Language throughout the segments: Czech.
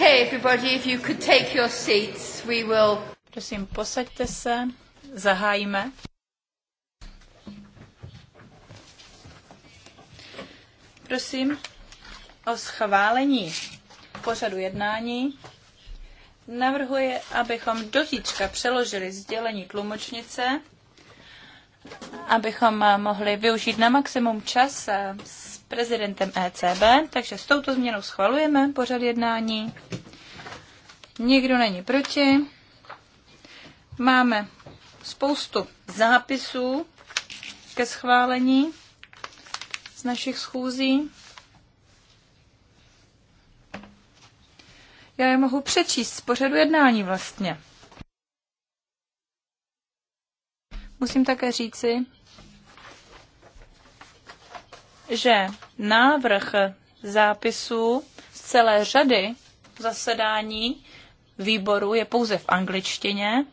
Okay, everybody, if you could take your seats, we will... Prosím, posaďte se, zahájíme. Prosím o schválení pořadu jednání. Navrhuje, abychom do zítřka přeložili sdělení tlumočnice, abychom mohli využít na maximum čas s eh, prezidentem ECB, takže s touto změnou schvalujeme pořad jednání. Nikdo není proti. Máme spoustu zápisů ke schválení z našich schůzí. Já je mohu přečíst z pořadu jednání vlastně. Musím také říci, že návrh zápisů z celé řady zasedání výboru je pouze v angličtině.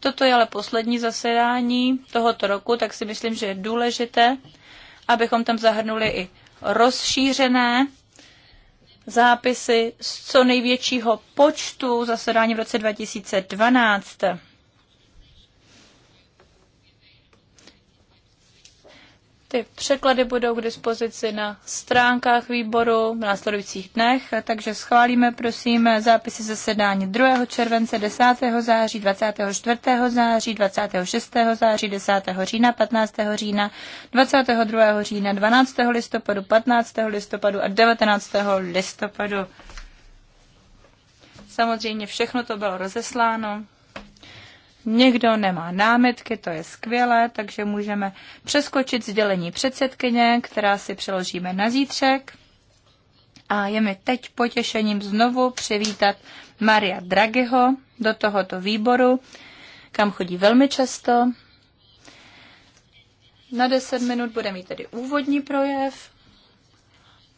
Toto je ale poslední zasedání tohoto roku, tak si myslím, že je důležité, abychom tam zahrnuli i rozšířené zápisy z co největšího počtu zasedání v roce 2012. Ty překlady budou k dispozici na stránkách výboru v následujících dnech, takže schválíme prosím zápisy zasedání 2. července, 10. září, 24. září, 26. září, 10. října, 15. října, 22. října, 12. listopadu, 15. listopadu a 19. listopadu. Samozřejmě všechno to bylo rozesláno. Někdo nemá námitky, to je skvělé, takže můžeme přeskočit sdělení předsedkyně, která si přeložíme na zítřek. A je mi teď potěšením znovu přivítat Maria Draghiho do tohoto výboru, kam chodí velmi často. Na 10 minut bude mít tedy úvodní projev,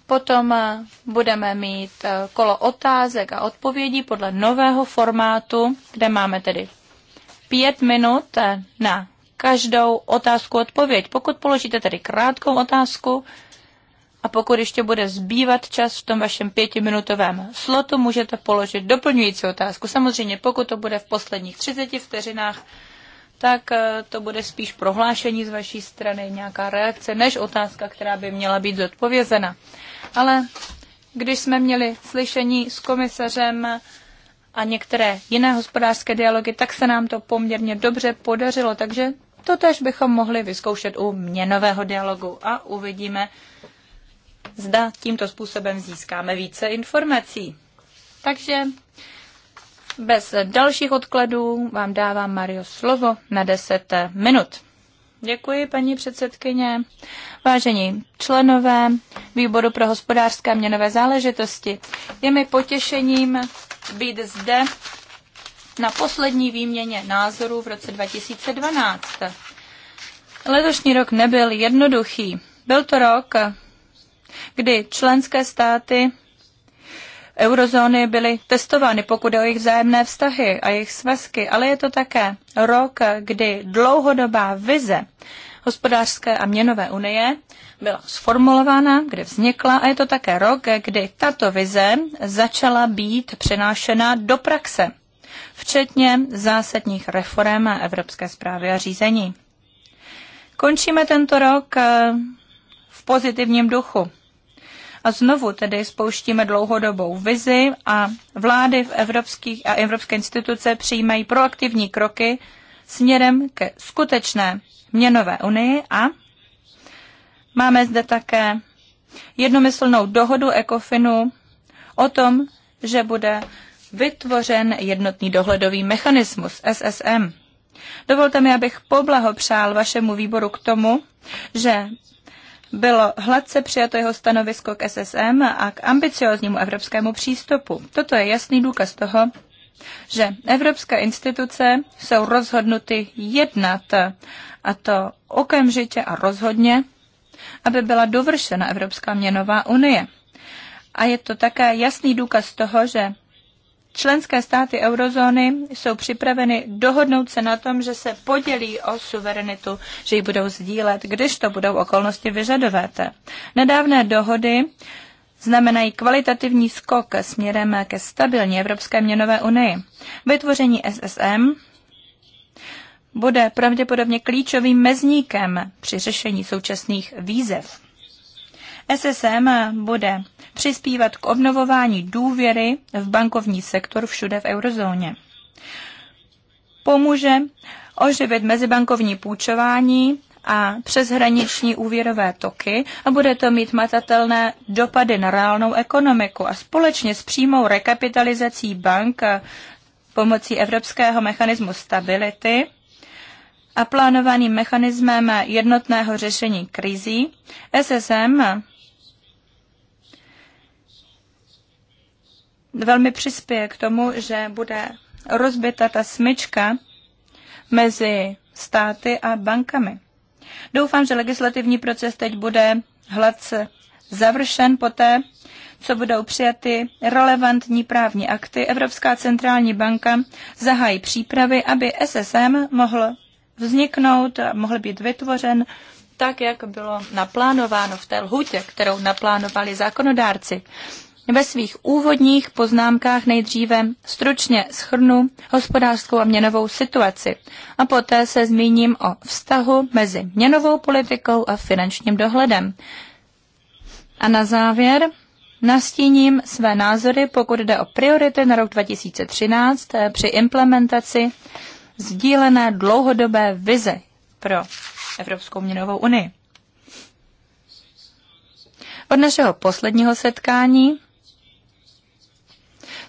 potom eh, budeme mít eh, kolo otázek a odpovědí podle nového formátu, kde máme tedy pět minut na každou otázku odpověď. Pokud položíte tedy krátkou otázku a pokud ještě bude zbývat čas v tom vašem pětiminutovém slotu, můžete položit doplňující otázku. Samozřejmě, pokud to bude v posledních 30 vteřinách, tak eh, to bude spíš prohlášení z vaší strany, nějaká reakce, než otázka, která by měla být zodpovězena. Ale když jsme měli slyšení s komisařem a některé jiné hospodářské dialogy, tak se nám to poměrně dobře podařilo. Takže to tež bychom mohli vyzkoušet u měnového dialogu a uvidíme, zda tímto způsobem získáme více informací. Takže bez dalších odkladů vám dávám Mario slovo na 10 minut. Děkuji, paní předsedkyně. Vážení členové Výboru pro hospodářské a měnové záležitosti, je mi potěšením být zde na poslední výměně názorů v roce 2012. Letošní rok nebyl jednoduchý. Byl to rok, kdy členské státy eurozóny byly testovány, pokud je o jejich vzájemné vztahy a jejich svazky, ale je to také rok, kdy dlouhodobá vize hospodářské a měnové unie byla sformulována, kde vznikla a je to také rok, kdy tato vize začala být přenášena do praxe, včetně zásadních reform Evropské zprávy a řízení. Končíme tento rok eh, v pozitivním duchu a znovu tedy spouštíme dlouhodobou vizi a vlády v evropských a evropské instituce přijímají proaktivní kroky směrem ke skutečné měnové unii a máme zde také jednomyslnou dohodu ECOFINu o tom, že bude vytvořen jednotný dohledový mechanismus SSM. Dovolte mi, abych poblahopřál vašemu výboru k tomu, že bylo hladce přijato jeho stanovisko k SSM a k ambicioznímu evropskému přístupu. Toto je jasný důkaz toho, že evropské instituce jsou rozhodnuty jednat, a to okamžitě a rozhodně, aby byla dovršena Evropská měnová unie. A je to také jasný důkaz toho, že Členské státy eurozóny jsou připraveny dohodnout se na tom, že se podělí o suverenitu, že ji budou sdílet, když to budou okolnosti vyžadovat. Nedávné dohody znamenají kvalitativní skok směrem ke stabilní Evropské měnové unii. Vytvoření SSM bude pravděpodobně klíčovým mezníkem při řešení současných výzev. SSM bude přispívat k obnovování důvěry v bankovní sektor všude v eurozóně. Pomůže oživit mezibankovní půjčování a přeshraniční úvěrové toky a bude to mít matatelné dopady na reálnou ekonomiku a společně s přímou rekapitalizací bank pomocí Evropského mechanismu stability a plánovaným mechanismem jednotného řešení krizí SSM velmi přispěje k tomu, že bude rozbita ta smyčka mezi státy a bankami. Doufám, že legislativní proces teď bude hladce završen poté, co budou přijaty relevantní právní akty. Evropská centrální banka zahájí přípravy, aby SSM mohl vzniknout, mohl být vytvořen tak, jak bylo naplánováno v té lhutě, kterou naplánovali zákonodárci ve svých úvodních poznámkách nejdříve stručně schrnu hospodářskou a měnovou situaci a poté se zmíním o vztahu mezi měnovou politikou a finančním dohledem. A na závěr nastíním své názory, pokud jde o priority na rok 2013 eh, při implementaci sdílené dlouhodobé vize pro Evropskou měnovou unii. Od našeho posledního setkání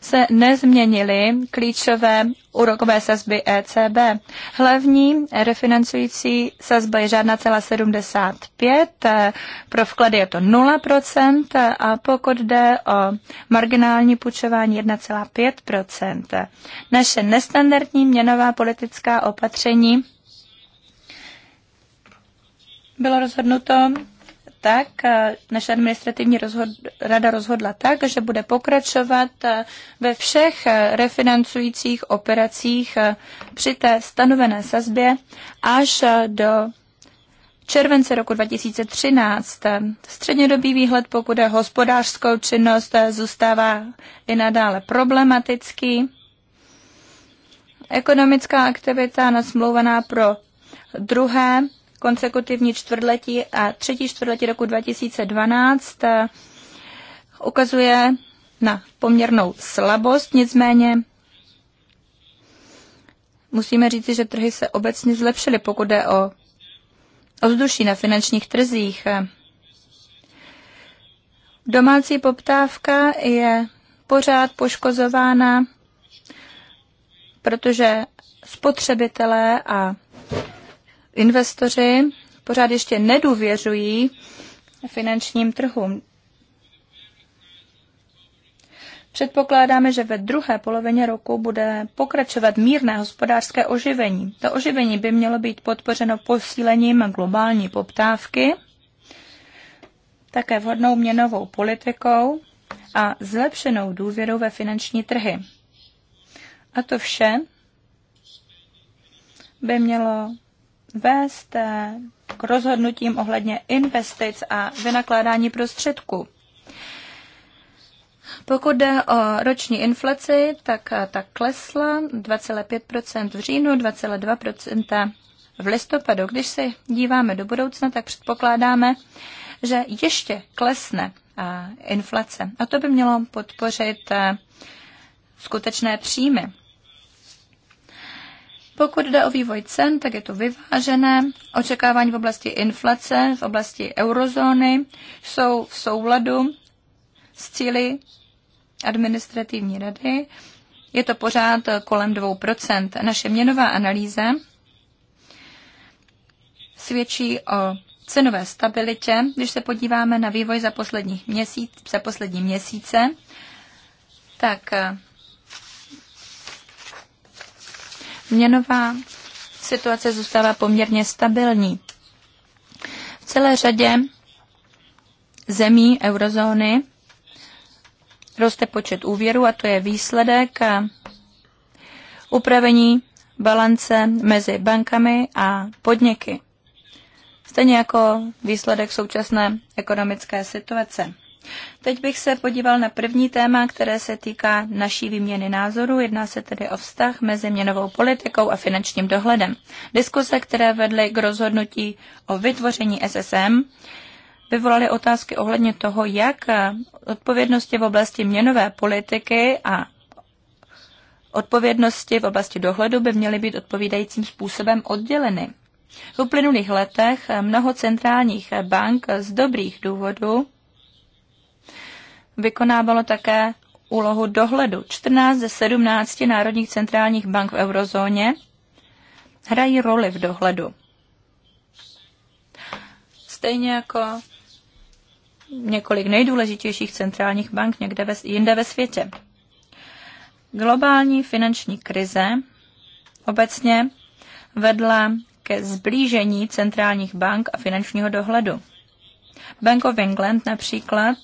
se nezměnily klíčové úrokové sazby ECB. Hlavní refinancující sazba je žádná celá 75, eh, pro vklady je to 0% eh, a pokud jde o marginální půjčování 1,5%. Naše nestandardní měnová politická opatření bylo rozhodnuto tak, eh, naše administrativní rozhod, rada rozhodla tak, že bude pokračovat eh, ve všech eh, refinancujících operacích při té stanovené sazbě až do července roku 2013. Střednědobý výhled, pokud je hospodářskou činnost, zůstává i nadále problematický. Ekonomická aktivita nasmlouvaná pro druhé konsekutivní čtvrtletí a třetí čtvrtletí roku 2012 eh, ukazuje na poměrnou slabost, nicméně musíme říci, že trhy se obecně zlepšily, pokud jde o ovzduší na finančních trzích. Domácí poptávka je pořád poškozována, protože spotřebitelé a investoři pořád ještě nedůvěřují finančním trhům. Předpokládáme, že ve druhé polovině roku bude pokračovat mírné hospodářské oživení. To oživení by mělo být podpořeno posílením globální poptávky, také vhodnou měnovou politikou a zlepšenou důvěrou ve finanční trhy. A to vše by mělo vést eh, k rozhodnutím ohledně investic a vynakládání prostředků. Pokud jde o roční inflaci, tak eh, ta klesla 2,5 v říjnu, 2,2 v listopadu. Když se díváme do budoucna, tak předpokládáme, že ještě klesne eh, inflace. A to by mělo podpořit skutečné příjmy. Pokud jde o vývoj cen, tak je to vyvážené. Očekávání v oblasti inflace, v oblasti eurozóny jsou v souladu s cíly administrativní rady. Je to pořád kolem 2%. Naše měnová analýza svědčí o cenové stabilitě, když se podíváme na vývoj za, poslední měsíc, za poslední měsíce, tak Měnová situace zůstává poměrně stabilní. V celé řadě zemí eurozóny roste počet úvěrů a to je výsledek upravení balance mezi bankami a podniky. Stejně jako výsledek současné ekonomické situace. Teď bych se podíval na první téma, které se týká naší výměny názoru. Jedná se tedy o vztah mezi měnovou politikou a finančním dohledem. Diskuse, které vedly k rozhodnutí o vytvoření SSM, vyvolaly otázky ohledně toho, jak odpovědnosti v oblasti měnové politiky a odpovědnosti v oblasti dohledu by měly být odpovídajícím způsobem odděleny. V uplynulých letech mnoho centrálních bank z dobrých důvodů vykonávalo také úlohu dohledu. 14 ze 17 národních centrálních bank v eurozóně hrají roli v dohledu. Stejně jako několik nejdůležitějších centrálních bank někde ve, jinde ve světě. Globální finanční krize obecně vedla ke zblížení centrálních bank a finančního dohledu. Bank of England například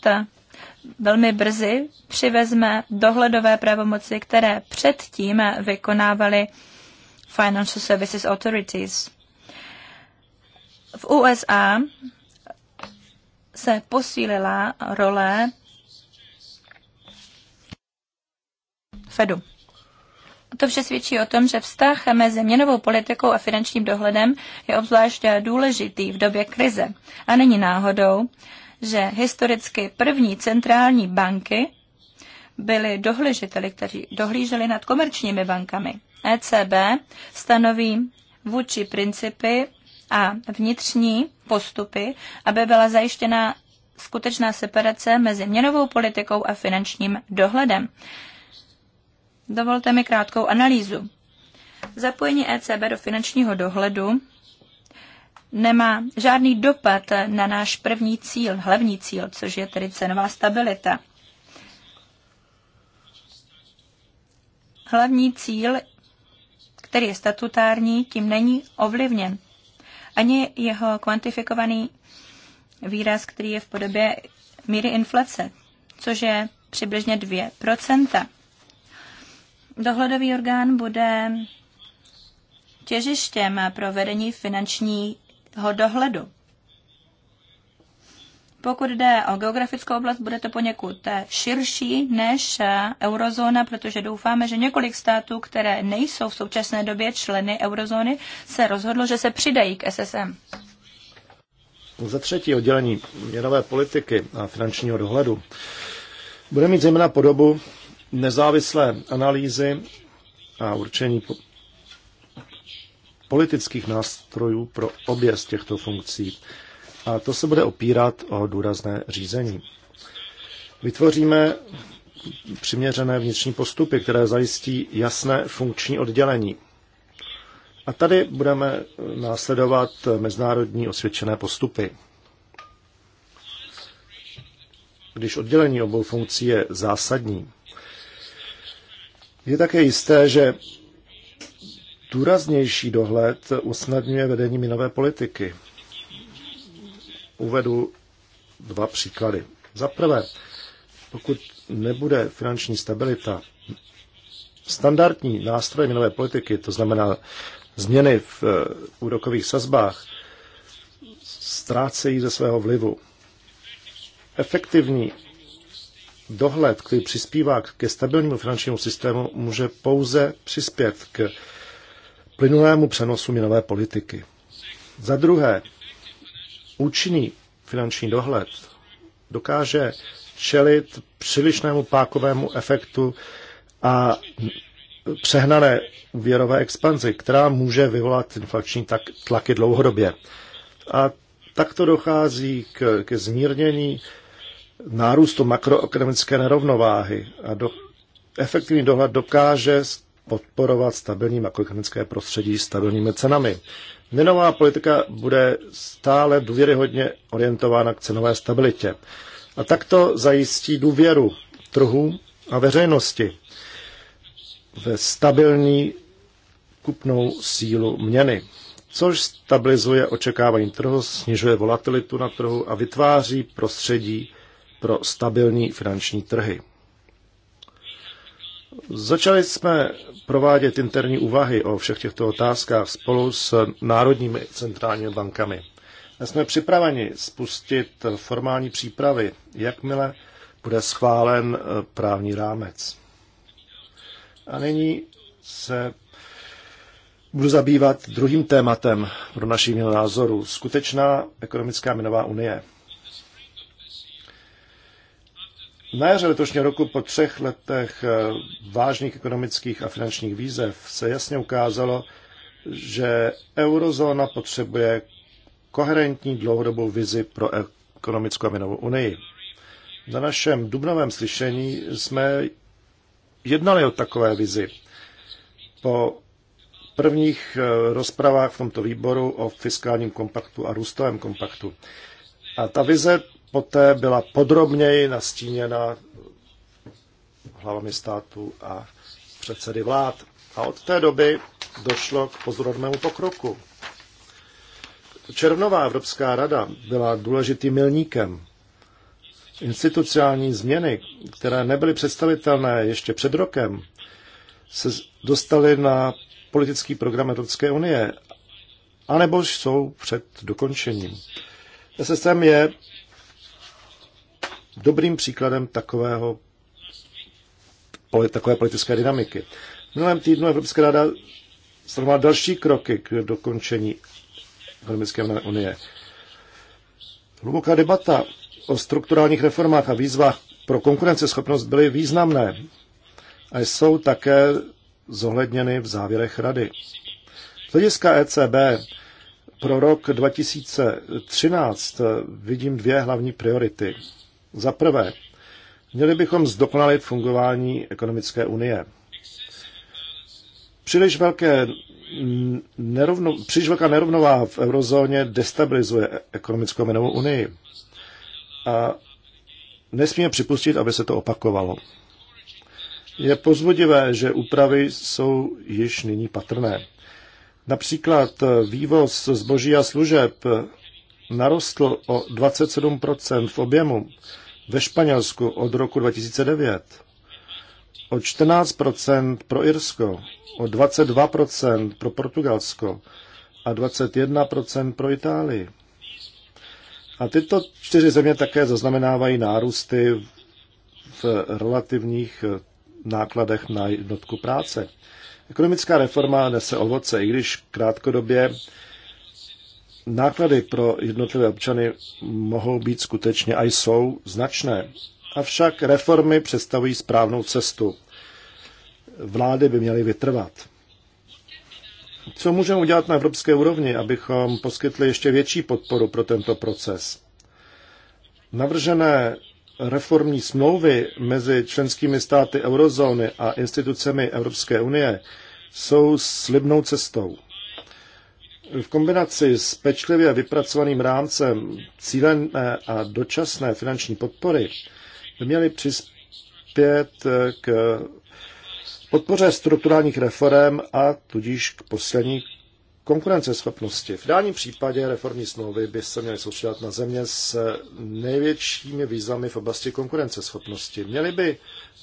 velmi brzy přivezme dohledové pravomoci, které předtím vykonávaly Financial Services Authorities. V USA se posílila role Fedu. To vše svědčí o tom, že vztah mezi měnovou politikou a finančním dohledem je obzvlášť důležitý v době krize. A není náhodou, že historicky první centrální banky byly dohlížiteli, kteří dohlíželi nad komerčními bankami. ECB stanoví vůči principy a vnitřní postupy, aby byla zajištěna skutečná separace mezi měnovou politikou a finančním dohledem. Dovolte mi krátkou analýzu. Zapojení ECB do finančního dohledu nemá žádný dopad na náš první cíl, hlavní cíl, což je tedy cenová stabilita. Hlavní cíl, který je statutární, tím není ovlivněn. Ani jeho kvantifikovaný výraz, který je v podobě míry inflace, což je přibližně 2%. Dohledový orgán bude těžištěm pro vedení finanční toho dohledu. Pokud jde o geografickou oblast, bude to poněkud širší než eurozóna, protože doufáme, že několik států, které nejsou v současné době členy eurozóny, se rozhodlo, že se přidají k SSM. Za třetí oddělení měnové politiky a finančního dohledu bude mít zejména podobu nezávislé analýzy a určení politických nástrojů pro obě z těchto funkcí. A to se bude opírat o důrazné řízení. Vytvoříme přiměřené vnitřní postupy, které zajistí jasné funkční oddělení. A tady budeme následovat mezinárodní osvědčené postupy. Když oddělení obou funkcí je zásadní, je také jisté, že důraznější dohled usnadňuje vedení minové politiky. Uvedu dva příklady. Za prvé, pokud nebude finanční stabilita, standardní nástroje minové politiky, to znamená změny v eh, úrokových sazbách, ztrácejí ze svého vlivu. Efektivní dohled, který přispívá ke stabilnímu finančnímu systému, může pouze přispět k plynulému přenosu měnové politiky. Za druhé, účinný finanční dohled dokáže čelit přílišnému pákovému efektu a přehnané úvěrové expanzi, která může vyvolat inflační tlaky dlouhodobě. A takto dochází k, ke zmírnění nárůstu makroekonomické nerovnováhy a do, efektivní dohled dokáže podporovat stabilní makroekonomické prostředí stabilními cenami. Měnová politika bude stále důvěryhodně orientována k cenové stabilitě. A takto zajistí důvěru trhu a veřejnosti ve stabilní kupnou sílu měny, což stabilizuje očekávání trhu, snižuje volatilitu na trhu a vytváří prostředí pro stabilní finanční trhy. Začali jsme provádět interní úvahy o všech těchto otázkách spolu s národními centrálními bankami. A jsme připraveni spustit formální přípravy, jakmile bude schválen eh, právní rámec. A nyní se budu zabývat druhým tématem pro naši měnu názoru. Skutečná ekonomická měnová unie. Na jaře letošního roku po třech letech eh, vážných ekonomických a finančních výzev se jasně ukázalo, že eurozóna potřebuje koherentní dlouhodobou vizi pro ekonomickou a měnovou unii. Na našem dubnovém slyšení jsme jednali o takové vizi. Po prvních eh, rozpravách v tomto výboru o fiskálním kompaktu a růstovém kompaktu. A ta vize poté byla podrobněji nastíněna hlavami států a předsedy vlád. A od té doby došlo k pozorovnému pokroku. Červnová Evropská rada byla důležitým milníkem. Institucionální změny, které nebyly představitelné ještě před rokem, se dostaly na politický program Evropské unie, anebo jsou před dokončením. SSM je dobrým příkladem takového, takové politické dynamiky. V minulém týdnu Evropská ráda stanovala další kroky k dokončení ekonomické unie. Hluboká debata o strukturálních reformách a výzvách pro konkurenceschopnost byly významné a jsou také zohledněny v závěrech rady. Z hlediska ECB pro rok 2013 vidím dvě hlavní priority. Za prvé, měli bychom zdokonalit fungování ekonomické unie. Příliš, velké nerovno, příliš velká nerovnováha v eurozóně destabilizuje ekonomickou měnovou unii. A nesmíme připustit, aby se to opakovalo. Je pozvodivé, že úpravy jsou již nyní patrné. Například vývoz zboží a služeb narostl o 27 v objemu ve Španělsku od roku 2009, o 14 pro Irsko, o 22 pro Portugalsko a 21 pro Itálii. A tyto čtyři země také zaznamenávají nárůsty v relativních eh, nákladech na jednotku práce. Ekonomická reforma nese ovoce, i když krátkodobě Náklady pro jednotlivé občany mohou být skutečně a jsou značné. Avšak reformy představují správnou cestu. Vlády by měly vytrvat. Co můžeme udělat na evropské úrovni, abychom poskytli ještě větší podporu pro tento proces? Navržené reformní smlouvy mezi členskými státy eurozóny a institucemi Evropské unie jsou slibnou cestou. V kombinaci s pečlivě vypracovaným rámcem cílené a dočasné finanční podpory by měly přispět k podpoře strukturálních reform a tudíž k posílení konkurenceschopnosti. V dálním případě reformní smlouvy by se měly soustředit na země s největšími výzvami v oblasti konkurenceschopnosti. Měly by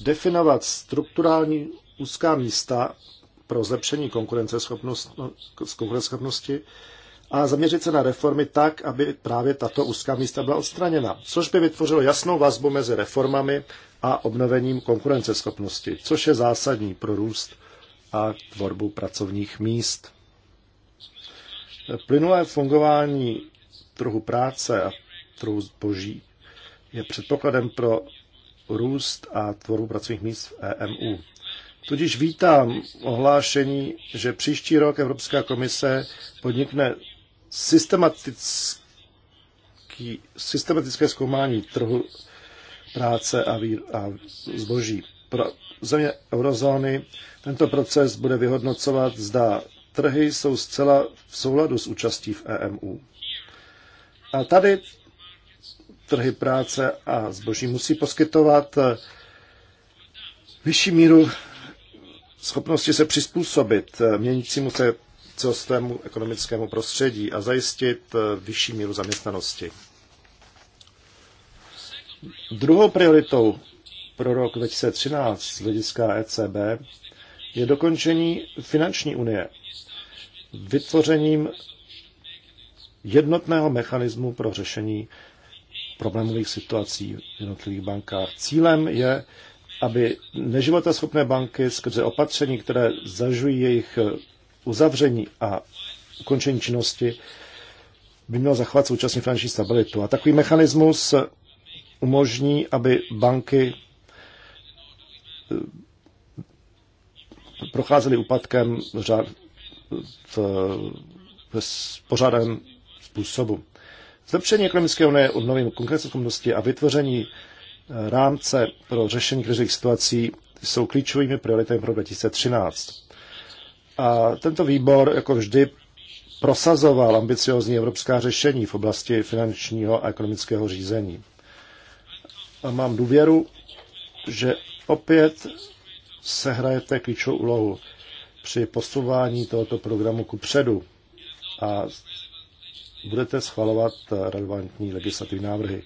definovat strukturální úzká místa pro zlepšení konkurenceschopnosti a zaměřit se na reformy tak, aby právě tato úzká místa byla odstraněna, což by vytvořilo jasnou vazbu mezi reformami a obnovením konkurenceschopnosti, což je zásadní pro růst a tvorbu pracovních míst. Plynulé fungování trhu práce a trhu zboží je předpokladem pro růst a tvorbu pracovních míst v EMU. Tudíž vítám ohlášení, že příští rok Evropská komise podnikne systematický, systematické zkoumání trhu práce a, vý, a zboží. Pro země eurozóny tento proces bude vyhodnocovat, zda trhy jsou zcela v souladu s účastí v EMU. A tady trhy práce a zboží musí poskytovat vyšší míru schopnosti se přizpůsobit eh, měnícímu se celostému ekonomickému prostředí a zajistit eh, vyšší míru zaměstnanosti. Druhou prioritou pro rok 2013 z hlediska ECB je dokončení finanční unie vytvořením jednotného mechanismu pro řešení problémových situací v jednotlivých bankách. Cílem je aby neživotaschopné banky skrze opatření, které zažují jejich eh, uzavření a ukončení činnosti, by mělo zachovat současně finanční stabilitu. A takový mechanismus eh, umožní, aby banky eh, procházely úpadkem v, v pořádném způsobu. Zlepšení ekonomické unie, novým konkurenceschopnosti a vytvoření rámce pro řešení krizových situací jsou klíčovými prioritami pro 2013. A tento výbor, jako vždy, prosazoval ambiciozní evropská řešení v oblasti finančního a ekonomického řízení. A mám důvěru, že opět sehrajete klíčovou úlohu při posouvání tohoto programu ku předu a budete schvalovat relevantní legislativní návrhy.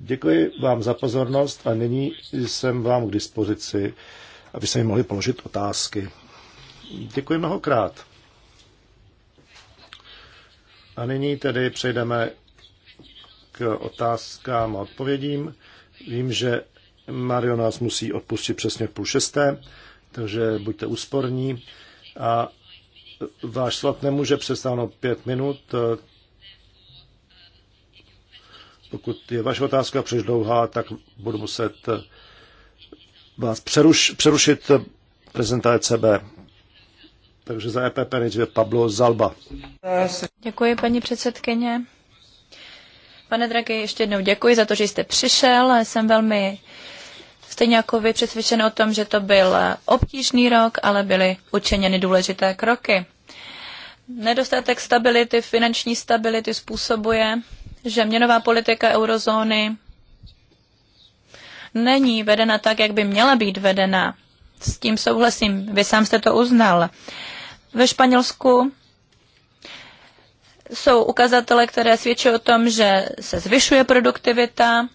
Děkuji vám za pozornost a nyní jsem vám k dispozici, se mi mohli položit otázky. Děkuji mnohokrát. A nyní tedy přejdeme k otázkám a odpovědím. Vím, že Mario nás musí odpustit přesně v půl šesté, takže buďte úsporní. A váš slot nemůže přestáhnout pět minut, pokud je vaše otázka příliš dlouhá, tak budu muset eh, vás přeruš, přerušit eh, prezentace ECB. Takže za EPP nejdříve Pablo Zalba. Děkuji, paní předsedkyně. Pane Draghi, ještě jednou děkuji za to, že jste přišel. Jsem velmi stejně jako vy přesvědčen o tom, že to byl eh, obtížný rok, ale byly učiněny důležité kroky. Nedostatek stability, finanční stability způsobuje, že měnová politika eurozóny není vedena tak, jak by měla být vedena. S tím souhlasím, vy sám jste to uznal. Ve Španělsku jsou ukazatele, které svědčí o tom, že se zvyšuje produktivita,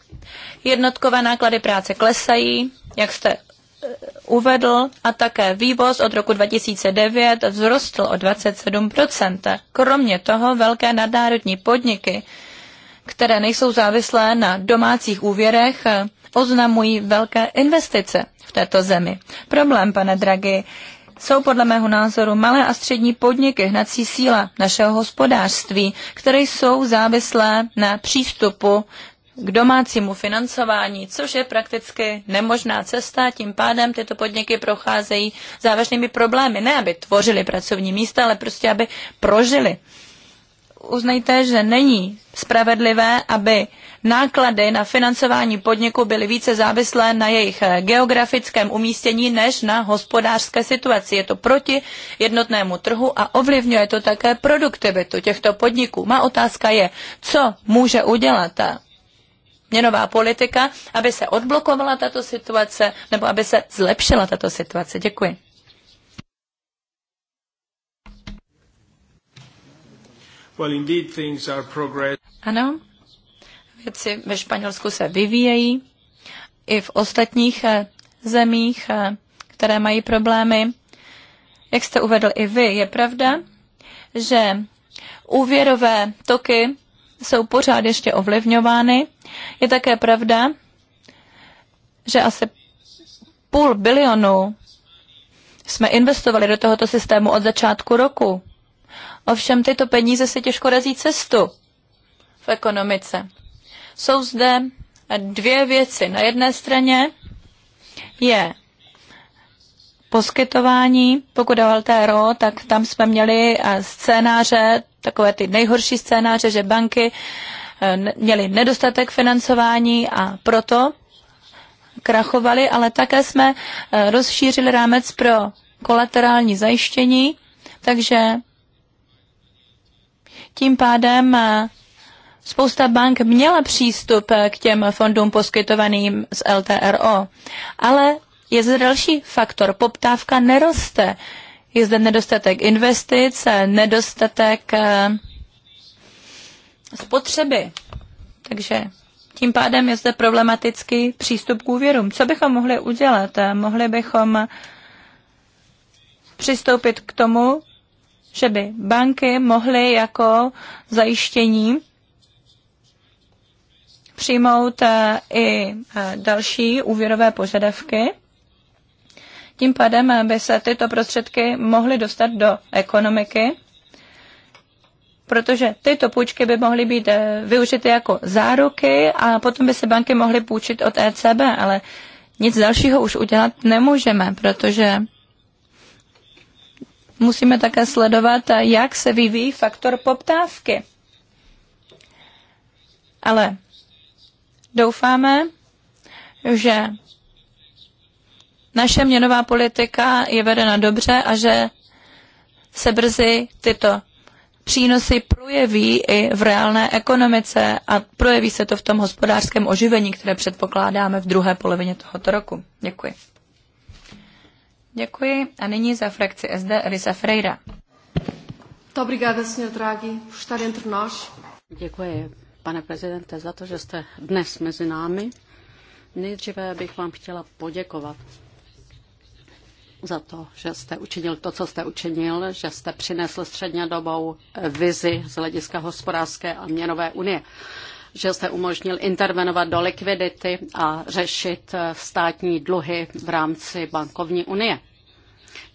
jednotkové náklady práce klesají, jak jste eh, uvedl, a také vývoz od roku 2009 vzrostl o 27 Kromě toho velké nadnárodní podniky které nejsou závislé na domácích úvěrech, eh, oznamují velké investice v této zemi. Problém, pane Draghi, jsou podle mého názoru malé a střední podniky hnací síla našeho hospodářství, které jsou závislé na přístupu k domácímu financování, což je prakticky nemožná cesta. Tím pádem tyto podniky procházejí závažnými problémy. Ne, aby tvořili pracovní místa, ale prostě, aby prožili uznejte, že není spravedlivé, aby náklady na financování podniku byly více závislé na jejich geografickém umístění než na hospodářské situaci. Je to proti jednotnému trhu a ovlivňuje to také produktivitu těchto podniků. Má otázka je, co může udělat ta měnová politika, aby se odblokovala tato situace nebo aby se zlepšila tato situace. Děkuji. Ano, věci ve Španělsku se vyvíjejí, i v ostatních eh, zemích, eh, které mají problémy. Jak jste uvedl i vy, je pravda, že úvěrové toky jsou pořád ještě ovlivňovány. Je také pravda, že asi půl bilionu jsme investovali do tohoto systému od začátku roku. Ovšem tyto peníze se těžko razí cestu v ekonomice. Jsou zde dvě věci. Na jedné straně je poskytování, pokud o Altero, tak tam jsme měli eh, scénáře, takové ty nejhorší scénáře, že banky eh, měly nedostatek financování a proto krachovaly, ale také jsme eh, rozšířili rámec pro kolaterální zajištění, takže tím pádem eh, spousta bank měla přístup eh, k těm fondům poskytovaným z LTRO, ale je zde další faktor. Poptávka neroste. Je zde nedostatek investic, eh, nedostatek spotřeby. Takže tím pádem je zde problematický přístup k úvěrům. Co bychom mohli udělat? Mohli bychom přistoupit k tomu, že by banky mohly jako zajištění přijmout eh, i eh, další úvěrové požadavky. Tím pádem eh, by se tyto prostředky mohly dostat do ekonomiky, protože tyto půjčky by mohly být využity jako záruky a potom by se banky mohly půjčit od ECB, ale nic dalšího už udělat nemůžeme, protože musíme také sledovat, jak se vyvíjí faktor poptávky. Ale doufáme, že naše měnová politika je vedena dobře a že se brzy tyto přínosy projeví i v reálné ekonomice a projeví se to v tom hospodářském oživení, které předpokládáme v druhé polovině tohoto roku. Děkuji. Děkuji a nyní za frakci SD Elisa Freira. Draghi, Děkuji, pane prezidente, za to, že jste dnes mezi námi. Nejdříve bych vám chtěla poděkovat za to, že jste učinil to, co jste učinil, že jste přinesl střednědobou vizi z hlediska hospodářské a měnové unie že jste umožnil intervenovat do likvidity a řešit eh, státní dluhy v rámci bankovní unie.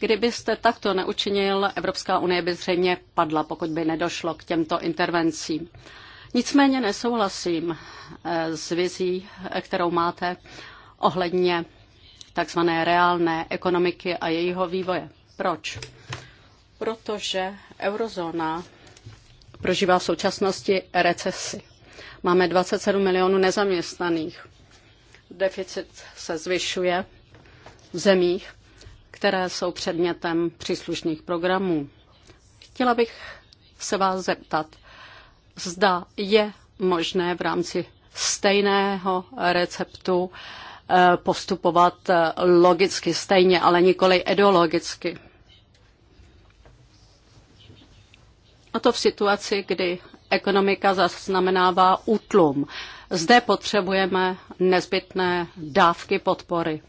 Kdybyste takto neučinil, Evropská unie by zřejmě padla, pokud by nedošlo k těmto intervencím. Nicméně nesouhlasím eh, s vizí, eh, kterou máte ohledně tzv. reálné ekonomiky a jejího vývoje. Proč? Protože eurozóna prožívá v současnosti recesi. Máme 27 milionů nezaměstnaných. Deficit se zvyšuje v zemích, které jsou předmětem příslušných programů. Chtěla bych se vás zeptat, zda je možné v rámci stejného receptu eh, postupovat eh, logicky stejně, ale nikoli ideologicky. A to v situaci, kdy ekonomika zaznamenává útlum. Zde potřebujeme nezbytné dávky podpory.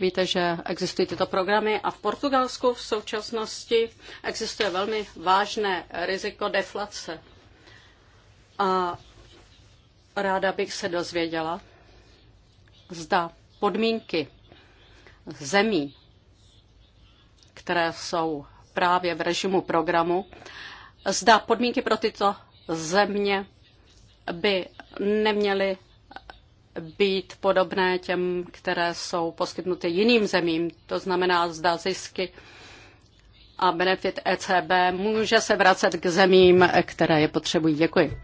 Víte, že existují tyto programy a v Portugalsku v současnosti existuje velmi vážné riziko deflace. A ráda bych se dozvěděla, zda podmínky zemí, které jsou právě v režimu programu, zda podmínky pro tyto země by neměly být podobné těm, které jsou poskytnuty jiným zemím. To znamená, zda zisky a benefit ECB může se vracet k zemím, které je potřebují. Děkuji.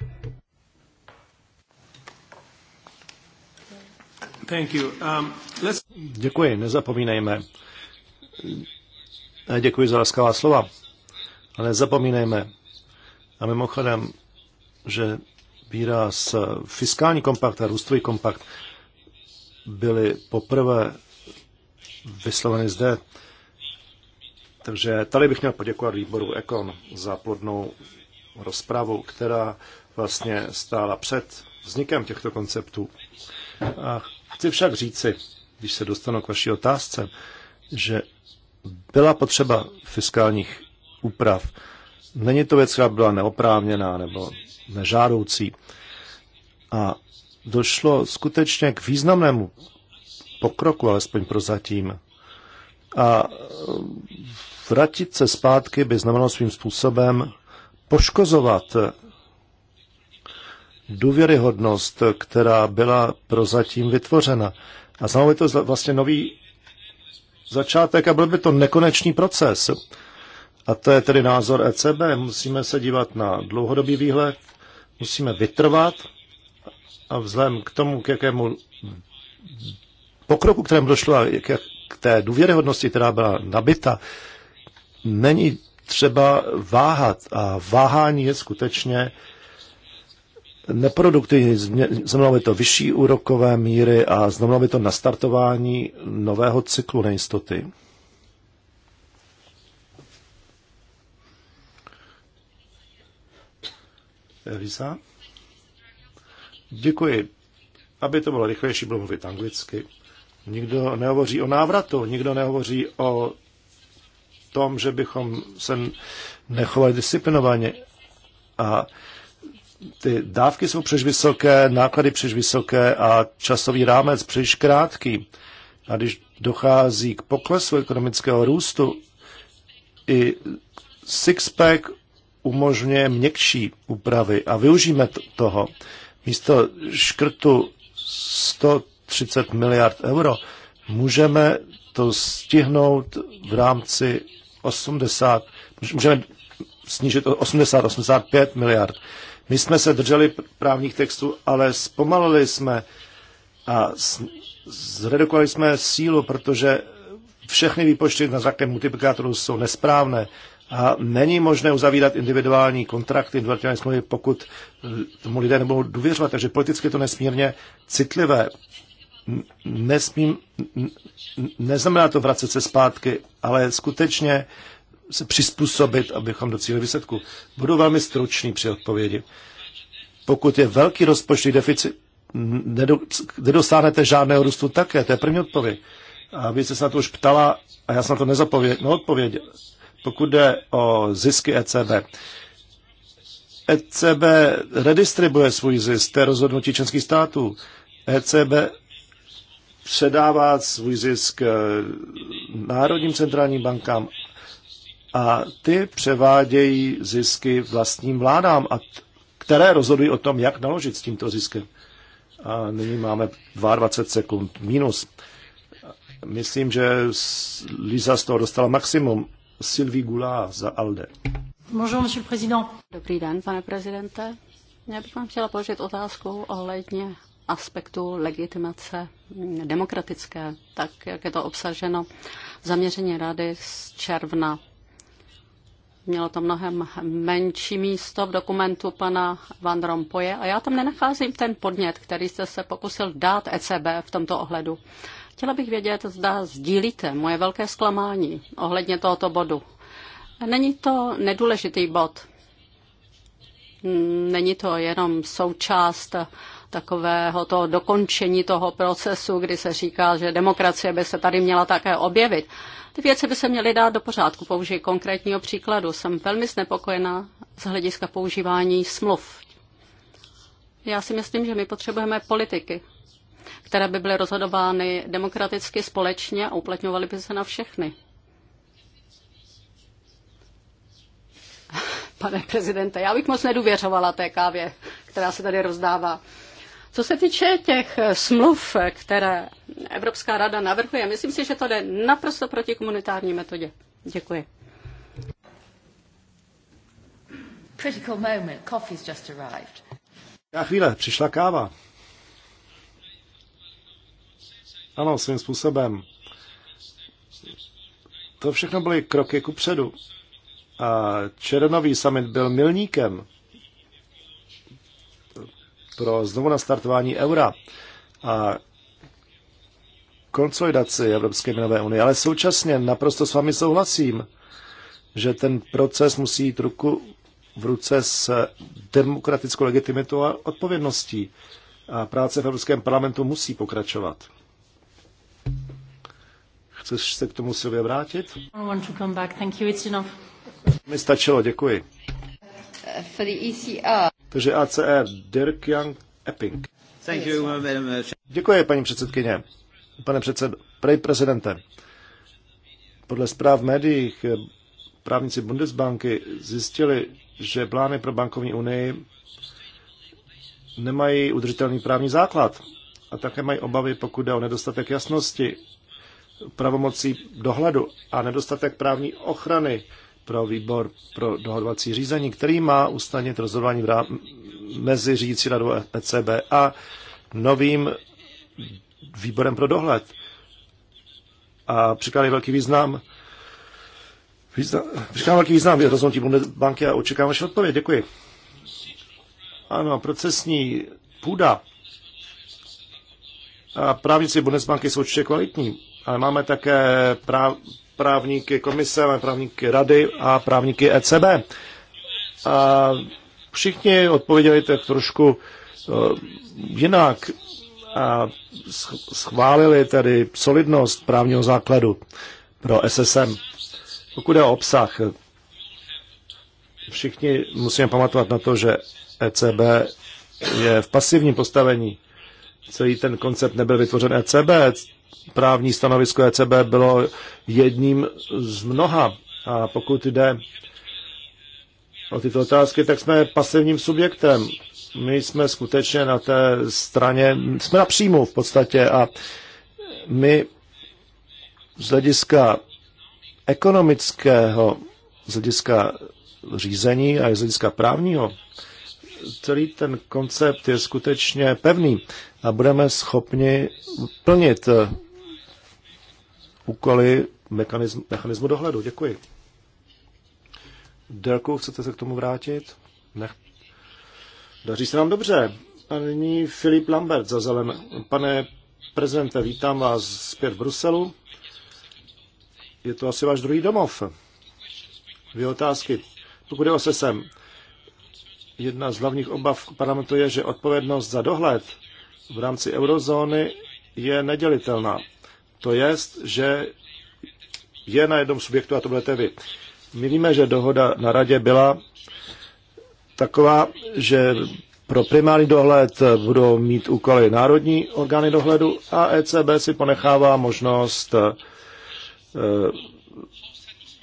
Thank you. Um, let's... Děkuji, nezapomínejme. Děkuji za laskavá slova. Ale nezapomínejme, a mimochodem, že výraz eh, fiskální kompakt a růstový kompakt byly poprvé vysloveny zde. Takže tady bych měl poděkovat výboru Ekon za plodnou rozpravu, která vlastně stála před vznikem těchto konceptů. A chci však říci, když se dostanu k vaší otázce, že byla potřeba fiskálních úprav Není to věc, která byla neoprávněná nebo nežádoucí. A došlo skutečně k významnému pokroku, alespoň prozatím. A e, vrátit se zpátky by znamenalo svým způsobem poškozovat důvěryhodnost, která byla prozatím vytvořena. A znamená by to vlastně nový začátek a byl by to nekonečný proces. A to je tedy názor ECB. Musíme se dívat na dlouhodobý výhled, musíme vytrvat a vzhledem k tomu, k jakému pokroku, kterém došlo a k té důvěryhodnosti, která byla nabita, není třeba váhat. A váhání je skutečně neproduktivní. Znamenalo by to vyšší úrokové míry a znamenalo by to nastartování nového cyklu nejistoty. Elisa. Děkuji. Aby to bylo rychlejší, budu mluvit anglicky. Nikdo nehovoří o návratu, nikdo nehovoří o tom, že bychom se nechovali disciplinovaně. A ty dávky jsou příliš vysoké, náklady příliš vysoké a časový rámec příliš krátký. A když dochází k poklesu ekonomického růstu, i six-pack umožňuje měkčí úpravy a využijeme toho. Místo škrtu 130 miliard euro můžeme to stihnout v rámci 80, můžeme snížit o 80-85 miliard. My jsme se drželi právních textů, ale zpomalili jsme a zredukovali jsme sílu, protože všechny výpočty na základě multiplikátorů jsou nesprávné a není možné uzavírat individuální kontrakty, individuální smlouvy, pokud tomu lidé nebudou důvěřovat. Takže politicky je to nesmírně citlivé. Nesmím, neznamená to vracet se zpátky, ale skutečně se přizpůsobit, abychom docílili výsledku. Budu velmi stručný při odpovědi. Pokud je velký rozpočtový deficit, nedosáhnete žádného růstu také. To je první odpověď. A vy jste se na to už ptala a já jsem na to neodpověděl. Pokud jde o zisky ECB, ECB redistribuje svůj zisk, to je rozhodnutí členských států. ECB předává svůj zisk eh, národním centrálním bankám a ty převádějí zisky vlastním vládám, a které rozhodují o tom, jak naložit s tímto ziskem. A nyní máme 22 sekund minus. Myslím, že Liza z toho dostala maximum. Sylvie Goulard za ALDE. Bonjour, monsieur le président. Dobrý den, pane prezidente. Já bych vám chtěla položit otázku ohledně aspektu legitimace demokratické, tak jak je to obsaženo v zaměření rady z června. Mělo to mnohem menší místo v dokumentu pana Van Rompuye a já tam nenacházím ten podnět, který jste se pokusil dát ECB v tomto ohledu. Chtěla bych vědět, zda sdílíte moje velké zklamání ohledně tohoto bodu. Není to nedůležitý bod. Není to jenom součást takového toho dokončení toho procesu, kdy se říká, že demokracie by se tady měla také objevit. Ty věci by se měly dát do pořádku. Použiji konkrétního příkladu. Jsem velmi znepokojena z hlediska používání smluv. Já si myslím, že my potřebujeme politiky, které by byly rozhodovány demokraticky, společně a uplatňovaly by se na všechny. Pane prezidente, já bych moc nedůvěřovala té kávě, která se tady rozdává. Co se týče těch smluv, které Evropská rada navrhuje, myslím si, že to jde naprosto proti komunitární metodě. Děkuji. Critical moment. Coffee's just arrived. Já chvíle, přišla káva. Ano, svým způsobem. To všechno byly kroky ku předu. A Černový summit byl milníkem pro znovu nastartování eura a konsolidaci Evropské měnové unie. Ale současně naprosto s vámi souhlasím, že ten proces musí jít ruku v ruce s demokratickou legitimitou a odpovědností. A práce v Evropském parlamentu musí pokračovat. Chceš se k tomu Silvě vrátit? Mi stačilo, děkuji. For the ECR. Takže ACR, Dirk Young Epping. Thank you. Děkuji, paní předsedkyně. Pane předsed, prej prezidente. Podle zpráv v médiích eh, právníci Bundesbanky zjistili, že plány pro bankovní unii nemají udržitelný právní základ a také mají obavy, pokud jde o nedostatek jasnosti pravomocí dohledu a nedostatek právní ochrany pro výbor pro dohodovací řízení, který má ustanit rozhodování mezi řídící radou ECB a novým výborem pro dohled. A je velký význam Význam, říkám velký význam rozhodnutí banky a očekávám vaše odpověď. Děkuji. Ano, procesní půda a právníci Bundesbanky jsou určitě kvalitní, ale máme také práv, právníky komise, máme právníky rady a právníky ECB. A všichni odpověděli tak trošku uh, jinak a schválili tedy solidnost právního základu pro SSM. Pokud je o obsah, všichni musíme pamatovat na to, že ECB je v pasivním postavení celý ten koncept nebyl vytvořen ECB. Právní stanovisko ECB bylo jedním z mnoha. A pokud jde o tyto otázky, tak jsme pasivním subjektem. My jsme skutečně na té straně, jsme na příjmu v podstatě a my z hlediska ekonomického, z hlediska řízení a z hlediska právního, celý ten koncept je skutečně pevný a budeme schopni plnit eh, úkoly mechanism, mechanismu dohledu. Děkuji. Delku, chcete se k tomu vrátit? Ne. Daří se nám dobře. A nyní Filip Lambert za zelen. Pane prezidente, vítám vás zpět v Bruselu. Je to asi váš druhý domov. Vy otázky. Pokud je o SESem, jedna z hlavních obav parlamentu je, že odpovědnost za dohled v rámci eurozóny je nedělitelná. To je, že je na jednom subjektu a to budete vy. My víme, že dohoda na radě byla taková, že pro primární dohled budou mít úkoly národní orgány dohledu a ECB si ponechává možnost eh,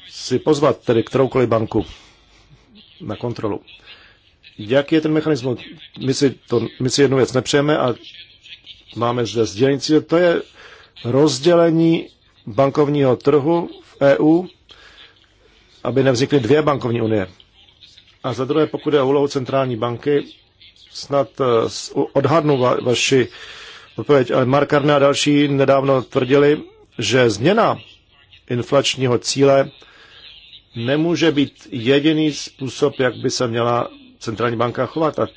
si pozvat tedy kteroukoliv banku na kontrolu. Jak je ten mechanismus? My si, to, my si jednu věc nepřejeme a máme zde sdělení cíl. To je rozdělení bankovního trhu v EU, aby nevznikly dvě bankovní unie. A za druhé, pokud je o úlohu centrální banky, snad eh, odhadnu va- vaši odpověď, ale Mark Arne a další nedávno tvrdili, že změna inflačního cíle nemůže být jediný způsob, jak by se měla centrální banka chovat. A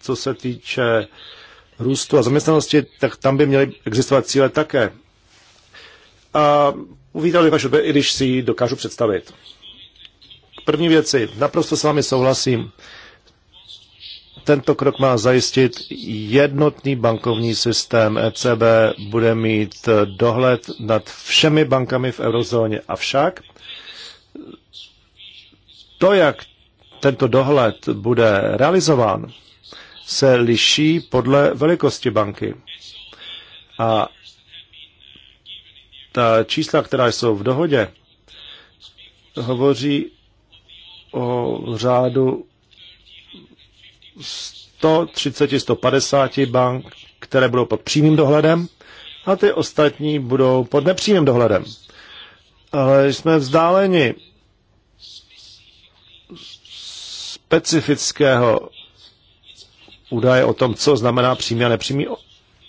co se týče růstu a zaměstnanosti, tak tam by měly existovat cíle také. A uvítal bych vaši i když si ji dokážu představit. První věci, naprosto s vámi souhlasím. Tento krok má zajistit jednotný bankovní systém. ECB bude mít dohled nad všemi bankami v eurozóně. Avšak to, jak tento dohled bude realizován, se liší podle velikosti banky. A ta čísla, která jsou v dohodě, hovoří o řádu 130-150 bank, které budou pod přímým dohledem a ty ostatní budou pod nepřímým dohledem. Ale jsme vzdáleni specifického údaje o tom, co znamená přímý a nepřímý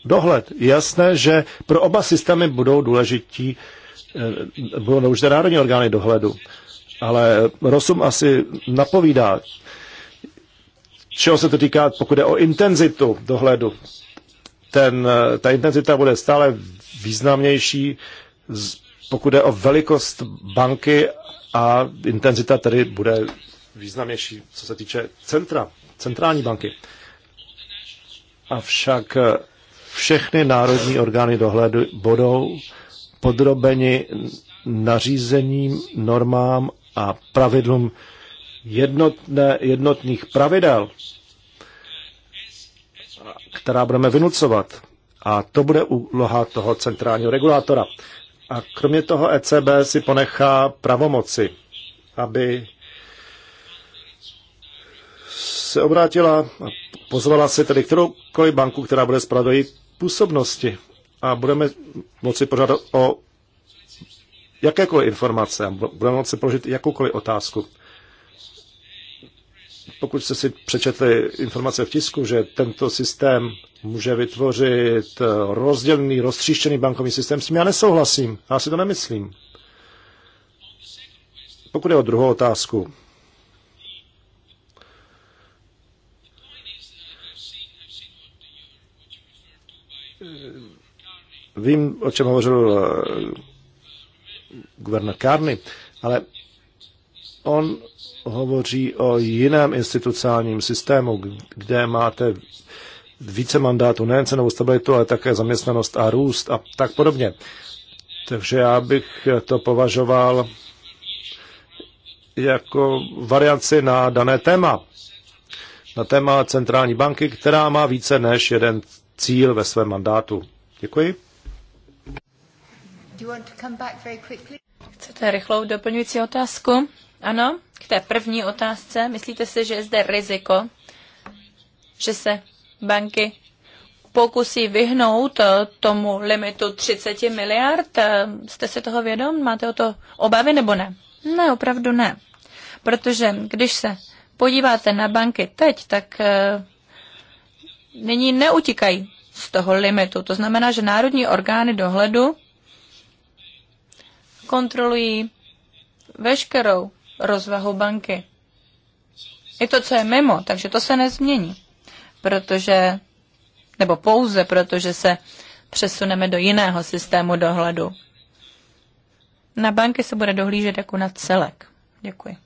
dohled. jasné, že pro oba systémy budou důležití, eh, budou důležité národní orgány dohledu, ale rozum asi napovídá, čeho se to týká, pokud je o intenzitu dohledu. Ten, eh, ta intenzita bude stále významnější, pokud je o velikost banky a intenzita tedy bude významnější, co se týče centra, centrální banky. Avšak eh, všechny národní orgány dohledu budou podrobeni nařízením, normám a pravidlům jednotné, jednotných pravidel, která budeme vynucovat. A to bude úloha toho centrálního regulátora. A kromě toho ECB si ponechá pravomoci, aby se obrátila a pozvala se tedy kteroukoliv banku, která bude spadat do její působnosti a budeme moci požádat o jakékoliv informace a budeme moci položit jakoukoliv otázku. Pokud jste si přečetli informace v tisku, že tento systém může vytvořit rozdělený, roztříštěný bankovní systém, s tím já nesouhlasím. Já si to nemyslím. Pokud je o druhou otázku, Vím, o čem hovořil eh, guvernér Kárny, ale on hovoří o jiném institucionálním systému, kde máte více mandátů, nejen cenovou stabilitu, ale také zaměstnanost a růst a tak podobně. Takže já bych to považoval jako variaci na dané téma. Na téma centrální banky, která má více než jeden cíl ve svém mandátu. Děkuji. Chcete rychlou doplňující otázku? Ano, k té první otázce. Myslíte si, že je zde riziko, že se banky pokusí vyhnout eh, tomu limitu 30 miliard? Eh, jste si toho vědom? Máte o to obavy nebo ne? Ne, opravdu ne. Protože když se podíváte na banky teď, tak eh, nyní neutíkají z toho limitu. To znamená, že národní orgány dohledu kontrolují veškerou rozvahu banky. I to, co je mimo, takže to se nezmění, protože, nebo pouze protože se přesuneme do jiného systému dohledu. Na banky se bude dohlížet jako na celek. Děkuji.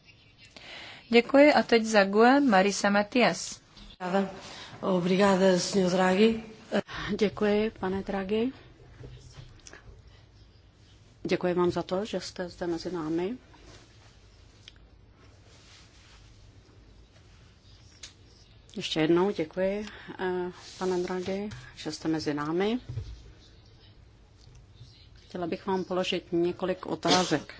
Děkuji a teď za GUE Marisa Matias. Obrigada, senhor Draghi. Děkuji, pane Draghi. Děkuji vám za to, že jste zde mezi námi. Ještě jednou děkuji, eh, pane Dragi, že jste mezi námi. Chtěla bych vám položit několik otázek.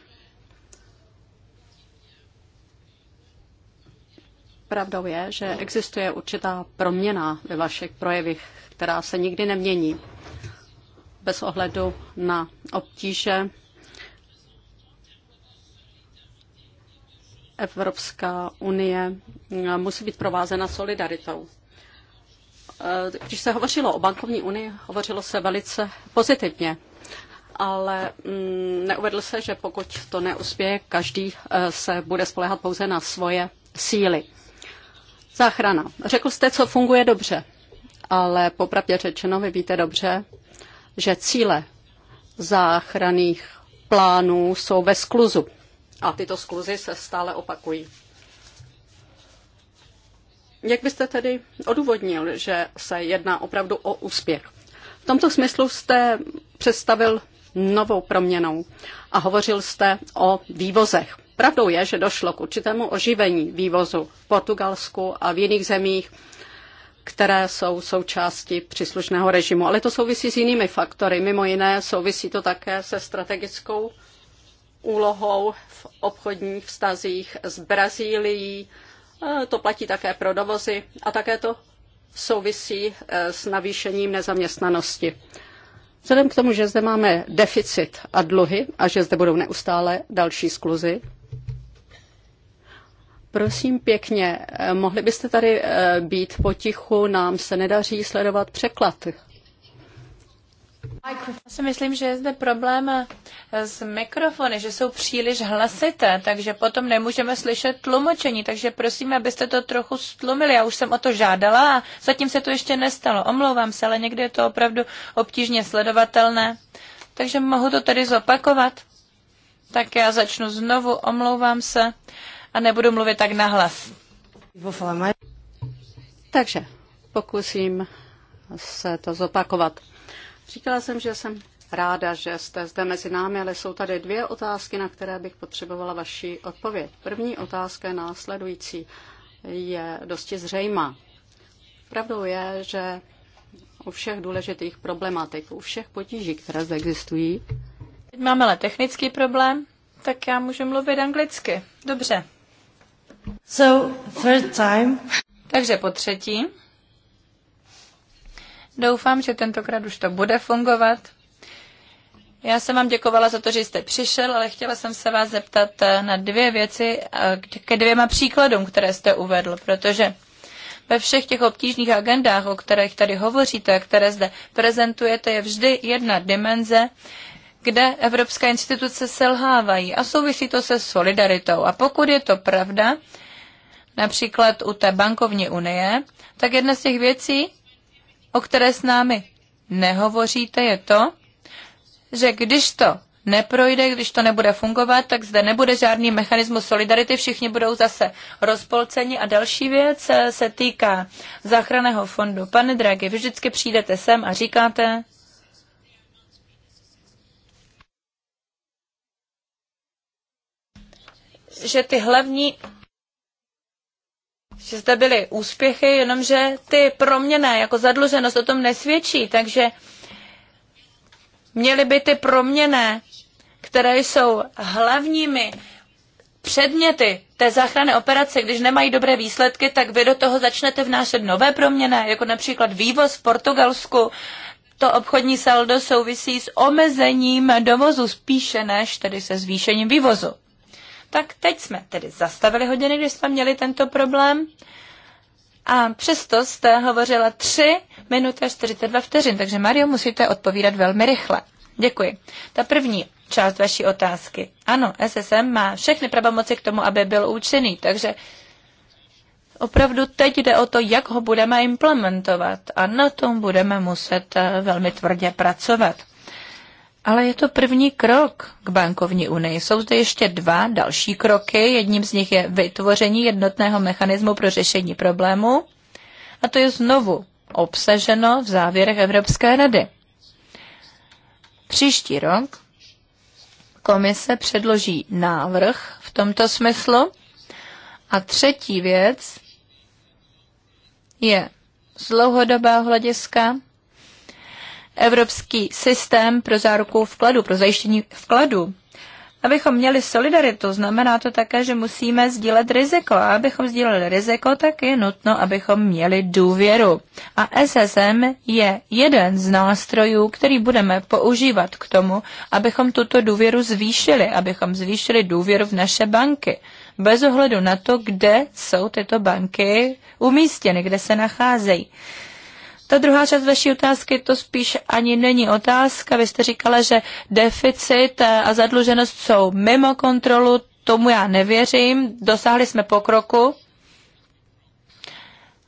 Pravdou je, že existuje určitá proměna ve vašich projevích, která se nikdy nemění bez ohledu na obtíže. Evropská unie musí být provázena solidaritou. Eh, když se hovořilo o bankovní unii, hovořilo se velice pozitivně, ale mm, neuvedl se, že pokud to neuspěje, každý eh, se bude spolehat pouze na svoje síly. Záchrana. Řekl jste, co funguje dobře, ale popravdě řečeno, vy víte dobře, že cíle záchranných plánů jsou ve skluzu. A tyto skluzy se stále opakují. Jak byste tedy odůvodnil, že se jedná opravdu o úspěch? V tomto smyslu jste představil novou proměnou a hovořil jste o vývozech. Pravdou je, že došlo k určitému oživení vývozu v Portugalsku a v jiných zemích které jsou součástí příslušného režimu. Ale to souvisí s jinými faktory. Mimo jiné souvisí to také se strategickou úlohou v obchodních vztazích s Brazílií. To platí také pro dovozy a také to souvisí e, s navýšením nezaměstnanosti. Vzhledem k tomu, že zde máme deficit a dluhy a že zde budou neustále další skluzy, Prosím pěkně, eh, mohli byste tady eh, být potichu, nám se nedaří sledovat překlad. Já si myslím, že je zde problém eh, s mikrofony, že jsou příliš hlasité, takže potom nemůžeme slyšet tlumočení, takže prosím, abyste to trochu stlumili. Já už jsem o to žádala a zatím se to ještě nestalo. Omlouvám se, ale někdy je to opravdu obtížně sledovatelné. Takže mohu to tedy zopakovat? Tak já začnu znovu, omlouvám se. Uh, a nebudu mluvit tak nahlas. Takže pokusím se to zopakovat. Říkala jsem, že jsem ráda, že jste zde mezi námi, ale jsou tady dvě otázky, na které bych potřebovala vaši odpověď. První otázka je následující. Je dosti zřejmá. Pravdou je, že u všech důležitých problematik, u všech potíží, které zde existují. Teď máme ale technický problém, tak já můžu mluvit anglicky. Dobře. So, third time. Takže po třetí. Doufám, že tentokrát už to bude fungovat. Já jsem vám děkovala za to, že jste přišel, ale chtěla jsem se vás zeptat eh, na dvě věci, eh, ke dvěma příkladům, které jste uvedl, protože ve všech těch obtížných agendách, o kterých tady hovoříte, které zde prezentujete, je vždy jedna dimenze, kde evropské instituce selhávají a souvisí to se solidaritou. A pokud je to pravda, například u té bankovní unie, tak jedna z těch věcí, o které s námi nehovoříte, je to, že když to neprojde, když to nebude fungovat, tak zde nebude žádný mechanismus solidarity, všichni budou zase rozpolceni. A další věc eh, se týká záchranného fondu. Pane Draghi, vy vždycky přijdete sem a říkáte, že ty hlavní že zde byly úspěchy, jenomže ty proměny, jako zadluženost o tom nesvědčí, takže měly by ty proměny, které jsou hlavními předměty té záchranné operace, když nemají dobré výsledky, tak vy do toho začnete vnášet nové proměny, jako například vývoz v Portugalsku. To obchodní saldo souvisí s omezením dovozu spíše než tedy se zvýšením vývozu. Tak teď jsme tedy zastavili hodiny, když jsme měli tento problém. A přesto jste hovořila 3 minuty a 42 vteřin, takže Mario, musíte odpovídat velmi rychle. Děkuji. Ta první část vaší otázky. Ano, SSM má všechny pravomoci k tomu, aby byl účinný, takže opravdu teď jde o to, jak ho budeme implementovat a na tom budeme muset eh, velmi tvrdě pracovat. Ale je to první krok k bankovní unii. Jsou zde ještě dva další kroky. Jedním z nich je vytvoření jednotného mechanismu pro řešení problému. A to je znovu obsaženo v závěrech Evropské rady. Příští rok komise předloží návrh v tomto smyslu. A třetí věc je z dlouhodobého hlediska evropský systém pro záruku vkladu, pro zajištění vkladu. Abychom měli solidaritu, znamená to také, že musíme sdílet riziko. A abychom sdíleli riziko, tak je nutno, abychom měli důvěru. A SSM je jeden z nástrojů, který budeme používat k tomu, abychom tuto důvěru zvýšili, abychom zvýšili důvěru v naše banky. Bez ohledu na to, kde jsou tyto banky umístěny, kde se nacházejí. Ta druhá část vaší otázky to spíš ani není otázka. Vy jste říkala, že deficit eh, a zadluženost jsou mimo kontrolu, tomu já nevěřím. Dosáhli jsme pokroku.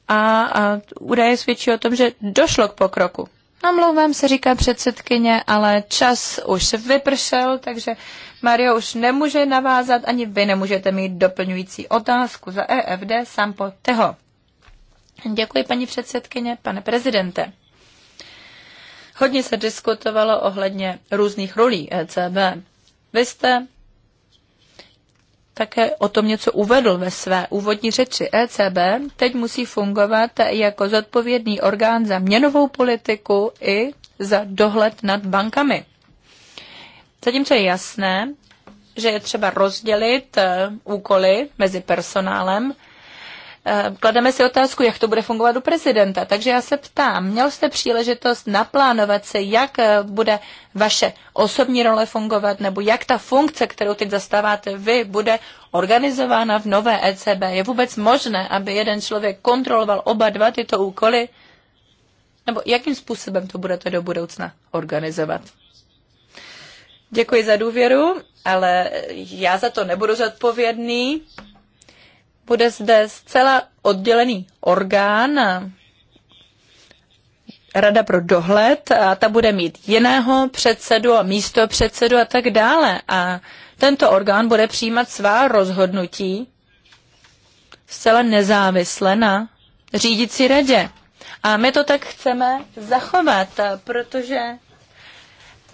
A, a údaje svědčí o tom, že došlo k pokroku. Omlouvám se, říká předsedkyně, ale čas už vypršel, takže Mario už nemůže navázat, ani vy nemůžete mít doplňující otázku za EFD, sám po teho. Děkuji, paní předsedkyně, pane prezidente. Hodně se diskutovalo ohledně různých rolí ECB. Vy jste také o tom něco uvedl ve své úvodní řeči. ECB teď musí fungovat jako zodpovědný orgán za měnovou politiku i za dohled nad bankami. Zatímco je jasné, že je třeba rozdělit eh, úkoly mezi personálem, Eh, klademe si otázku, jak to bude fungovat u prezidenta. Takže já se ptám, měl jste příležitost naplánovat si, jak eh, bude vaše osobní role fungovat, nebo jak ta funkce, kterou teď zastáváte vy, bude organizována v nové ECB. Je vůbec možné, aby jeden člověk kontroloval oba dva tyto úkoly? Nebo jakým způsobem to budete do budoucna organizovat? Děkuji za důvěru, ale já za to nebudu zodpovědný bude zde zcela oddělený orgán, Rada pro dohled, a ta bude mít jiného předsedu a místo předsedu a tak dále. A tento orgán bude přijímat svá rozhodnutí zcela nezávisle na řídící radě. A my to tak chceme zachovat, protože,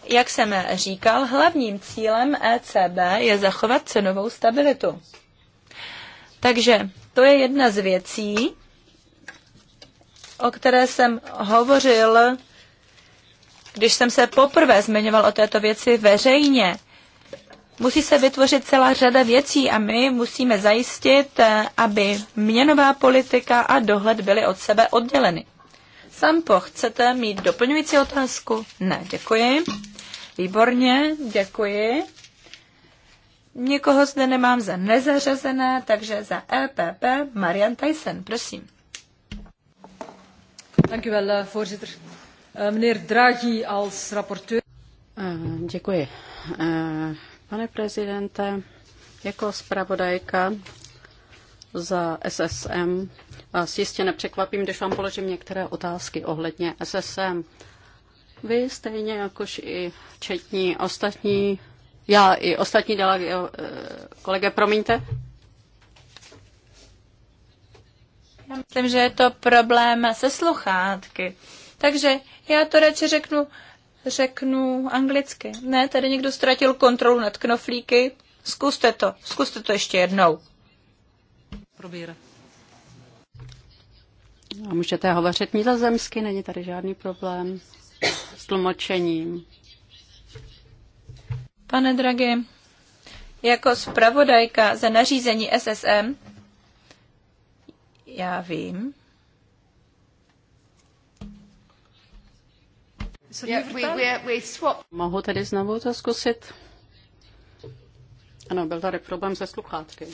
jak jsem říkal, hlavním cílem ECB je zachovat cenovou stabilitu. Takže to je jedna z věcí, o které jsem hovořil, když jsem se poprvé zmiňoval o této věci veřejně. Musí se vytvořit celá řada věcí a my musíme zajistit, aby měnová politika a dohled byly od sebe odděleny. Sampo, chcete mít doplňující otázku? Ne, děkuji. Výborně, děkuji. Nikoho zde nemám za nezařazené, takže za EPP Marian Tyson, prosím. Eh, eh, eh, děkuji. Pane prezidente, jako zpravodajka za SSM vás jistě nepřekvapím, když vám položím některé otázky ohledně SSM. Vy stejně jakož i četní ostatní já i ostatní dala eh, kolege, promiňte. Já myslím, že je to problém se sluchátky. Takže já to radši řeknu, řeknu anglicky. Ne, tady někdo ztratil kontrolu nad knoflíky. Zkuste to, zkuste to ještě jednou. Probíra. A můžete hovořit nizozemsky, není tady žádný problém s tlumočením. Pane Dragi, jako zpravodajka za nařízení SSM, já vím. Mohu tedy znovu to zkusit? Ano, byl tady problém se sluchátky.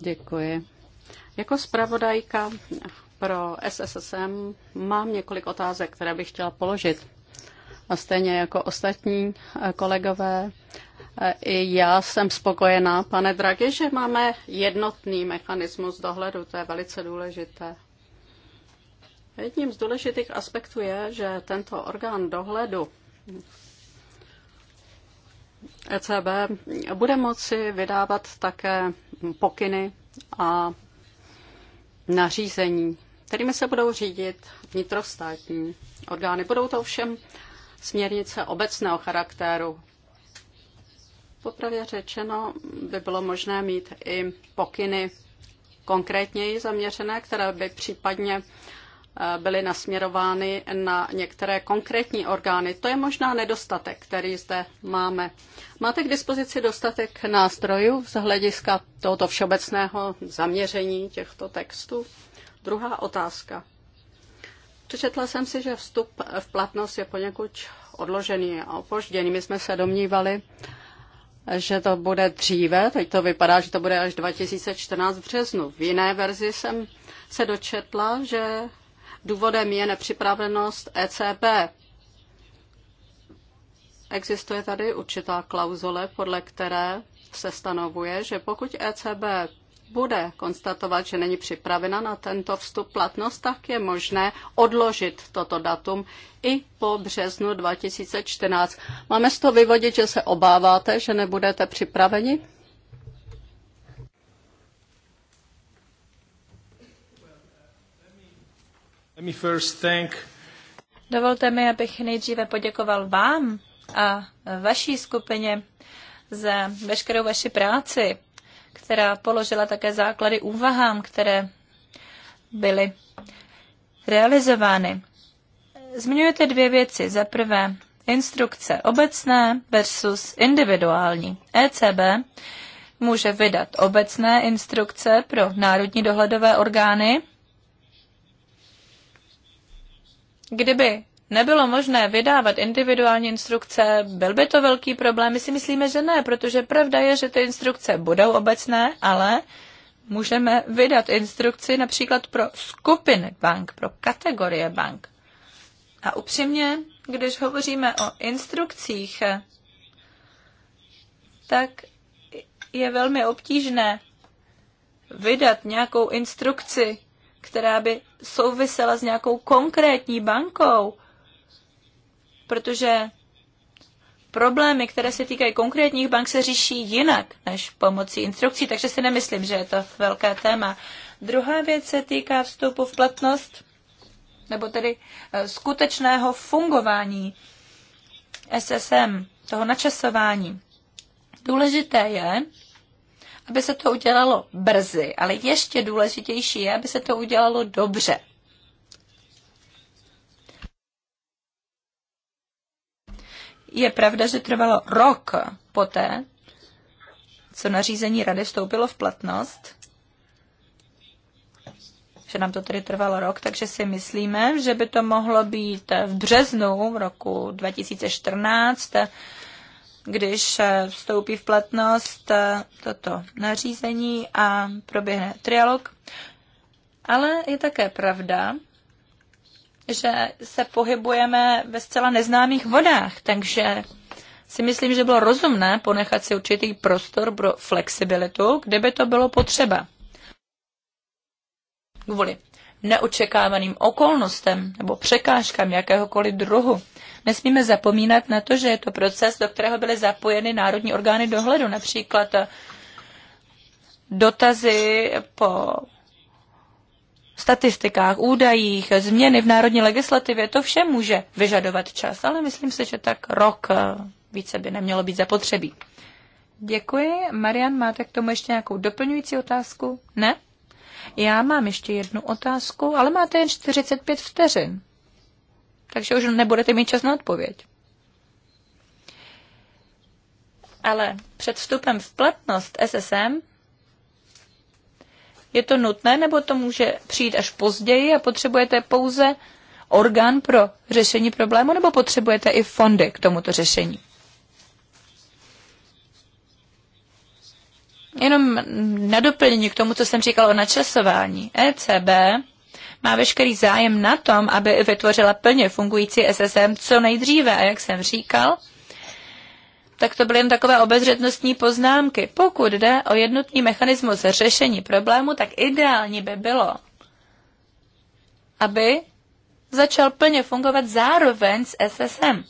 Děkuji. Jako zpravodajka pro SSSM mám několik otázek, které bych chtěla položit. A stejně jako ostatní eh, kolegové, eh, i já jsem spokojená, pane Draghi, že máme jednotný mechanismus dohledu, to je velice důležité. Jedním z důležitých aspektů je, že tento orgán dohledu ECB bude moci vydávat také pokyny a nařízení kterými se budou řídit vnitrostátní orgány. Budou to ovšem směrnice obecného charakteru. Popravě řečeno by bylo možné mít i pokyny konkrétněji zaměřené, které by případně eh, byly nasměrovány na některé konkrétní orgány. To je možná nedostatek, který zde máme. Máte k dispozici dostatek nástrojů z hlediska tohoto všeobecného zaměření těchto textů? Druhá otázka. Přečetla jsem si, že vstup v platnost je poněkud odložený a opožděný. My jsme se domnívali, že to bude dříve, teď to vypadá, že to bude až 2014 v březnu. V jiné verzi jsem se dočetla, že důvodem je nepřipravenost ECB. Existuje tady určitá klauzule, podle které se stanovuje, že pokud ECB bude konstatovat, že není připravena na tento vstup platnost, tak je možné odložit toto datum i po březnu 2014. Máme z toho vyvodit, že se obáváte, že nebudete připraveni? Dovolte mi, abych nejdříve poděkoval vám a vaší skupině za veškerou vaši práci která položila také základy úvahám, které byly realizovány. Zmiňujete dvě věci. Za prvé, instrukce obecné versus individuální. ECB může vydat obecné instrukce pro národní dohledové orgány. Kdyby nebylo možné vydávat individuální instrukce, byl by to velký problém? My si myslíme, že ne, protože pravda je, že ty instrukce budou obecné, ale můžeme vydat instrukci například pro skupiny bank, pro kategorie bank. A upřímně, když hovoříme o instrukcích, tak je velmi obtížné vydat nějakou instrukci, která by souvisela s nějakou konkrétní bankou, protože problémy, které se týkají konkrétních bank, se řeší jinak než pomocí instrukcí, takže si nemyslím, že je to velké téma. Druhá věc se týká vstupu v platnost, nebo tedy eh, skutečného fungování SSM, toho načasování. Důležité je, aby se to udělalo brzy, ale ještě důležitější je, aby se to udělalo dobře. Je pravda, že trvalo rok poté, co nařízení rady vstoupilo v platnost, že nám to tedy trvalo rok, takže si myslíme, že by to mohlo být v březnu roku 2014, když vstoupí v platnost toto nařízení a proběhne trialog. Ale je také pravda, že se pohybujeme ve zcela neznámých vodách, takže si myslím, že bylo rozumné ponechat si určitý prostor pro flexibilitu, kde by to bylo potřeba. Kvůli neočekávaným okolnostem nebo překážkám jakéhokoliv druhu. Nesmíme zapomínat na to, že je to proces, do kterého byly zapojeny národní orgány dohledu, například dotazy po statistikách, údajích, změny v národní legislativě, to vše může vyžadovat čas, ale myslím si, že tak rok eh, více by nemělo být zapotřebí. Děkuji. Marian, máte k tomu ještě nějakou doplňující otázku? Ne? Já mám ještě jednu otázku, ale máte jen 45 vteřin. Takže už nebudete mít čas na odpověď. Ale před vstupem v platnost SSM je to nutné, nebo to může přijít až později a potřebujete pouze orgán pro řešení problému, nebo potřebujete i fondy k tomuto řešení? Jenom na doplnění k tomu, co jsem říkal o načasování. ECB má veškerý zájem na tom, aby vytvořila plně fungující SSM co nejdříve. A jak jsem říkal, tak to byly jen takové obezřetnostní poznámky. Pokud jde o jednotný mechanismus řešení problému, tak ideální by bylo, aby začal plně fungovat zároveň s SSM.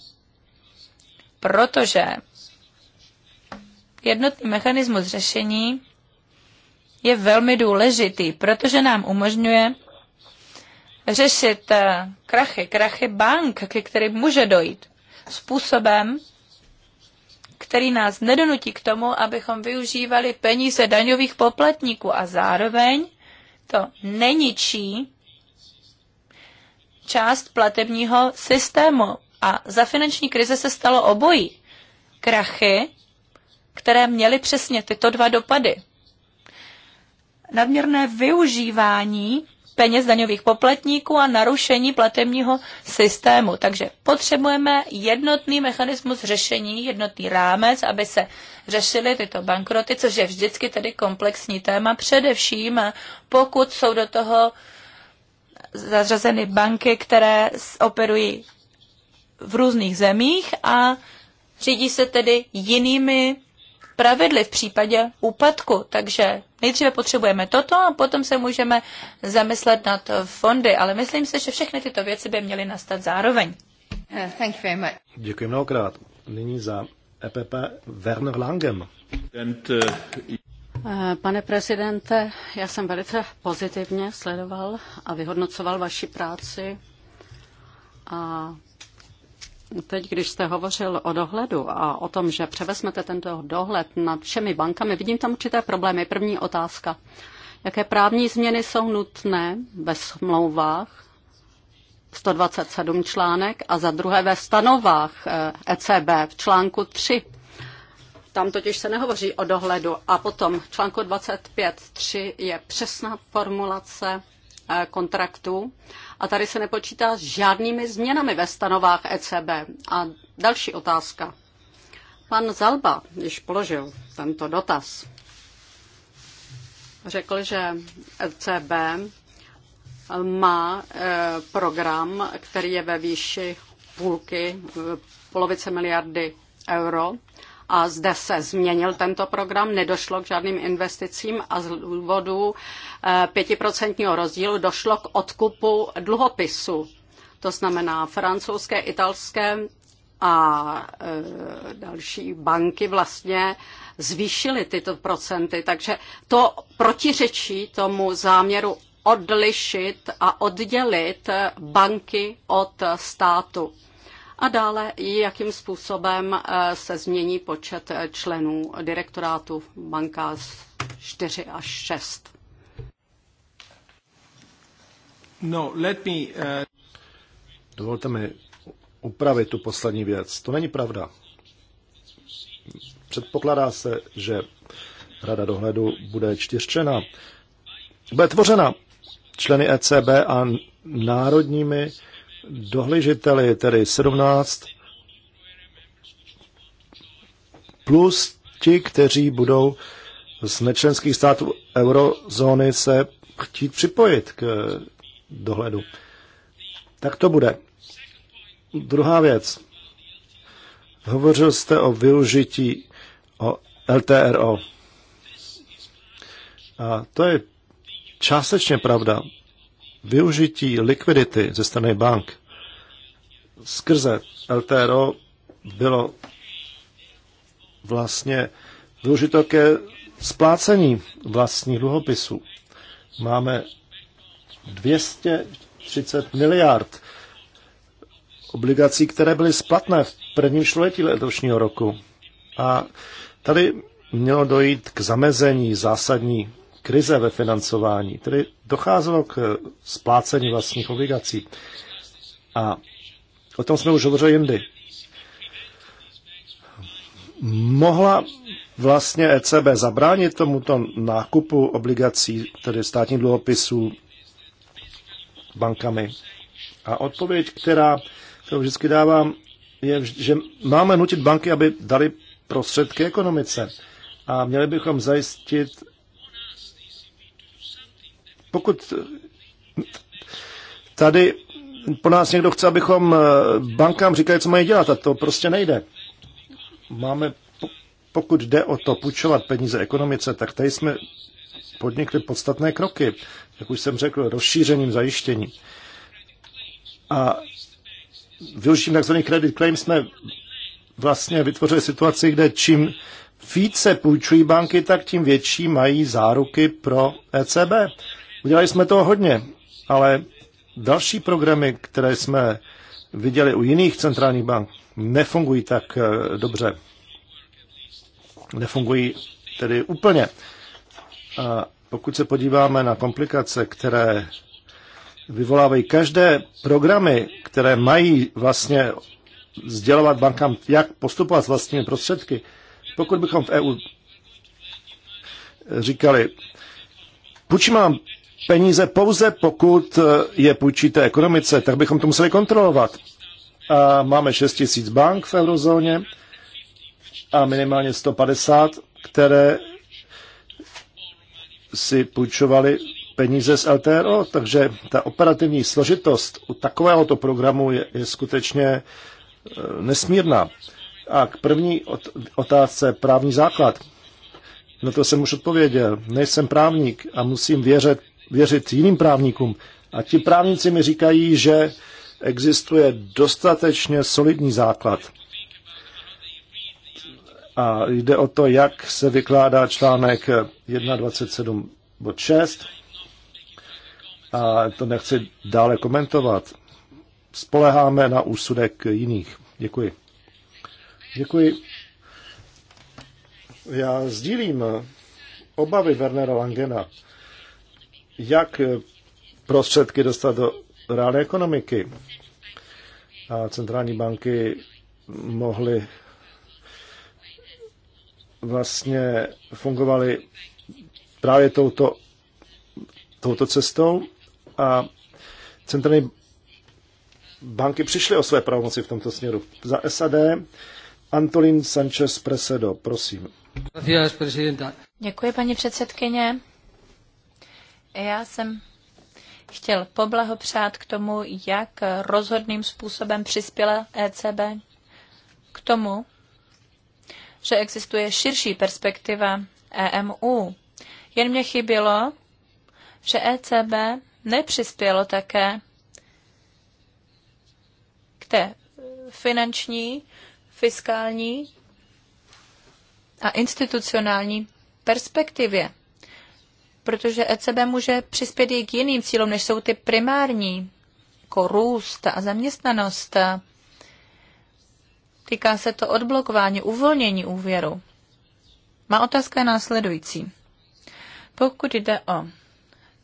Protože jednotný mechanismus řešení je velmi důležitý, protože nám umožňuje řešit eh, krachy, krachy bank, ke kterým může dojít, způsobem, který nás nedonutí k tomu, abychom využívali peníze daňových poplatníků a zároveň to neničí část platebního systému. A za finanční krize se stalo obojí. Krachy, které měly přesně tyto dva dopady. Nadměrné využívání peněz daňových poplatníků a narušení platebního systému. Takže potřebujeme jednotný mechanismus řešení, jednotný rámec, aby se řešily tyto bankroty, což je vždycky tedy komplexní téma, především pokud jsou do toho zařazeny banky, které operují v různých zemích a řídí se tedy jinými pravidly v případě úpadku. Takže nejdříve potřebujeme toto a potom se můžeme zamyslet nad fondy, ale myslím si, že všechny tyto věci by měly nastat zároveň. Eh, thank you very much. Děkuji mnohokrát. Nyní za EPP Werner Langem. Eh, eh, pane prezidente, já jsem velice pozitivně sledoval a vyhodnocoval vaši práci a Teď, když jste hovořil o dohledu a o tom, že převezmete tento dohled nad všemi bankami, vidím tam určité problémy. První otázka. Jaké právní změny jsou nutné ve smlouvách 127 článek a za druhé ve stanovách ECB eh, e v článku 3? Tam totiž se nehovoří o dohledu. A potom v článku 25.3 je přesná formulace eh, kontraktů a tady se nepočítá s žádnými změnami ve stanovách ECB. A další otázka. Pan Zalba, když položil tento dotaz, řekl, že ECB má e, program, který je ve výši půlky, e, polovice miliardy euro a zde se změnil tento program, nedošlo k žádným investicím a z důvodu eh, pětiprocentního rozdílu došlo k odkupu dluhopisu. To znamená francouzské, italské a eh, další banky vlastně zvýšily tyto procenty. Takže to protiřečí tomu záměru odlišit a oddělit banky od státu a dále, jakým způsobem eh, se změní počet eh, členů direktorátu banka z 4 až 6. No, let me, uh... Dovolte mi upravit tu poslední věc. To není pravda. Předpokládá se, že Rada dohledu bude čtyřčena. Bude tvořena členy ECB a národními uh, dohlížiteli, tedy 17, plus ti, kteří budou z nečlenských států eurozóny se chtít připojit k dohledu. Tak to bude. Druhá věc. Hovořil jste o využití o LTRO. A to je částečně pravda využití likvidity ze strany bank skrze LTRO bylo vlastně využito ke splácení vlastních dluhopisů. Máme 230 miliard obligací, které byly splatné v prvním čtvrtletí letošního roku. A tady mělo dojít k zamezení zásadní krize ve financování, tedy docházelo k splácení vlastních obligací. A o tom jsme už hovořili jindy. Mohla vlastně ECB zabránit tomuto nákupu obligací, tedy státních dluhopisů bankami? A odpověď, která, kterou vždycky dávám, je, že máme nutit banky, aby dali prostředky ekonomice. A měli bychom zajistit, pokud tady po nás někdo chce, abychom eh, bankám říkali, co mají dělat, a to prostě nejde. Máme, pokud jde o to půjčovat peníze ekonomice, tak tady jsme podnikli podstatné kroky, jak už jsem řekl, rozšířením zajištění. A využitím tzv. credit claim jsme vlastně vytvořili situaci, kde čím více půjčují banky, tak tím větší mají záruky pro ECB. Udělali jsme toho hodně, ale další programy, které jsme viděli u jiných centrálních bank, nefungují tak eh, dobře. Nefungují tedy úplně. A pokud se podíváme na komplikace, které vyvolávají každé programy, které mají vlastně sdělovat bankám, jak postupovat s vlastními prostředky, pokud bychom v EU říkali, půjčím vám peníze pouze pokud eh, je půjčíte ekonomice, tak bychom to museli kontrolovat. A máme 6 tisíc bank v eurozóně a minimálně 150, které si půjčovali peníze z LTRO, takže ta operativní složitost u takovéhoto programu je, je skutečně eh, nesmírná. A k první otázce právní základ. Na to jsem už odpověděl. Nejsem právník a musím věřit věřit jiným právníkům. A ti právníci mi říkají, že existuje dostatečně solidní základ. A jde o to, jak se vykládá článek 1.27 bod 6. A to nechci dále komentovat. Spoleháme na úsudek jiných. Děkuji. Děkuji. Já sdílím obavy Wernera Langena jak eh, prostředky dostat do reálné ekonomiky. A centrální banky mohly vlastně fungovaly právě touto, touto cestou a centrální banky přišly o své pravomoci v tomto směru. Za SAD Antolín Sanchez Presedo, prosím. Děkuji, paní předsedkyně. Já jsem chtěl poblahopřát k tomu, jak rozhodným způsobem přispěla ECB k tomu, že existuje širší perspektiva EMU. Jen mě chybělo, že ECB nepřispělo také k té finanční, fiskální a institucionální perspektivě protože ECB může přispět i k jiným cílům, než jsou ty primární, jako růst a zaměstnanost. Týká se to odblokování, uvolnění úvěru. Má otázka je následující. Pokud jde o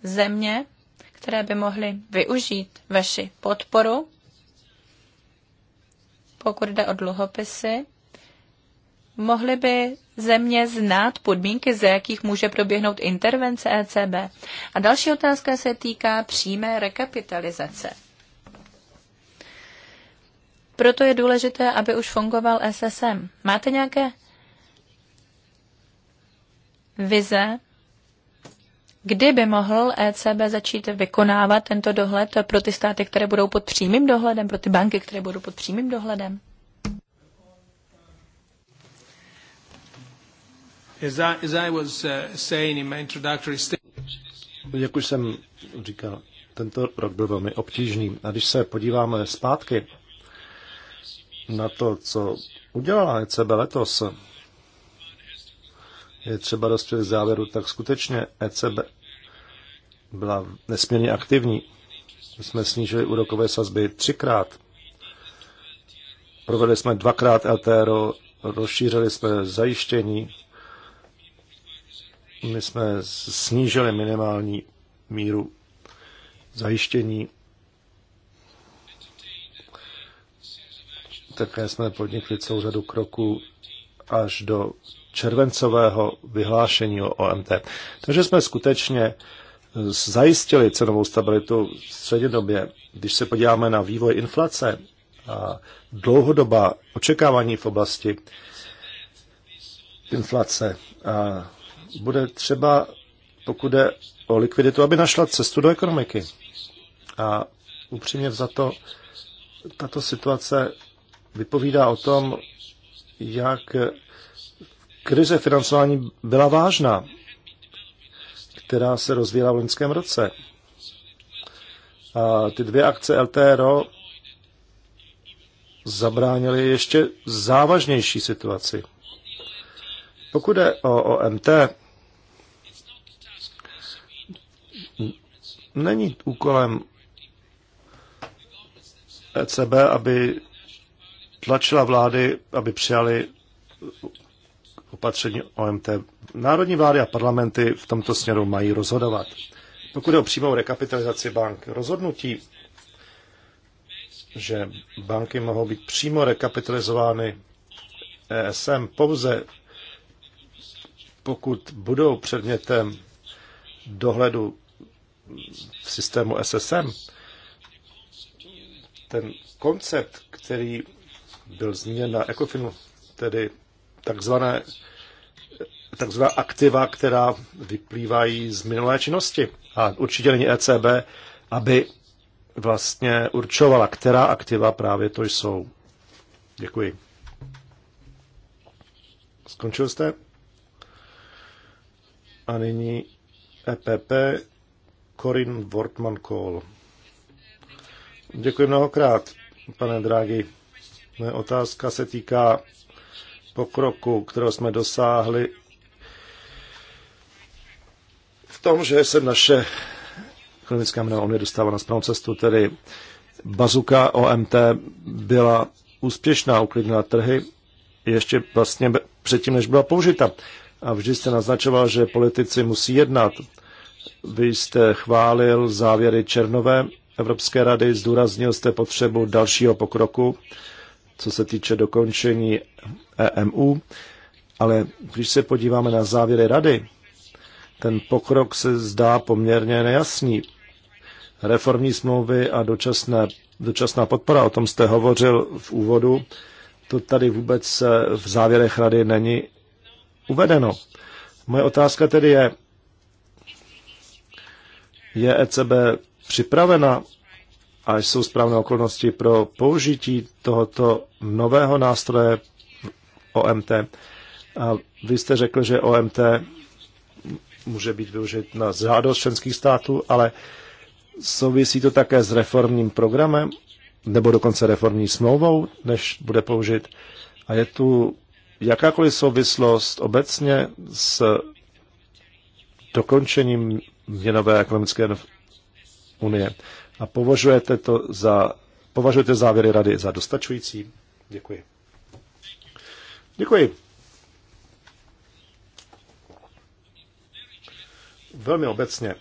země, které by mohly využít vaši podporu, pokud jde o dluhopisy, Mohly by země znát podmínky, ze jakých může proběhnout intervence ECB? A další otázka se týká přímé rekapitalizace. Proto je důležité, aby už fungoval SSM. Máte nějaké vize, kdy by mohl ECB začít vykonávat tento dohled pro ty státy, které budou pod přímým dohledem, pro ty banky, které budou pod přímým dohledem? Uh, Jak už jsem říkal, tento rok byl velmi obtížný. A když se podíváme zpátky na to, co udělala ECB letos, je třeba dospět závěru, tak skutečně ECB byla nesmírně aktivní. My jsme snížili úrokové sazby třikrát. Provedli jsme dvakrát LTRO, rozšířili jsme zajištění my jsme snížili minimální míru zajištění. Také jsme podnikli celou řadu kroků až do červencového vyhlášení o OMT. Takže jsme skutečně eh, zajistili cenovou stabilitu v střednědobě. Když se podíváme na vývoj inflace a dlouhodobá očekávání v oblasti inflace a bude třeba, pokud jde o likviditu, aby našla cestu do ekonomiky. A upřímně za to, tato situace vypovídá o tom, jak krize financování byla vážná, která se rozvíjela v loňském roce. A ty dvě akce LTRO zabránily ještě závažnější situaci. Pokud je o OMT, není úkolem ECB, aby tlačila vlády, aby přijali opatření OMT. Národní vlády a parlamenty v tomto směru mají rozhodovat. Pokud je o přímou rekapitalizaci bank, rozhodnutí, že banky mohou být přímo rekapitalizovány ESM pouze pokud budou předmětem dohledu v systému SSM, ten koncept, který byl zmíněn na Ecofinu, tedy takzvané, takzvaná aktiva, která vyplývají z minulé činnosti. A určitě není ECB, aby vlastně určovala, která aktiva právě to jsou. Děkuji. Skončil jste? A nyní EPP Corin Wortman kohl Děkuji mnohokrát, pane Drági. Moje otázka se týká pokroku, kterého jsme dosáhli v tom, že se naše klinická měna Unie dostává na správnou cestu, tedy bazuka OMT byla úspěšná, uklidnila trhy ještě vlastně předtím, než byla použita a vždy jste naznačoval, že politici musí jednat. Vy jste chválil závěry Černové Evropské rady, zdůraznil jste potřebu dalšího pokroku, co se týče dokončení EMU, ale když se podíváme na závěry rady, ten pokrok se zdá poměrně nejasný. Reformní smlouvy a dočasné, dočasná podpora, o tom jste hovořil v úvodu, to tady vůbec v závěrech rady není uvedeno. Moje otázka tedy je, je ECB připravena a jsou správné okolnosti pro použití tohoto nového nástroje OMT. A vy jste řekl, že OMT může být využit na žádost členských států, ale souvisí to také s reformním programem nebo dokonce reformní smlouvou, než bude použit. A je tu jakákoliv souvislost obecně s dokončením měnové ekonomické unie. A považujete, to za, považujete závěry rady za dostačující? Děkuji. Děkuji. Velmi obecně,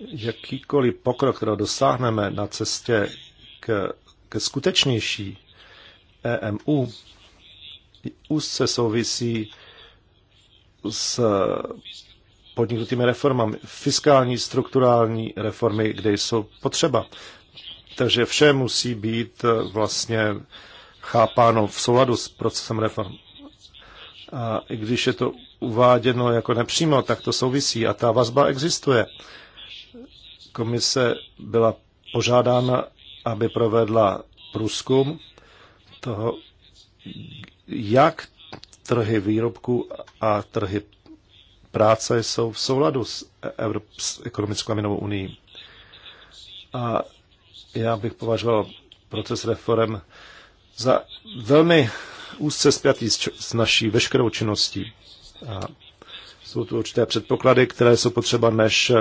jakýkoliv pokrok, který dosáhneme na cestě k, ke skutečnější EMU, úzce souvisí s podniknutými reformami, fiskální, strukturální reformy, kde jsou potřeba. Takže vše musí být eh, vlastně chápáno v souladu s procesem reform. A i když je to uváděno jako nepřímo, tak to souvisí a ta vazba existuje. Komise byla požádána, aby provedla průzkum toho, jak trhy výrobků a trhy práce jsou v souladu s, Evrop, s ekonomickou a měnovou unii. A já bych považoval proces reform za velmi úzce spjatý s, s naší veškerou činností. A jsou tu určité předpoklady, které jsou potřeba, než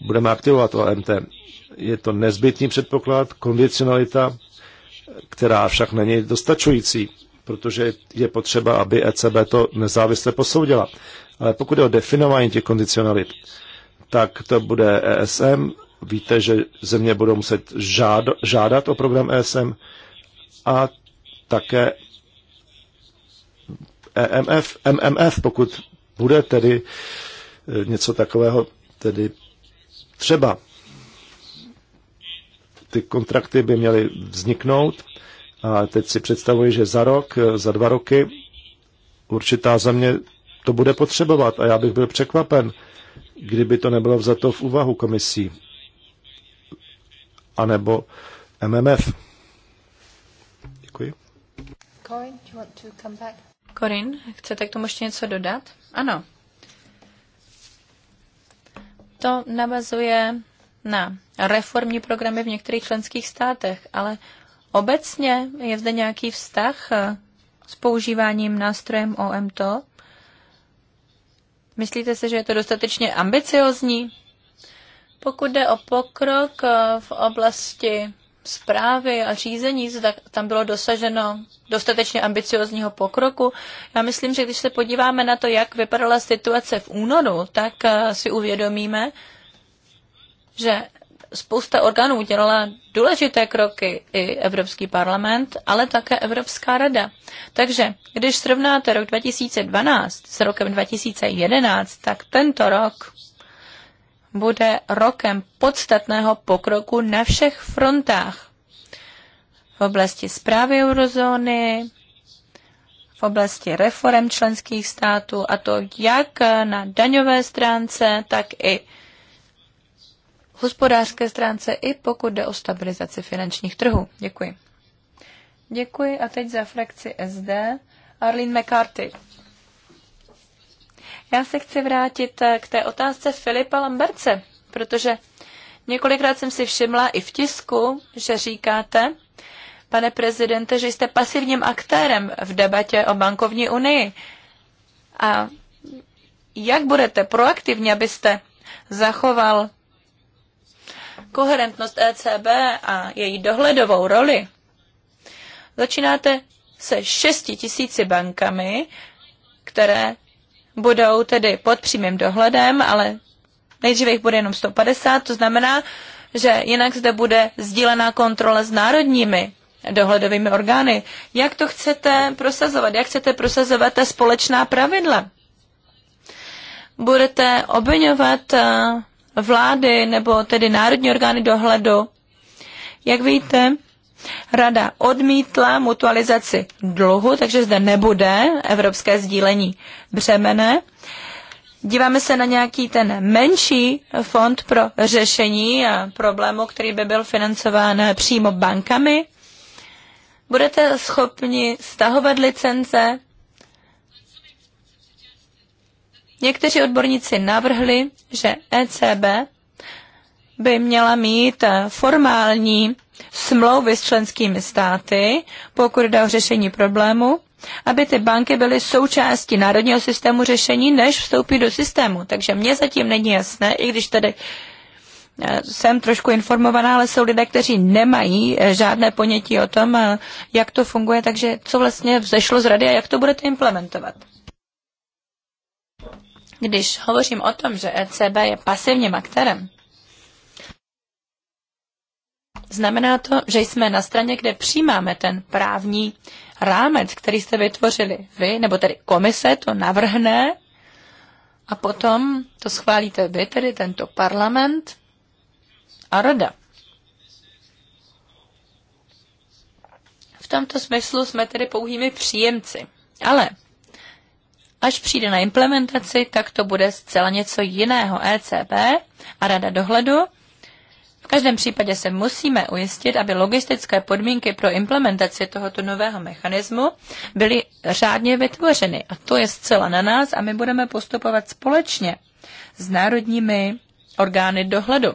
budeme aktivovat OMT. Je to nezbytný předpoklad, kondicionalita, která však není dostačující protože je potřeba, aby ECB to nezávisle posoudila. Ale pokud je o definování těch kondicionalit, tak to bude ESM. Víte, že země budou muset žád, žádat o program ESM a také EMF, MMF, pokud bude tedy eh, něco takového tedy třeba. Ty kontrakty by měly vzniknout a teď si představuji, že za rok, eh, za dva roky určitá země to bude potřebovat a já bych byl překvapen, kdyby to nebylo vzato v úvahu komisí anebo MMF. Děkuji. Corin, chcete k tomu ještě něco dodat? Ano. To navazuje na reformní programy v některých členských státech, ale obecně? Je zde nějaký vztah eh, s používáním nástrojem OMTO? Myslíte si, že je to dostatečně ambiciozní? Pokud jde o pokrok eh, v oblasti zprávy a řízení, tak tam bylo dosaženo dostatečně ambiciozního pokroku. Já myslím, že když se podíváme na to, jak vypadala situace v únoru, tak eh, si uvědomíme, že spousta orgánů udělala důležité kroky i Evropský parlament, ale také Evropská rada. Takže když srovnáte rok 2012 s rokem 2011, tak tento rok bude rokem podstatného pokroku na všech frontách. V oblasti zprávy eurozóny, v oblasti reform členských států, a to jak na daňové stránce, tak i hospodářské stránce i pokud jde o stabilizaci finančních trhů. Děkuji. Děkuji a teď za frakci SD Arlene McCarthy. Já se chci vrátit eh, k té otázce Filipa Lamberce, protože několikrát jsem si všimla i v tisku, že říkáte, pane prezidente, že jste pasivním aktérem v debatě o bankovní unii. A jak budete proaktivní, abyste zachoval koherentnost ECB a její dohledovou roli, začínáte se šesti tisíci bankami, které budou tedy pod přímým dohledem, ale nejdříve jich bude jenom 150, to znamená, že jinak zde bude sdílená kontrola s národními dohledovými orgány. Jak to chcete prosazovat? Jak chcete prosazovat ta společná pravidla? Budete obvinovat eh, vlády nebo tedy národní orgány dohledu. Jak víte, Rada odmítla mutualizaci dluhu, takže zde nebude evropské sdílení břemene. Díváme se na nějaký ten menší fond pro řešení problému, který by byl financován přímo bankami. Budete schopni stahovat licence Někteří odborníci navrhli, že ECB by měla mít eh, formální smlouvy s členskými státy, pokud jde o řešení problému, aby ty banky byly součástí národního systému řešení, než vstoupí do systému. Takže mně zatím není jasné, i když tedy eh, jsem trošku informovaná, ale jsou lidé, kteří nemají eh, žádné ponětí o tom, jak to funguje, takže co vlastně vzešlo z rady a jak to budete implementovat. Když hovořím o tom, že ECB je pasivním aktérem, znamená to, že jsme na straně, kde přijímáme ten právní rámec, který jste vytvořili vy, nebo tedy komise to navrhne a potom to schválíte vy, tedy tento parlament a rada. V tomto smyslu jsme tedy pouhými příjemci. Ale Až přijde na implementaci, tak to bude zcela něco jiného ECB a Rada dohledu. V každém případě se musíme ujistit, aby logistické podmínky pro implementaci tohoto nového mechanismu byly řádně vytvořeny. A to je zcela na nás a my budeme postupovat společně s národními orgány dohledu.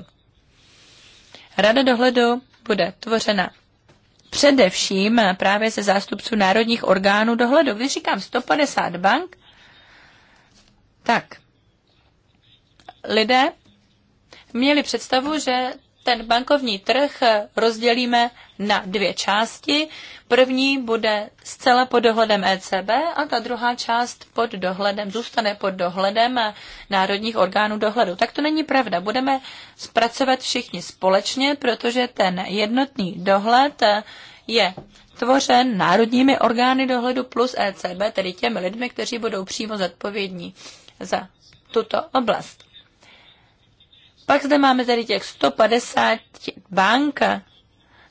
Rada dohledu bude tvořena především právě ze zástupců národních orgánů dohledu. Když říkám 150 bank, tak lidé měli představu, že ten bankovní trh rozdělíme na dvě části. První bude zcela pod dohledem ECB a ta druhá část pod dohledem, zůstane pod dohledem národních orgánů dohledu. Tak to není pravda. Budeme zpracovat všichni společně, protože ten jednotný dohled je tvořen národními orgány dohledu plus ECB, tedy těmi lidmi, kteří budou přímo zodpovědní za tuto oblast. Pak zde máme tady těch 150 bank,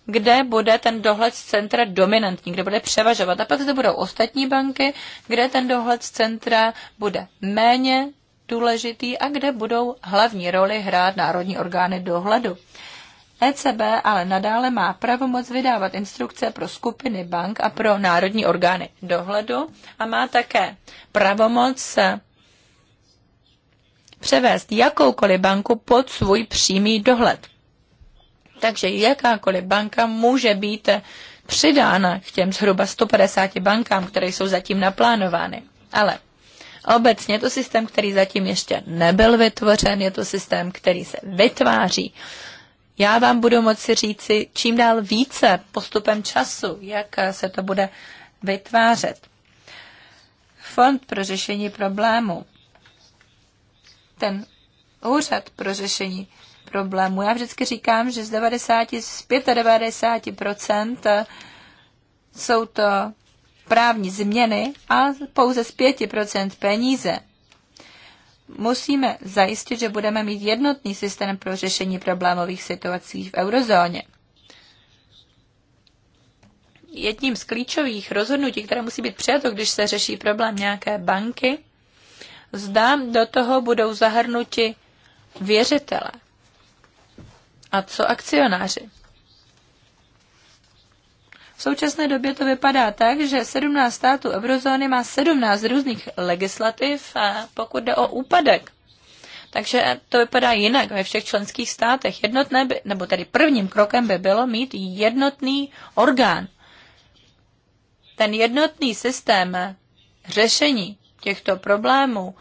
kde bude ten dohled z centra dominantní, kde bude převažovat. A pak zde budou ostatní banky, kde ten dohled z centra bude méně důležitý a kde budou hlavní roli hrát národní orgány dohledu. ECB ale nadále má pravomoc vydávat instrukce pro skupiny bank a pro národní orgány dohledu a má také pravomoc převést jakoukoliv banku pod svůj přímý dohled. Takže jakákoliv banka může být přidána k těm zhruba 150 bankám, které jsou zatím naplánovány. Ale obecně je to systém, který zatím ještě nebyl vytvořen, je to systém, který se vytváří. Já vám budu moci říci čím dál více postupem času, jak se to bude vytvářet. Fond pro řešení problému ten úřad pro řešení problému. Já vždycky říkám, že z 90, z 95% eh, jsou to právní změny a pouze z 5% peníze. Musíme zajistit, že budeme mít jednotný systém pro řešení problémových situací v eurozóně. Jedním z klíčových rozhodnutí, které musí být přijato, když se řeší problém nějaké banky, zda do toho budou zahrnuti věřitele. A co akcionáři? V současné době to vypadá tak, že 17 států eurozóny má 17 různých legislativ, a pokud jde o úpadek. Takže to vypadá jinak ve všech členských státech. Jednotné by, nebo tedy prvním krokem by bylo mít jednotný orgán. Ten jednotný systém řešení těchto problémů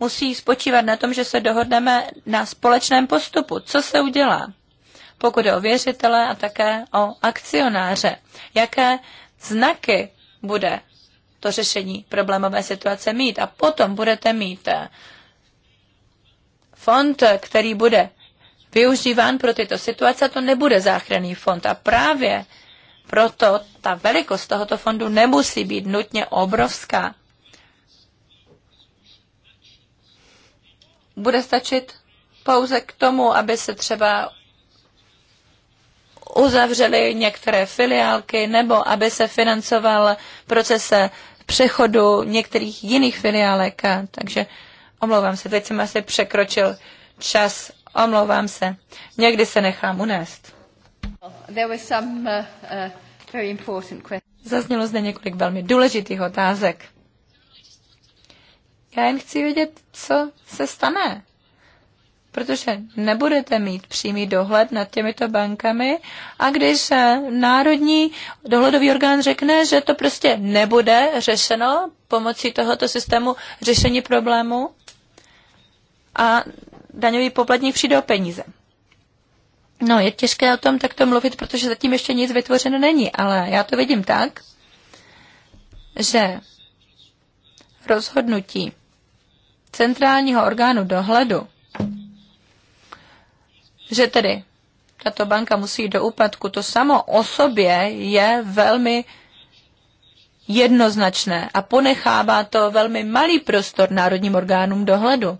musí spočívat na tom, že se dohodneme na společném postupu. Co se udělá? Pokud je o věřitele a také o akcionáře. Jaké znaky bude to řešení problémové situace mít? A potom budete mít eh, fond, který bude využíván pro tyto situace, to nebude záchranný fond. A právě proto ta velikost tohoto fondu nemusí být nutně obrovská. bude stačit pouze k tomu, aby se třeba uzavřely některé filiálky nebo aby se financoval proces přechodu některých jiných filiálek. Takže omlouvám se, teď jsem asi překročil čas, omlouvám se. Někdy se nechám unést. Uh, uh, Zaznělo zde několik velmi důležitých otázek. Já jen chci vědět, co se stane. Protože nebudete mít přímý dohled nad těmito bankami a když eh, národní dohledový orgán řekne, že to prostě nebude řešeno pomocí tohoto systému řešení problému a daňový poplatník přijde o peníze. No, je těžké o tom takto mluvit, protože zatím ještě nic vytvořeno není, ale já to vidím tak, že rozhodnutí centrálního orgánu dohledu, že tedy tato banka musí jít do úpadku, to samo o sobě je velmi jednoznačné a ponechává to velmi malý prostor národním orgánům dohledu.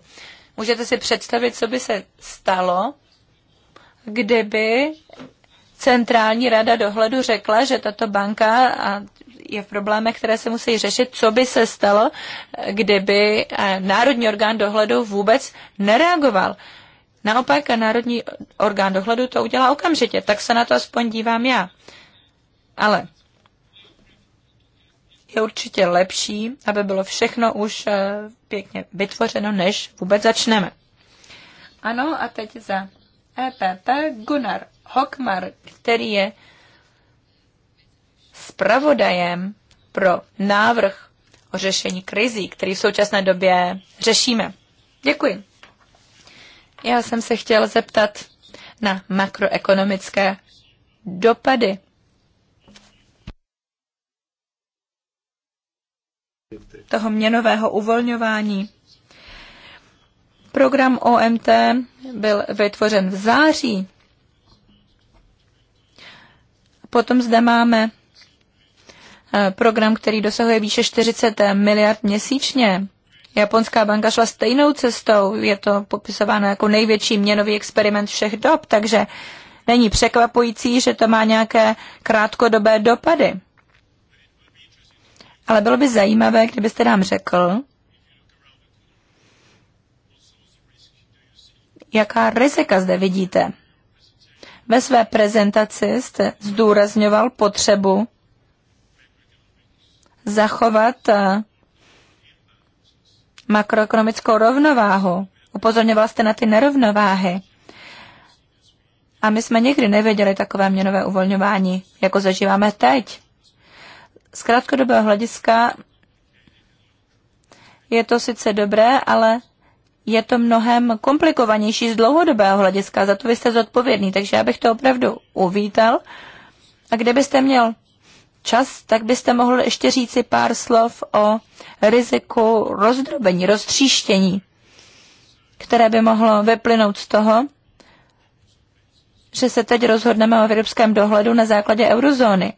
Můžete si představit, co by se stalo, kdyby centrální rada dohledu řekla, že tato banka a je v problémech, které se musí řešit, co by se stalo, kdyby eh, národní orgán dohledu vůbec nereagoval. Naopak národní orgán dohledu to udělá okamžitě, tak se na to aspoň dívám já. Ale je určitě lepší, aby bylo všechno už eh, pěkně vytvořeno, než vůbec začneme. Ano, a teď za EPP Gunnar Hockmar, který je zpravodajem pro návrh o řešení krizí, který v současné době řešíme. Děkuji. Já jsem se chtěl zeptat na makroekonomické dopady. toho měnového uvolňování. Program OMT byl vytvořen v září. Potom zde máme Eh, program, který dosahuje výše 40 miliard měsíčně. Japonská banka šla stejnou cestou, je to popisováno jako největší měnový experiment všech dob, takže není překvapující, že to má nějaké krátkodobé dopady. Ale bylo by zajímavé, kdybyste nám řekl, jaká rizika zde vidíte. Ve své prezentaci jste zdůrazňoval potřebu zachovat eh, makroekonomickou rovnováhu. Upozorňoval jste na ty nerovnováhy. A my jsme nikdy nevěděli takové měnové uvolňování, jako zažíváme teď. Z krátkodobého hlediska je to sice dobré, ale je to mnohem komplikovanější z dlouhodobého hlediska, za to vy jste zodpovědný, takže já bych to opravdu uvítal. A kdybyste měl čas, tak byste mohl ještě říci pár slov o riziku rozdrobení, roztříštění, které by mohlo vyplynout z toho, že se teď rozhodneme o evropském dohledu na základě eurozóny.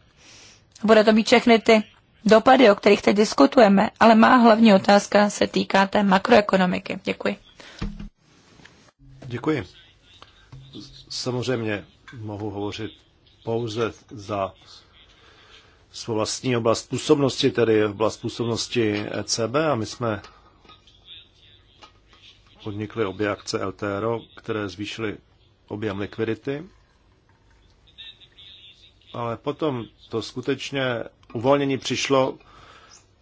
Bude to být všechny ty dopady, o kterých teď diskutujeme, ale má hlavní otázka se týká té makroekonomiky. Děkuji. Děkuji. Samozřejmě mohu hovořit pouze za svou vlastní oblast působnosti, tedy oblast působnosti ECB a my jsme podnikli obě akce LTRO, které zvýšily objem likvidity. Ale potom to skutečně uvolnění přišlo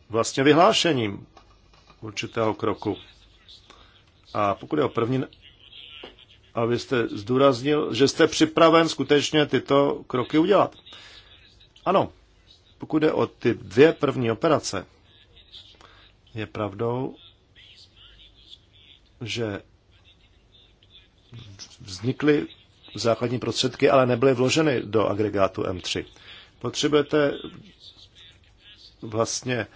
vlastně vyhlášením určitého kroku. A pokud je o první, abyste zdůraznil, že jste připraven skutečně tyto kroky udělat. Ano, pokud jde o ty dvě první operace, je pravdou, že vznikly základní prostředky, ale nebyly vloženy do agregátu M3. Potřebujete vlastně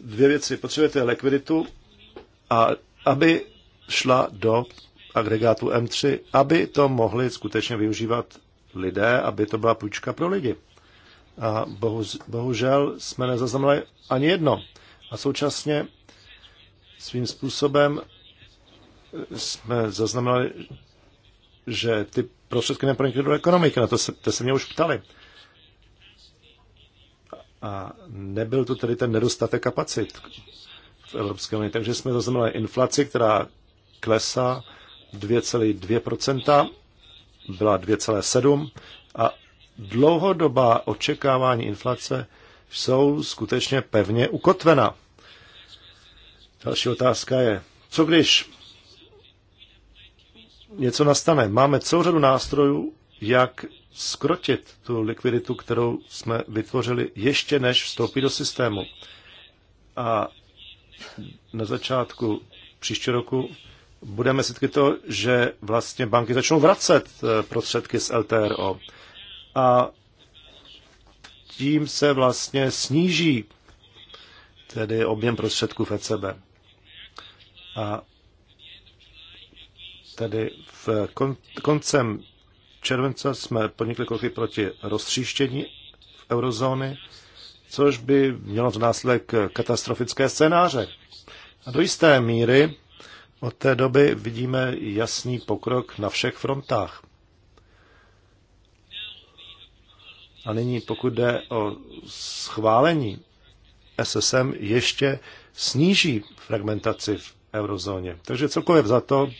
dvě věci. Potřebujete likviditu, a aby šla do agregátu M3, aby to mohli skutečně využívat lidé, aby to byla půjčka pro lidi a bohužel jsme nezaznamenali ani jedno. A současně svým způsobem jsme zaznamenali, že ty prostředky nepronikly do ekonomiky, na to se, to se mě už ptali. A nebyl to tedy ten nedostatek kapacit v Evropské unii. Takže jsme zaznamenali inflaci, která klesá 2,2%, byla 2,7% a dlouhodobá očekávání inflace jsou skutečně pevně ukotvena. Další otázka je, co když něco nastane? Máme celou řadu nástrojů, jak skrotit tu likviditu, kterou jsme vytvořili ještě než vstoupí do systému. A na začátku příští roku budeme svědky to, že vlastně banky začnou vracet eh, prostředky z LTRO a tím se vlastně sníží tedy objem prostředků v ECB. A tedy v kon, koncem července jsme podnikli kroky proti roztříštění v eurozóny, což by mělo v následek katastrofické scénáře. A do jisté míry od té doby vidíme jasný pokrok na všech frontách. A nyní, pokud jde o schválení SSM, ještě sníží fragmentaci v eurozóně. Takže celkově za to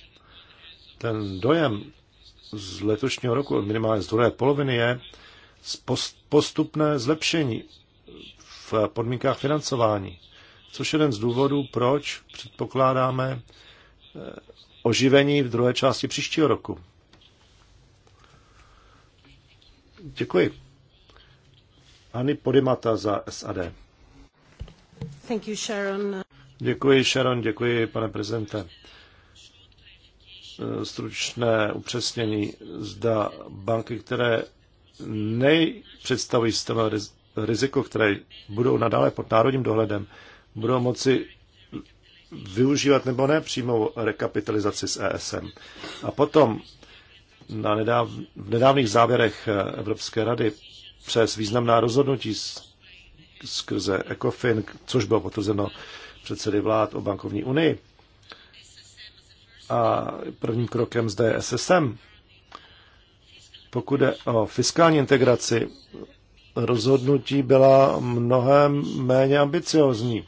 ten dojem z letošního roku, minimálně z druhé poloviny, je postupné zlepšení v podmínkách financování, což je jeden z důvodů, proč předpokládáme eh, oživení v druhé části příštího roku. Děkuji. Ani Podimata za SAD. Thank you, Sharon. Děkuji, Sharon, děkuji, pane prezidente. Stručné upřesnění. Zda banky, které nejpředstavují systémové riziko, které budou nadále pod národním dohledem, budou moci využívat nebo ne přímou rekapitalizaci s ESM. A potom na nedáv- v nedávných závěrech Evropské rady přes významná rozhodnutí skrze ECOFIN, což bylo potvrzeno předsedy vlád o bankovní unii. A prvním krokem zde je SSM. Pokud je o fiskální integraci, rozhodnutí byla mnohem méně ambiciozní.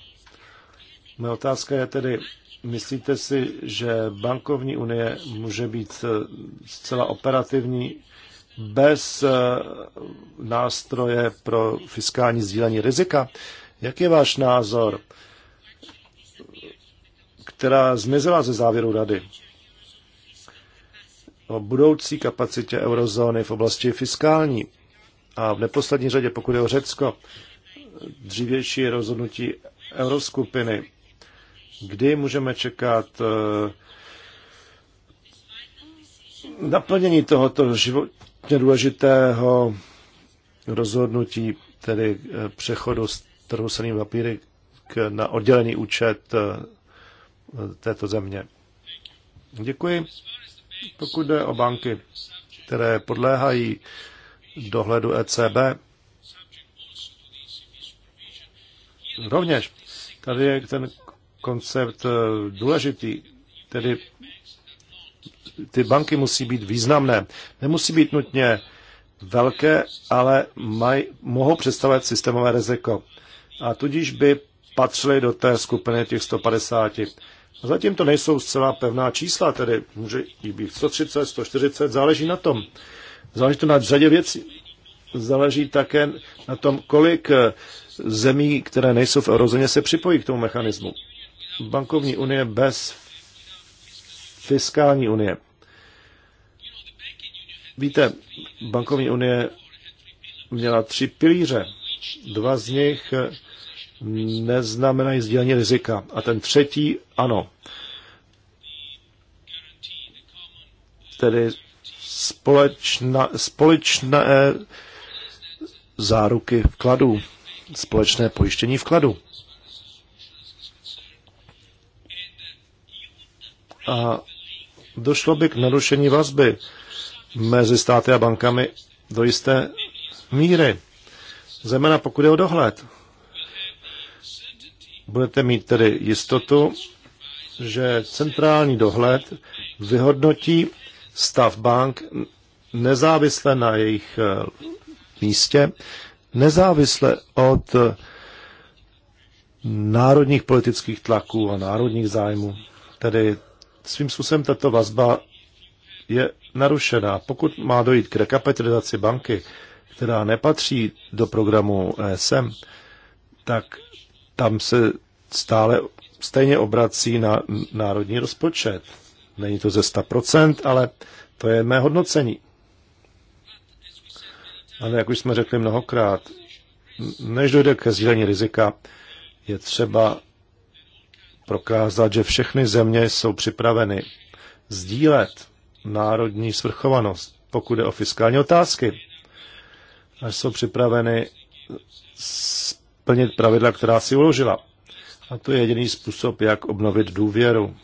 Moje otázka je tedy, myslíte si, že bankovní unie může být eh, zcela operativní bez eh, nástroje pro fiskální sdílení rizika. Jak je váš názor, která zmizela ze závěru rady o budoucí kapacitě eurozóny v oblasti fiskální a v neposlední řadě, pokud je o Řecko, dřívější rozhodnutí euroskupiny, kdy můžeme čekat eh, naplnění tohoto život, důležitého rozhodnutí, tedy eh, přechodu z trhu s papíry k, na oddělený účet eh, této země. Děkuji. Pokud jde o banky, které podléhají dohledu ECB, rovněž tady je ten koncept eh, důležitý, tedy ty banky musí být významné. Nemusí být nutně velké, ale maj, mohou představovat systémové riziko. A tudíž by patřily do té skupiny těch 150. A zatím to nejsou zcela pevná čísla, tedy může jich být 130, 140, záleží na tom. Záleží to na řadě věcí. Záleží také na tom, kolik eh, zemí, které nejsou v eurozóně, se připojí k tomu mechanismu. Bankovní unie bez fiskální unie. Víte, bankovní unie měla tři pilíře. Dva z nich neznamenají sdílení rizika a ten třetí ano. Tedy společná společné záruky vkladů, společné pojištění vkladů. A došlo by k narušení vazby mezi státy a bankami do jisté míry, zejména pokud je o dohled. Budete mít tedy jistotu, že centrální dohled vyhodnotí stav bank nezávisle na jejich eh, místě, nezávisle od eh, národních politických tlaků a národních zájmů. Tedy svým způsobem tato vazba je narušená. Pokud má dojít k rekapitalizaci banky, která nepatří do programu ESM, tak tam se stále stejně obrací na národní rozpočet. Není to ze 100%, ale to je mé hodnocení. Ale jak už jsme řekli mnohokrát, než dojde ke sdílení rizika, je třeba prokázat, že všechny země jsou připraveny sdílet národní svrchovanost, pokud je o fiskální otázky. A jsou připraveny splnit pravidla, která si uložila. A to je jediný způsob, jak obnovit důvěru.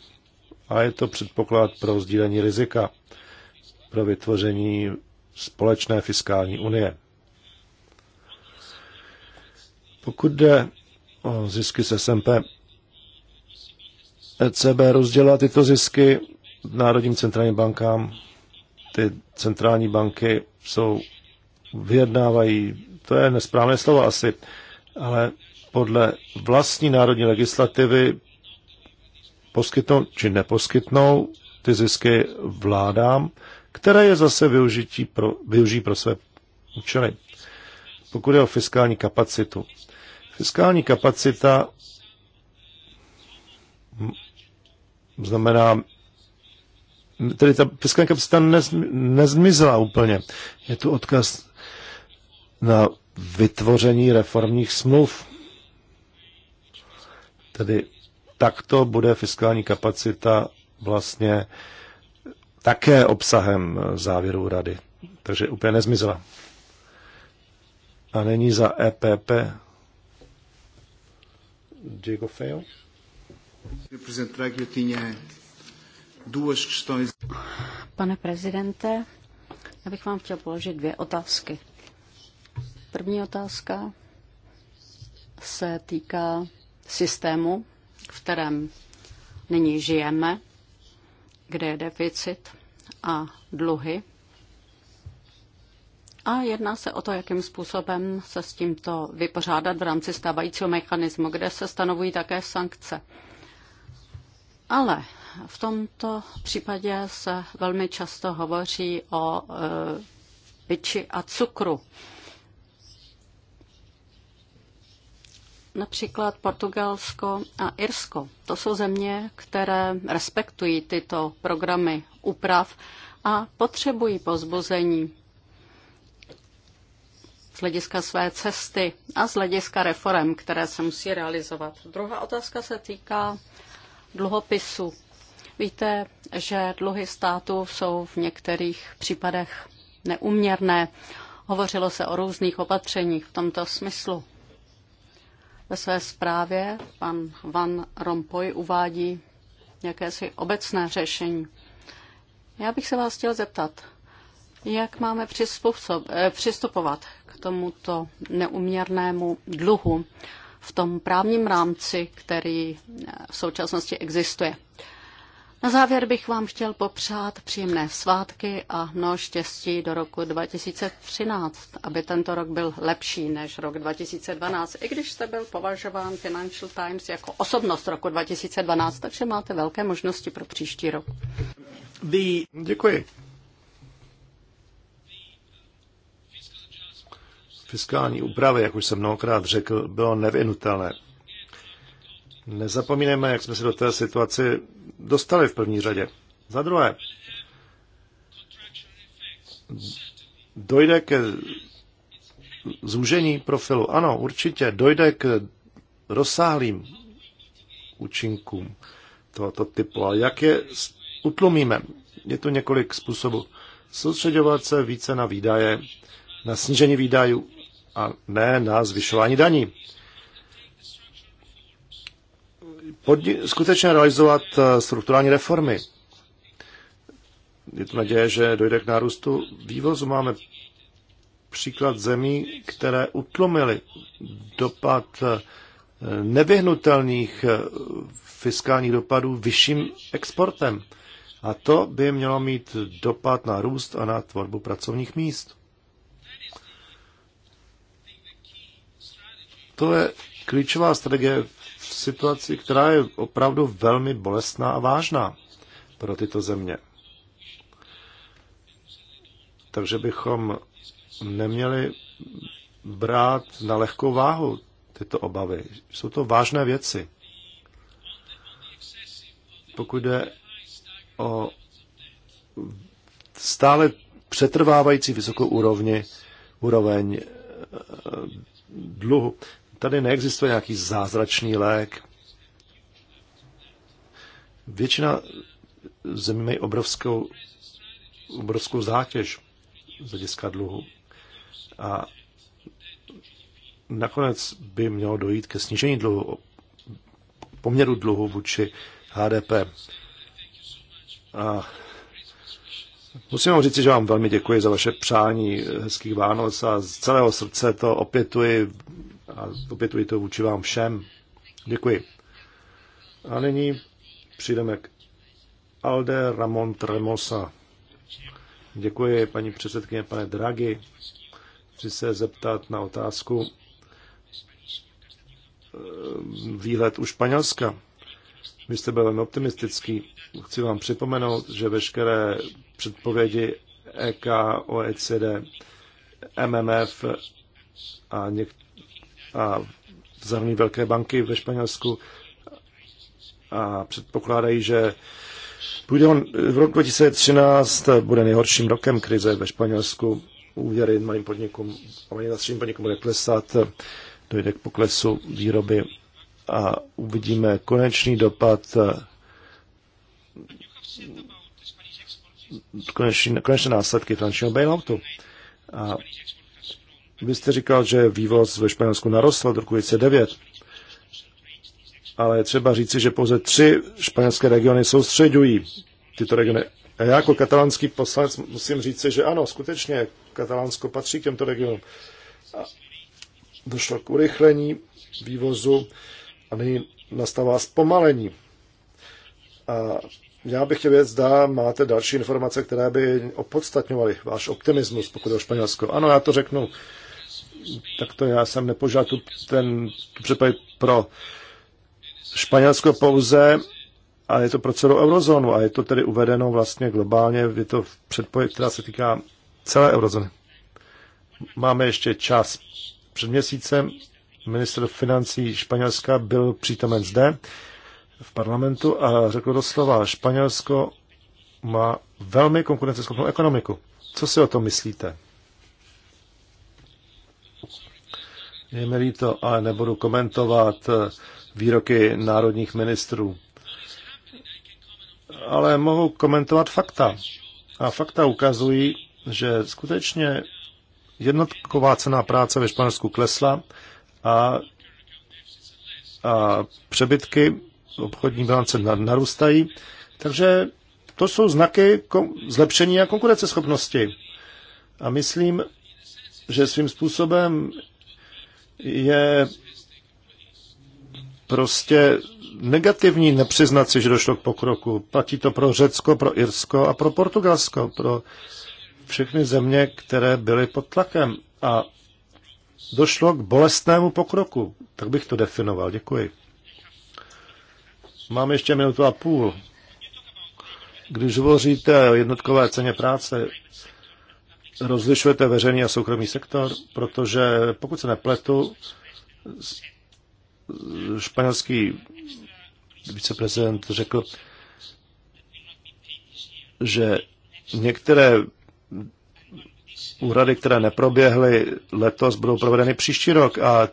A je to předpoklad pro sdílení rizika, pro vytvoření společné fiskální unie. Pokud jde o zisky se SMP, ECB rozdělila tyto zisky národním centrálním bankám. Ty centrální banky jsou, vyjednávají, to je nesprávné slovo asi, ale podle vlastní národní legislativy poskytnou či neposkytnou ty zisky vládám, které je zase využití pro, využijí pro své účely. Pokud je o fiskální kapacitu. Fiskální kapacita znamená, tedy ta fiskální kapacita nez, nezmizela úplně. Je tu odkaz na vytvoření reformních smluv. Tedy takto bude fiskální kapacita vlastně také obsahem závěru rady. Takže úplně nezmizela. A není za EPP Diego Feo? Pane prezidente, já bych vám chtěl položit dvě otázky. První otázka se týká systému, v kterém nyní žijeme, kde je deficit a dluhy. A jedná se o to, jakým způsobem se s tímto vypořádat v rámci stávajícího mechanismu, kde se stanovují také sankce. Ale v tomto případě se velmi často hovoří o e, piči a cukru. Například Portugalsko a Irsko. To jsou země, které respektují tyto programy úprav a potřebují pozbuzení z hlediska své cesty a z hlediska reform, které se musí realizovat. Druhá otázka se týká dluhopisů. Víte, že dluhy státu jsou v některých případech neuměrné. Hovořilo se o různých opatřeních v tomto smyslu. Ve své zprávě pan Van Rompuy uvádí jakési obecné řešení. Já bych se vás chtěl zeptat, jak máme eh, přistupovat k tomuto neuměrnému dluhu v tom právním rámci, který eh, v současnosti existuje. Na závěr bych vám chtěl popřát příjemné svátky a mnoho štěstí do roku 2013, aby tento rok byl lepší než rok 2012, i když jste byl považován Financial Times jako osobnost roku 2012, takže máte velké možnosti pro příští rok. Děkuji. fiskální úpravy, jak už jsem mnohokrát řekl, bylo nevyhnutelné. Nezapomínejme, jak jsme se do té situaci dostali v první řadě. Za druhé, dojde ke zúžení profilu. Ano, určitě dojde k rozsáhlým účinkům tohoto typu. A jak je utlumíme? Je tu několik způsobů. Soustředovat se více na výdaje, na snížení výdajů a ne na zvyšování daní. Podni- skutečně realizovat eh, strukturální reformy. Je to naděje, že dojde k nárůstu vývozu. Máme příklad zemí, které utlumily dopad eh, nevyhnutelných eh, fiskálních dopadů vyšším exportem. A to by mělo mít dopad na růst a na tvorbu pracovních míst. To je klíčová strategie v situaci, která je opravdu velmi bolestná a vážná pro tyto země. Takže bychom neměli brát na lehkou váhu tyto obavy. Jsou to vážné věci. Pokud jde o stále přetrvávající vysokou úrovni, úroveň eh, dluhu. Tady neexistuje nějaký zázračný lék. Většina zemí mají obrovskou, obrovskou zátěž z hlediska dluhu. A nakonec by mělo dojít ke snížení dluhu, poměru dluhu vůči HDP. A Musím vám říct, že vám velmi děkuji za vaše přání eh, hezkých Vánoc a z celého srdce to opětuji a opětuji to vůči vám všem. Děkuji. A nyní přijdeme k Alde Ramon Tremosa. Děkuji, paní předsedkyně, pane Draghi. Chci se zeptat na otázku eh, výhled u Španělska. Vy jste byl velmi optimistický. Chci vám připomenout, že veškeré předpovědi EK, OECD, MMF a, něk- a zahrnují velké banky ve Španělsku a předpokládají, že půjde on, v roku 2013 bude nejhorším rokem krize ve Španělsku. Úvěry malým podnikům a malým podnikům bude klesat, dojde k poklesu výroby a uvidíme konečný dopad eh, konečný, konečné následky finančního bailoutu. A vy jste říkal, že vývoz ve Španělsku narostl od roku 2009, ale je třeba říci, že pouze tři španělské regiony soustředují tyto regiony. A já jako katalánský poslanec musím říci, že ano, skutečně Katalánsko patří k těmto regionům. A došlo k urychlení vývozu a nyní nastává zpomalení. A já bych chtěl věc, zda máte další informace, které by opodstatňovaly váš optimismus, pokud je o Španělsko. Ano, já to řeknu. Tak to já jsem nepožádal tu, ten, tu předpověď pro Španělsko pouze a je to pro celou eurozónu a je to tedy uvedeno vlastně globálně, je to předpověď, která se týká celé eurozóny. Máme ještě čas. Před měsícem ministr financí Španělska byl přítomen zde v parlamentu a řekl doslova, Španělsko má velmi konkurenceschopnou ekonomiku. Co si o tom myslíte? Je mi líto, ale nebudu komentovat eh, výroky národních ministrů. Ale mohu komentovat fakta. A fakta ukazují, že skutečně jednotková cena práce ve Španělsku klesla a, a přebytky obchodní bilance narůstají. Takže to jsou znaky zlepšení a konkurenceschopnosti. A myslím, že svým způsobem je prostě negativní nepřiznat si, že došlo k pokroku. Platí to pro Řecko, pro Irsko a pro Portugalsko, pro všechny země, které byly pod tlakem. A došlo k bolestnému pokroku. Tak bych to definoval. Děkuji. Mám ještě minutu a půl. Když hovoříte o jednotkové ceně práce, rozlišujete veřejný a soukromý sektor, protože pokud se nepletu, španělský viceprezident řekl, že některé úhrady, které neproběhly letos, budou provedeny příští rok a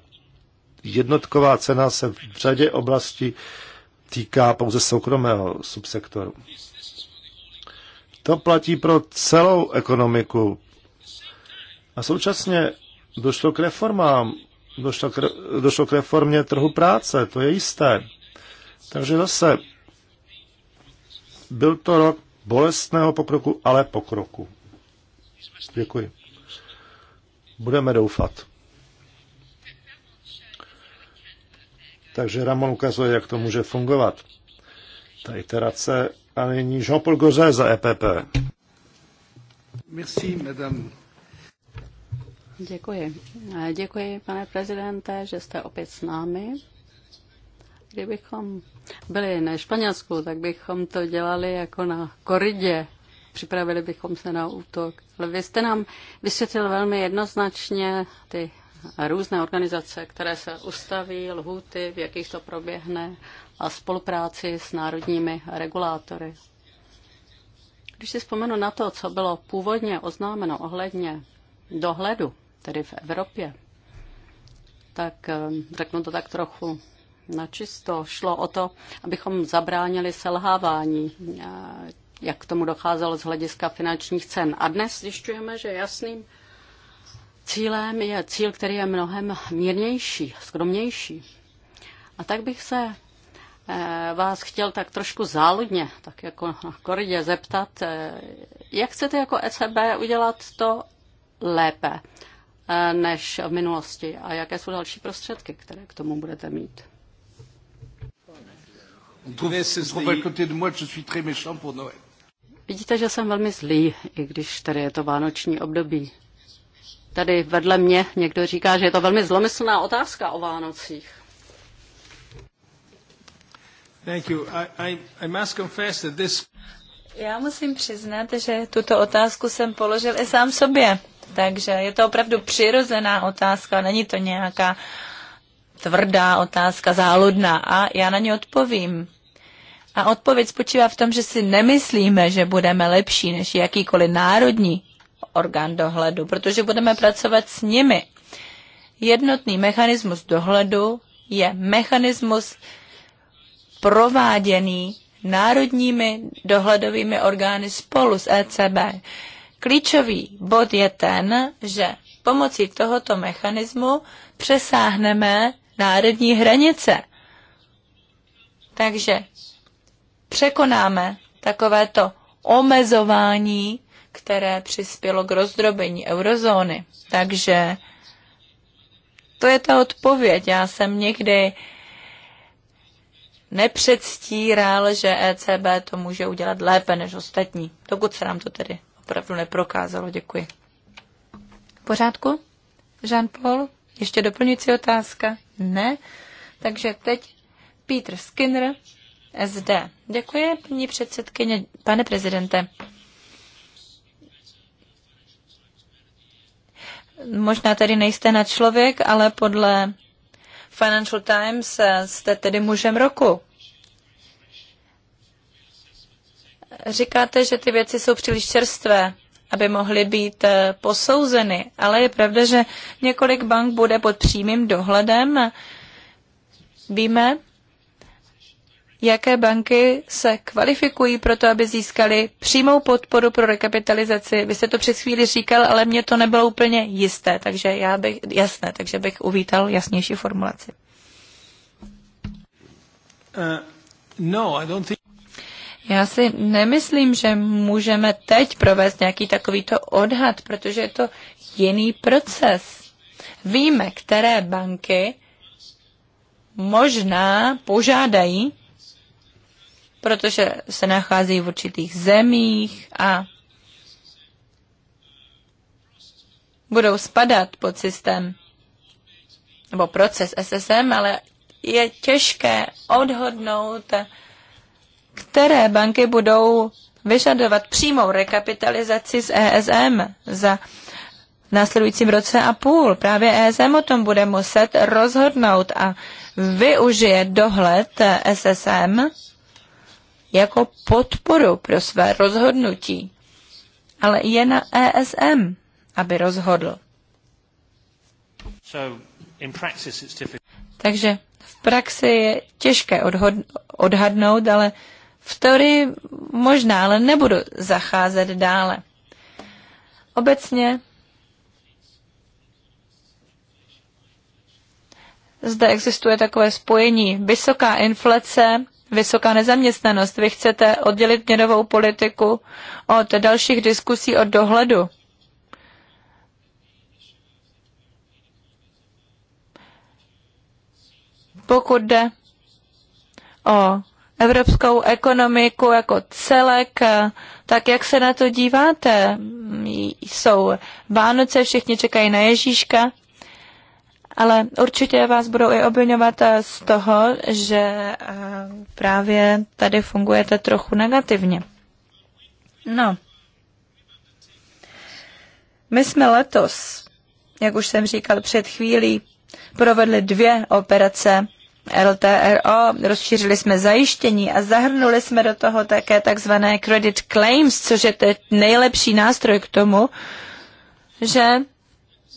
jednotková cena se v řadě oblastí týká pouze soukromého subsektoru. To platí pro celou ekonomiku. A současně došlo k reformám, došlo k, došlo k reformě trhu práce, to je jisté. Takže zase byl to rok bolestného pokroku, ale pokroku. Děkuji. Budeme doufat. Takže Ramon ukazuje, jak to může fungovat. Ta iterace a nyní Jean-Paul Gozé za EPP. Merci, madame. Děkuji. Děkuji, pane prezidente, že jste opět s námi. Kdybychom byli na Španělsku, tak bychom to dělali jako na koridě připravili bychom se na útok. Ale vy jste nám vysvětlil velmi jednoznačně ty různé organizace, které se ustaví, lhuty, v jakých to proběhne a spolupráci s národními regulátory. Když si vzpomenu na to, co bylo původně oznámeno ohledně dohledu, tedy v Evropě, tak eh, řeknu to tak trochu načisto. Šlo o to, abychom zabránili selhávání eh, jak k tomu docházelo z hlediska finančních cen. A dnes zjišťujeme, že jasným cílem je cíl, který je mnohem mírnější, skromnější. A tak bych se eh, vás chtěl tak trošku záludně, tak jako na koridě zeptat, eh, jak chcete jako ECB udělat to lépe eh, než v minulosti a jaké jsou další prostředky, které k tomu budete mít? Vous trouvez, c'est ce à côté de moi, je suis très méchant pour Noël. Vidíte, že jsem velmi zlý, i když tady je to vánoční období. Tady vedle mě někdo říká, že je to velmi zlomyslná otázka o Vánocích. Thank you. I, I, I must confess that this... Já musím přiznat, že tuto otázku jsem položil i sám sobě. Takže je to opravdu přirozená otázka, není to nějaká tvrdá otázka, záludná. A já na ně odpovím. A odpověď spočívá v tom, že si nemyslíme, že budeme lepší než jakýkoliv národní orgán dohledu, protože budeme pracovat s nimi. Jednotný mechanismus dohledu je mechanismus prováděný národními dohledovými orgány spolu s ECB. Klíčový bod je ten, že pomocí tohoto mechanismu přesáhneme národní hranice. Takže překonáme takovéto omezování, které přispělo k rozdrobení eurozóny. Takže to je ta odpověď. Já jsem někdy nepředstíral, že ECB to může udělat lépe než ostatní, dokud se nám to tedy opravdu neprokázalo. Děkuji. V pořádku? Jean-Paul? Ještě doplňující otázka? Ne? Takže teď Peter Skinner SD. Děkuji, paní předsedkyně, pane prezidente. Možná tady nejste na člověk, ale podle Financial Times jste tedy mužem roku. Říkáte, že ty věci jsou příliš čerstvé, aby mohly být eh, posouzeny, ale je pravda, že několik bank bude pod přímým dohledem. Víme, jaké banky se kvalifikují pro to, aby získali přímou podporu pro rekapitalizaci. Vy jste to před chvíli říkal, ale mně to nebylo úplně jisté, takže já bych, jasné, takže bych uvítal jasnější formulaci. Uh, no, I don't think... Já si nemyslím, že můžeme teď provést nějaký takovýto odhad, protože je to jiný proces. Víme, které banky možná požádají protože se nacházejí v určitých zemích a budou spadat pod systém nebo proces SSM, ale je těžké odhodnout, které banky budou vyžadovat přímou rekapitalizaci z ESM za následujícím roce a půl. Právě ESM o tom bude muset rozhodnout a využije dohled SSM jako podporu pro své rozhodnutí, ale je na ESM, aby rozhodl. So, Takže v praxi je těžké odhod- odhadnout, ale v teorii možná, ale nebudu zacházet dále. Obecně zde existuje takové spojení vysoká inflace vysoká nezaměstnanost. Vy chcete oddělit měnovou politiku od dalších diskusí o dohledu. Pokud jde o evropskou ekonomiku jako celek, tak jak se na to díváte? Jsou Vánoce, všichni čekají na Ježíška ale určitě vás budou i obvinovat eh, z toho, že eh, právě tady fungujete trochu negativně. No. My jsme letos, jak už jsem říkal před chvílí, provedli dvě operace LTRO, rozšířili jsme zajištění a zahrnuli jsme do toho také takzvané credit claims, což je teď nejlepší nástroj k tomu, že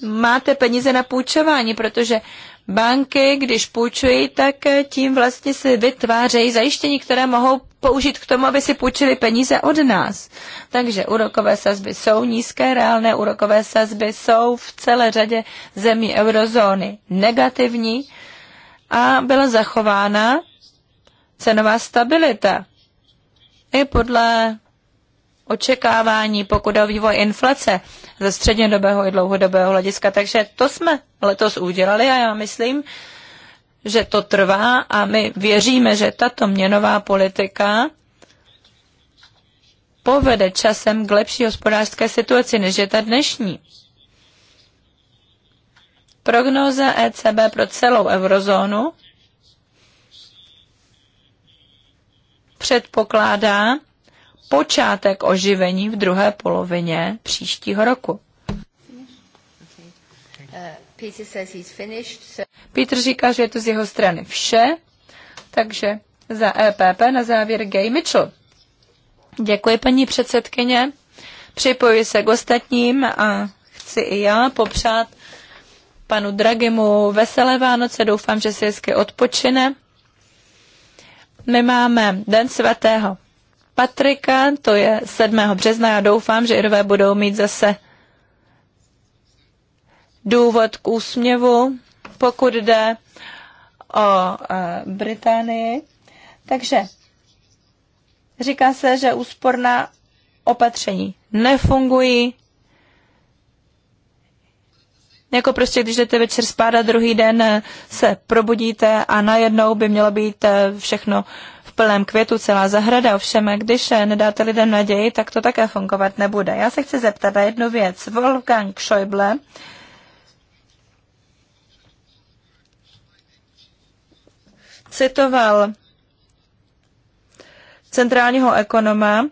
máte peníze na půjčování, protože banky, když půjčují, tak tím vlastně si vytvářejí zajištění, které mohou použít k tomu, aby si půjčili peníze od nás. Takže úrokové sazby jsou nízké, reálné úrokové sazby jsou v celé řadě zemí eurozóny negativní a byla zachována cenová stabilita. I podle očekávání, pokud o vývoj inflace ze střednědobého i dlouhodobého hlediska. Takže to jsme letos udělali a já myslím, že to trvá a my věříme, že tato měnová politika povede časem k lepší hospodářské situaci, než je ta dnešní. Prognóza ECB pro celou eurozónu předpokládá, počátek oživení v druhé polovině příštího roku. Peter říká, že je to z jeho strany vše, takže za EPP na závěr Gay Mitchell. Děkuji, paní předsedkyně. Připojuji se k ostatním a chci i já popřát panu Dragimu veselé Vánoce. Doufám, že si hezky odpočine. My máme Den svatého Patrika, to je 7. března. Já doufám, že Irové budou mít zase důvod k úsměvu, pokud jde o eh, Británii. Takže říká se, že úsporná opatření nefungují. Jako prostě, když jdete večer spát a druhý den eh, se probudíte a najednou by mělo být eh, všechno plném květu celá zahrada, ovšem když nedáte lidem naději, tak to také fungovat nebude. Já se chci zeptat na jednu věc. Wolfgang Schäuble citoval centrálního ekonoma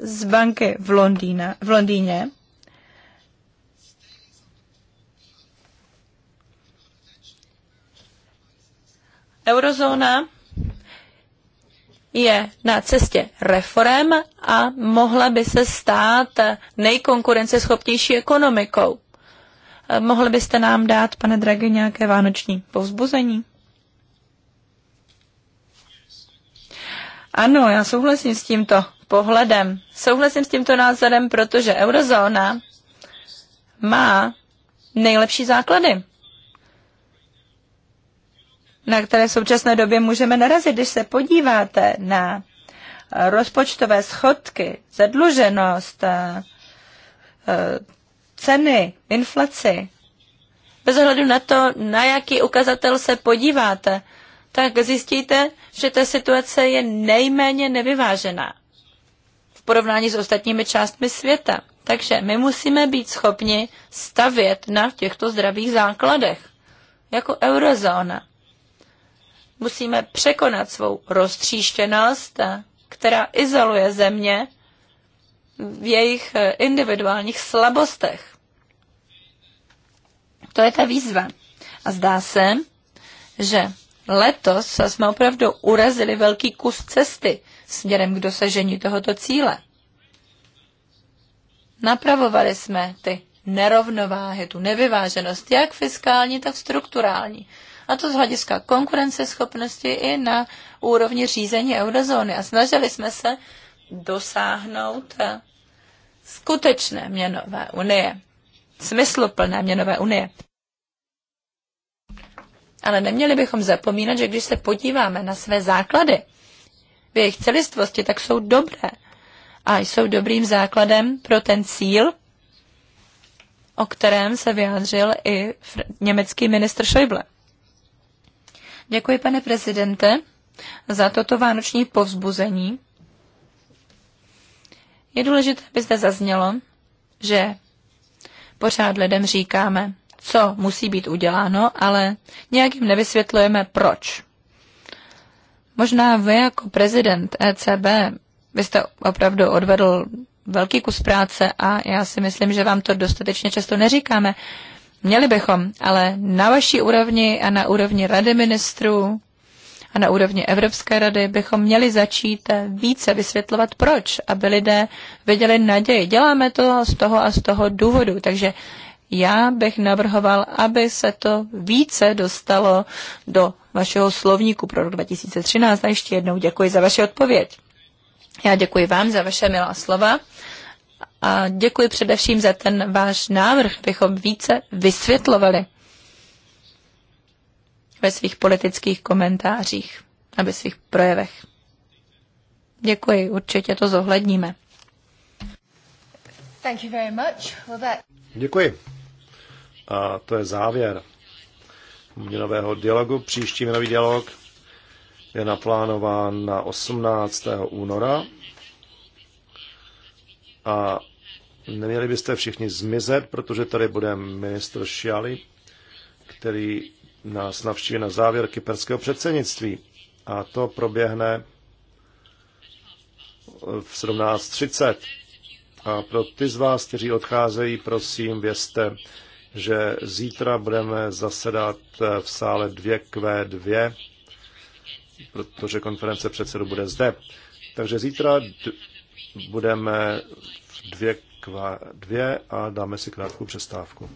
z banky v, Londýna, v Londýně, Eurozóna je na cestě reform a mohla by se stát nejkonkurenceschopnější ekonomikou. Mohli byste nám dát, pane Draghi, nějaké vánoční povzbuzení? Ano, já souhlasím s tímto pohledem. Souhlasím s tímto názorem, protože eurozóna má nejlepší základy na které v současné době můžeme narazit, když se podíváte na rozpočtové schodky, zadluženost, eh, eh, ceny, inflaci, bez ohledu na to, na jaký ukazatel se podíváte, tak zjistíte, že ta situace je nejméně nevyvážená v porovnání s ostatními částmi světa. Takže my musíme být schopni stavět na těchto zdravých základech, jako eurozóna musíme překonat svou roztříštěnost, která izoluje země v jejich individuálních slabostech. To je ta výzva. A zdá se, že letos jsme opravdu urazili velký kus cesty směrem k dosažení tohoto cíle. Napravovali jsme ty nerovnováhy, tu nevyváženost, jak fiskální, tak strukturální a to z hlediska konkurenceschopnosti i na úrovni řízení eurozóny. A snažili jsme se dosáhnout eh, skutečné měnové unie, smysluplné měnové unie. Ale neměli bychom zapomínat, že když se podíváme na své základy, v jejich celistvosti, tak jsou dobré. A jsou dobrým základem pro ten cíl, o kterém se vyjádřil i německý ministr Schäuble. Děkuji, pane prezidente, za toto vánoční povzbuzení. Je důležité, aby zde zaznělo, že pořád lidem říkáme, co musí být uděláno, ale nějak jim nevysvětlujeme, proč. Možná vy jako prezident ECB byste opravdu odvedl velký kus práce a já si myslím, že vám to dostatečně často neříkáme. Měli bychom, ale na vaší úrovni a na úrovni Rady ministrů a na úrovni Evropské rady bychom měli začít více vysvětlovat proč, aby lidé viděli naději. Děláme to z toho a z toho důvodu, takže já bych navrhoval, aby se to více dostalo do vašeho slovníku pro rok 2013 a ještě jednou děkuji za vaši odpověď. Já děkuji vám za vaše milá slova a děkuji především za ten váš návrh, abychom více vysvětlovali ve svých politických komentářích a ve svých projevech. Děkuji, určitě to zohledníme. Thank you very much. Well, that... Děkuji. A to je závěr měnového dialogu. Příští měnový dialog je naplánován na 18. února a Neměli byste všichni zmizet, protože tady bude ministr Šiali, který nás navštíví na závěr kyperského předsednictví. A to proběhne v 17.30. A pro ty z vás, kteří odcházejí, prosím, vězte, že zítra budeme zasedat v sále 2Q2, protože konference předsedu bude zde. Takže zítra budeme v 2 dvě a dáme si krátkou přestávku.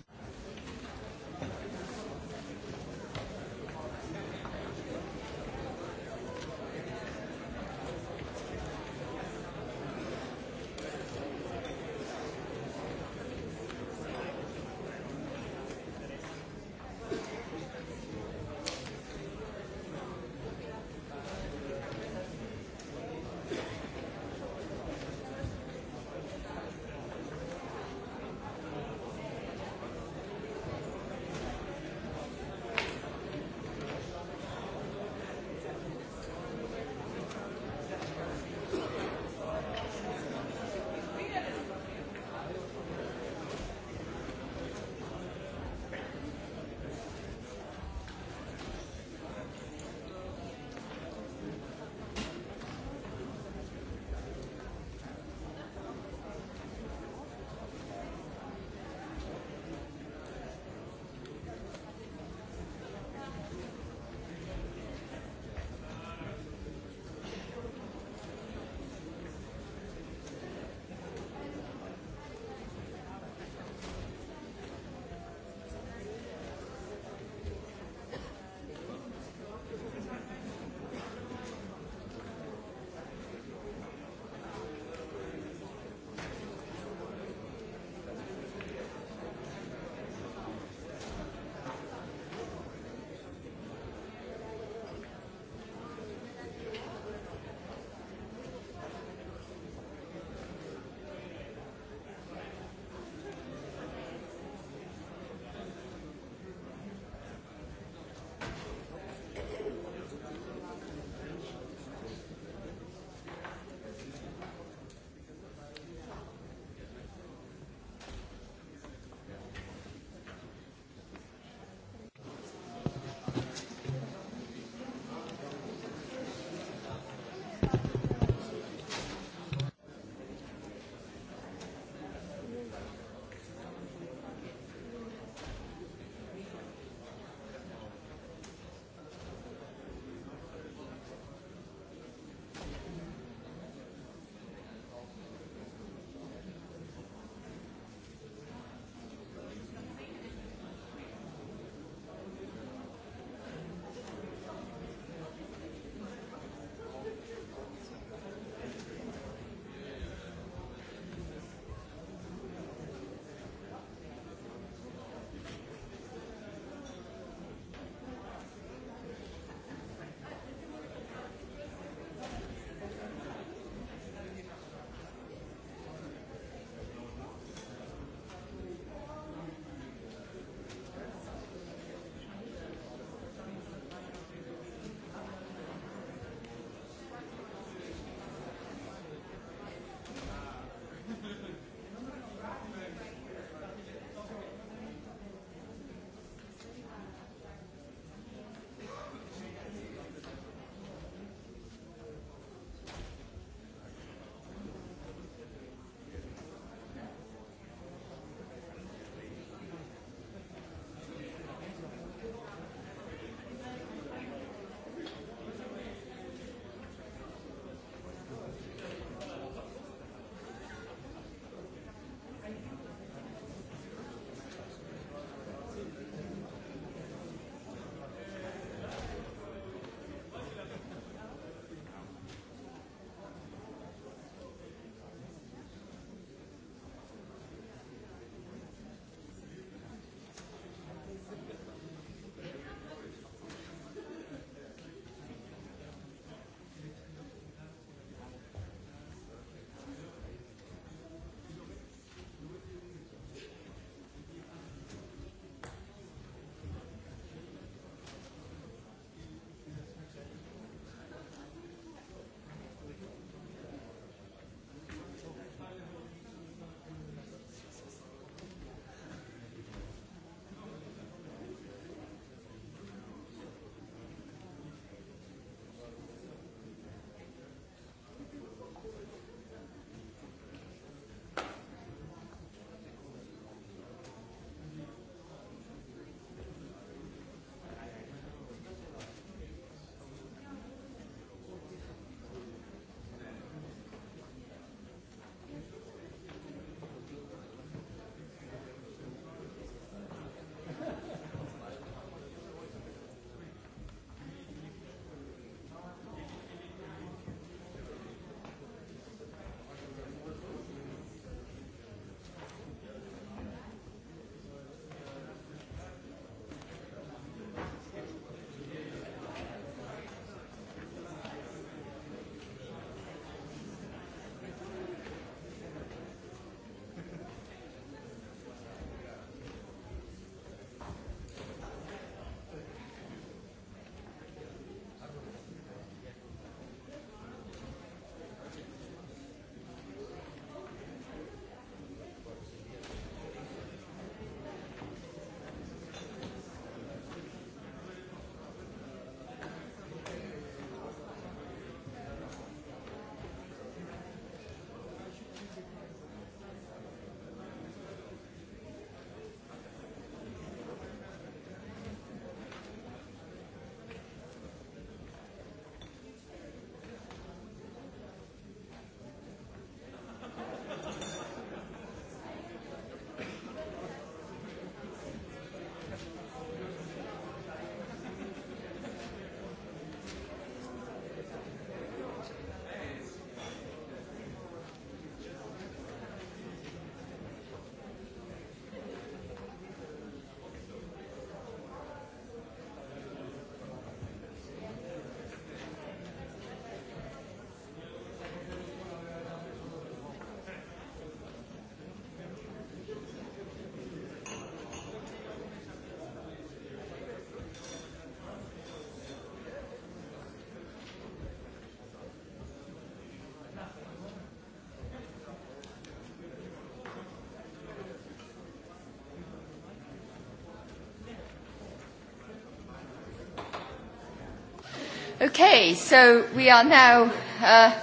Okay, so we are now uh,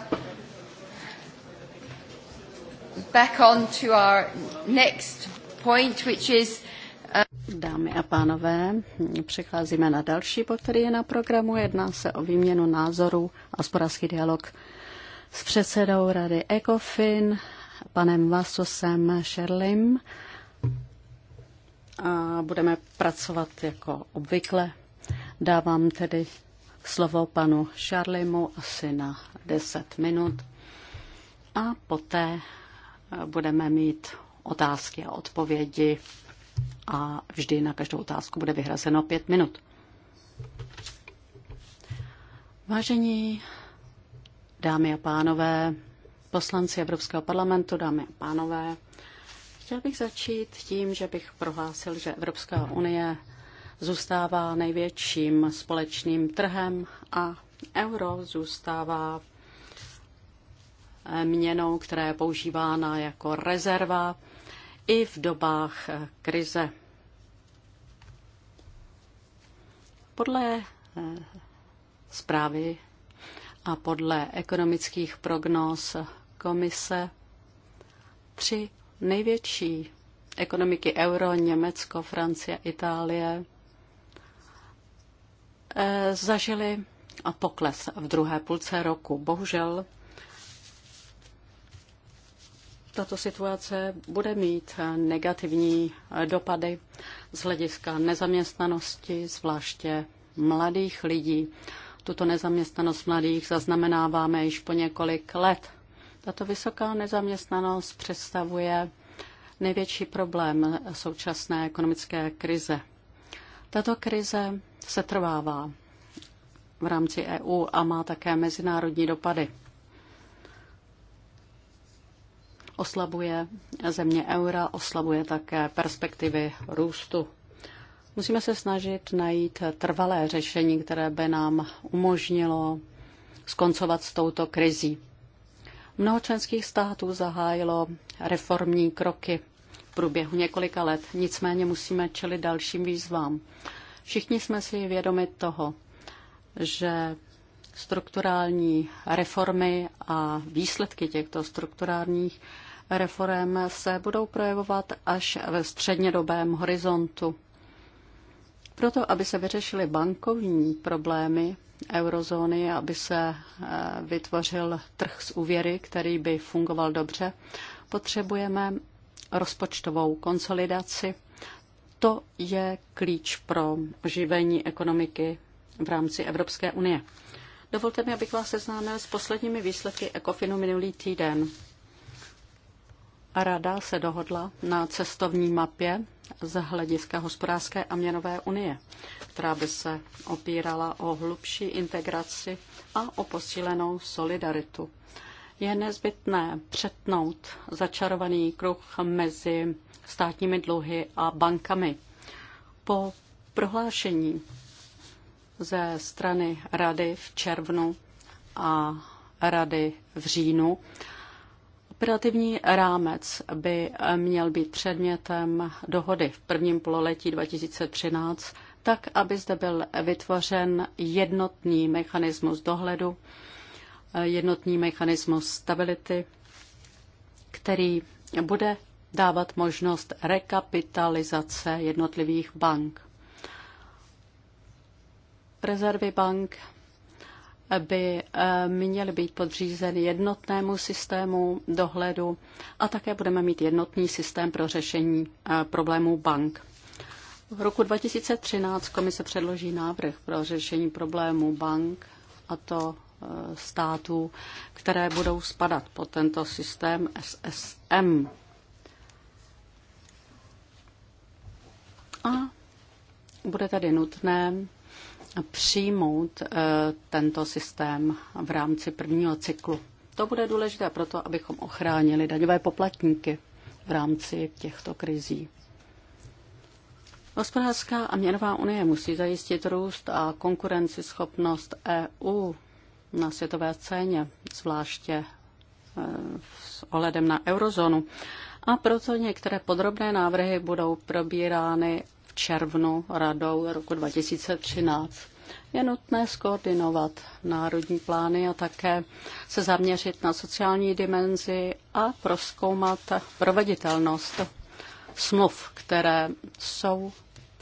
back on to our next point, which is uh, Dámy a pánové, přecházíme na další bod, který je na programu. Jedná se o výměnu názorů a hospodářský dialog s předsedou rady ECOFIN, panem Vasosem Šerlim. A budeme pracovat jako obvykle. Dávám tedy slovo panu Charlimu asi na 10 minut a poté eh, budeme mít otázky a odpovědi a vždy na každou otázku bude vyhrazeno pět minut. Vážení dámy a pánové, poslanci Evropského parlamentu, dámy a pánové, chtěl bych začít tím, že bych prohlásil, že Evropská unie zůstává největším společným trhem a euro zůstává eh, měnou, která je používána jako rezerva i v dobách eh, krize. Podle eh, zprávy a podle ekonomických prognóz komise tři největší ekonomiky euro, Německo, Francie, Itálie Eh, zažili pokles v druhé půlce roku. Bohužel tato situace bude mít negativní dopady z hlediska nezaměstnanosti, zvláště mladých lidí. Tuto nezaměstnanost mladých zaznamenáváme již po několik let. Tato vysoká nezaměstnanost představuje největší problém současné ekonomické krize. Tato krize setrvává v rámci EU a má také mezinárodní dopady. Oslabuje země eura, oslabuje také perspektivy růstu. Musíme se snažit najít trvalé řešení, které by nám umožnilo skoncovat s touto krizí. Mnoho členských států zahájilo reformní kroky v průběhu několika let, nicméně musíme čelit dalším výzvám. Všichni jsme si vědomi toho, že strukturální reformy a výsledky těchto strukturálních reform se budou projevovat až ve střednědobém horizontu. Proto, aby se vyřešily bankovní problémy eurozóny, aby se eh, vytvořil trh s úvěry, který by fungoval dobře, potřebujeme rozpočtovou konsolidaci to je klíč pro oživení ekonomiky v rámci Evropské unie. Dovolte mi, abych vás seznámil s posledními výsledky Ekofinu minulý týden. Rada se dohodla na cestovní mapě z hlediska hospodářské a měnové unie, která by se opírala o hlubší integraci a o posílenou solidaritu je nezbytné přetnout začarovaný kruh mezi státními dluhy a bankami. Po prohlášení ze strany Rady v červnu a Rady v říjnu Operativní rámec by měl být předmětem dohody v prvním pololetí 2013, tak aby zde byl vytvořen jednotný mechanismus dohledu jednotný mechanismus stability, který bude dávat možnost rekapitalizace jednotlivých bank. Rezervy bank by eh, měly být podřízeny jednotnému systému dohledu a také budeme mít jednotný systém pro řešení eh, problémů bank. V roku 2013 komise předloží návrh pro řešení problémů bank a to Eh, států, které budou spadat pod tento systém SSM. A bude tedy nutné přijmout eh, tento systém v rámci prvního cyklu. To bude důležité proto, abychom ochránili daňové poplatníky v rámci těchto krizí. Hospodářská a měnová unie musí zajistit růst a schopnost EU na světové scéně, zvláště eh, s ohledem na eurozónu. A proto některé podrobné návrhy budou probírány v červnu radou roku 2013. Je nutné skoordinovat národní plány a také se zaměřit na sociální dimenzi a proskoumat proveditelnost smluv, které jsou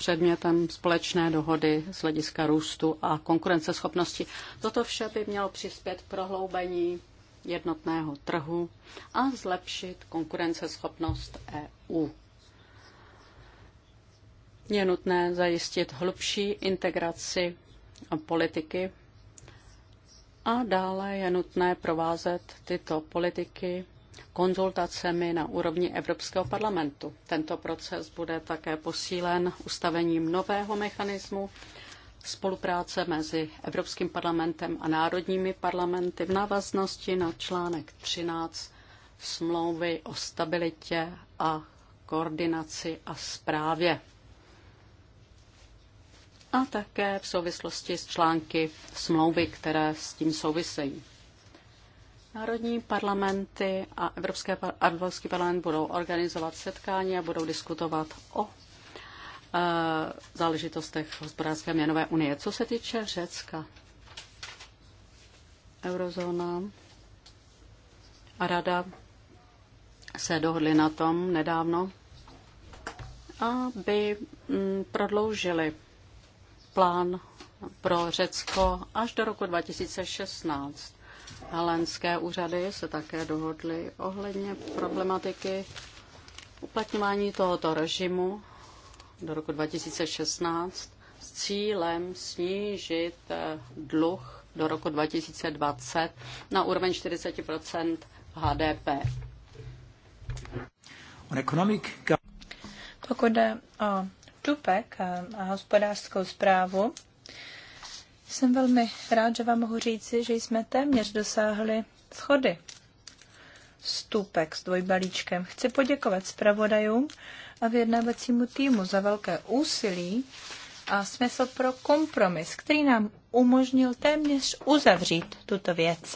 předmětem společné dohody z hlediska růstu a konkurenceschopnosti. Toto vše by mělo přispět k prohloubení jednotného trhu a zlepšit konkurenceschopnost EU. Je nutné zajistit hlubší integraci politiky a dále je nutné provázet tyto politiky konzultacemi na úrovni Evropského parlamentu. Tento proces bude také posílen ustavením nového mechanismu spolupráce mezi Evropským parlamentem a národními parlamenty v návaznosti na článek 13 smlouvy o stabilitě a koordinaci a správě. A také v souvislosti s články smlouvy, které s tím souvisejí. Národní parlamenty a Evropské, Evropský parlament budou organizovat setkání a budou diskutovat o e, záležitostech hospodářské měnové unie. Co se týče Řecka, eurozóna a rada se dohodli na tom nedávno, aby mm, prodloužili plán pro Řecko až do roku 2016. Helenské úřady se také dohodly ohledně problematiky uplatňování tohoto režimu do roku 2016 s cílem snížit eh, dluh do roku 2020 na úroveň 40 HDP. Pokud jde o Tupek a hospodářskou zprávu, jsem velmi rád, že vám mohu říci, že jsme téměř dosáhli schody. stupek s dvojbalíčkem. Chci poděkovat zpravodajům a vyjednávacímu týmu za velké úsilí a smysl pro kompromis, který nám umožnil téměř uzavřít tuto věc.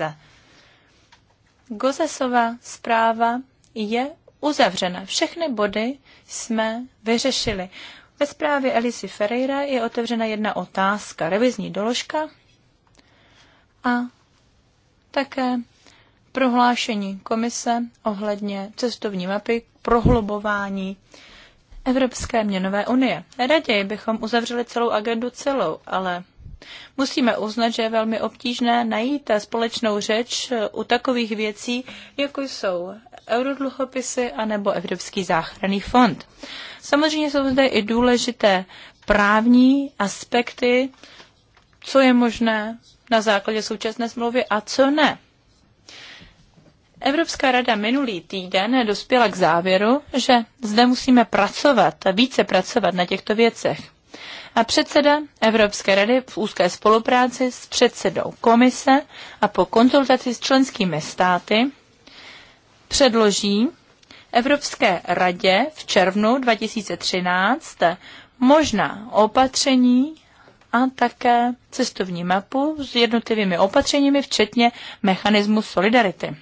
Gozesová zpráva je uzavřena. Všechny body jsme vyřešili. Ve zprávě Elisy Ferreira je otevřena jedna otázka, revizní doložka a také prohlášení komise ohledně cestovní mapy prohlubování Evropské měnové unie. Raději bychom uzavřeli celou agendu celou, ale musíme uznat, že je velmi obtížné najít společnou řeč u takových věcí, jako jsou eurodluhopisy anebo Evropský záchranný fond. Samozřejmě jsou zde i důležité právní aspekty, co je možné na základě současné smlouvy a co ne. Evropská rada minulý týden dospěla k závěru, že zde musíme pracovat a více pracovat na těchto věcech. A předseda Evropské rady v úzké spolupráci s předsedou komise a po konzultaci s členskými státy předloží Evropské radě v červnu 2013 možná opatření a také cestovní mapu s jednotlivými opatřeními, včetně mechanismu solidarity.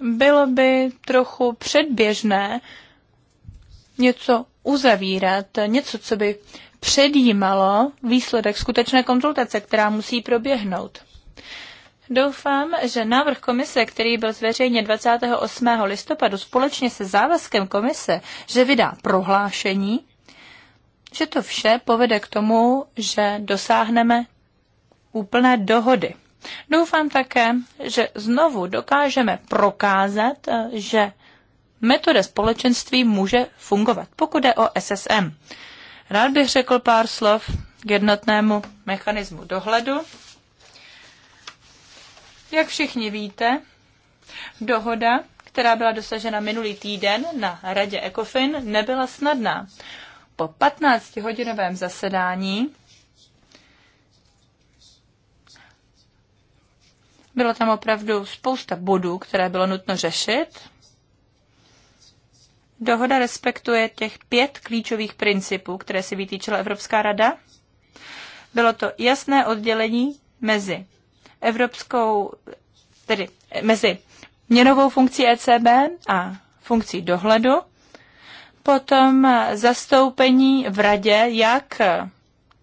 Bylo by trochu předběžné něco uzavírat, něco, co by předjímalo výsledek skutečné konzultace, která musí proběhnout. Doufám, že návrh komise, který byl zveřejněn 28. listopadu společně se závazkem komise, že vydá prohlášení, že to vše povede k tomu, že dosáhneme úplné dohody. Doufám také, že znovu dokážeme prokázat, že metoda společenství může fungovat, pokud je o SSM. Rád bych řekl pár slov k jednotnému mechanismu dohledu jak všichni víte, dohoda, která byla dosažena minulý týden na radě ECOFIN, nebyla snadná. Po 15-hodinovém zasedání bylo tam opravdu spousta bodů, které bylo nutno řešit. Dohoda respektuje těch pět klíčových principů, které si vytýčila Evropská rada. Bylo to jasné oddělení mezi evropskou, tedy mezi měnovou funkcí ECB a funkcí dohledu, potom zastoupení v radě jak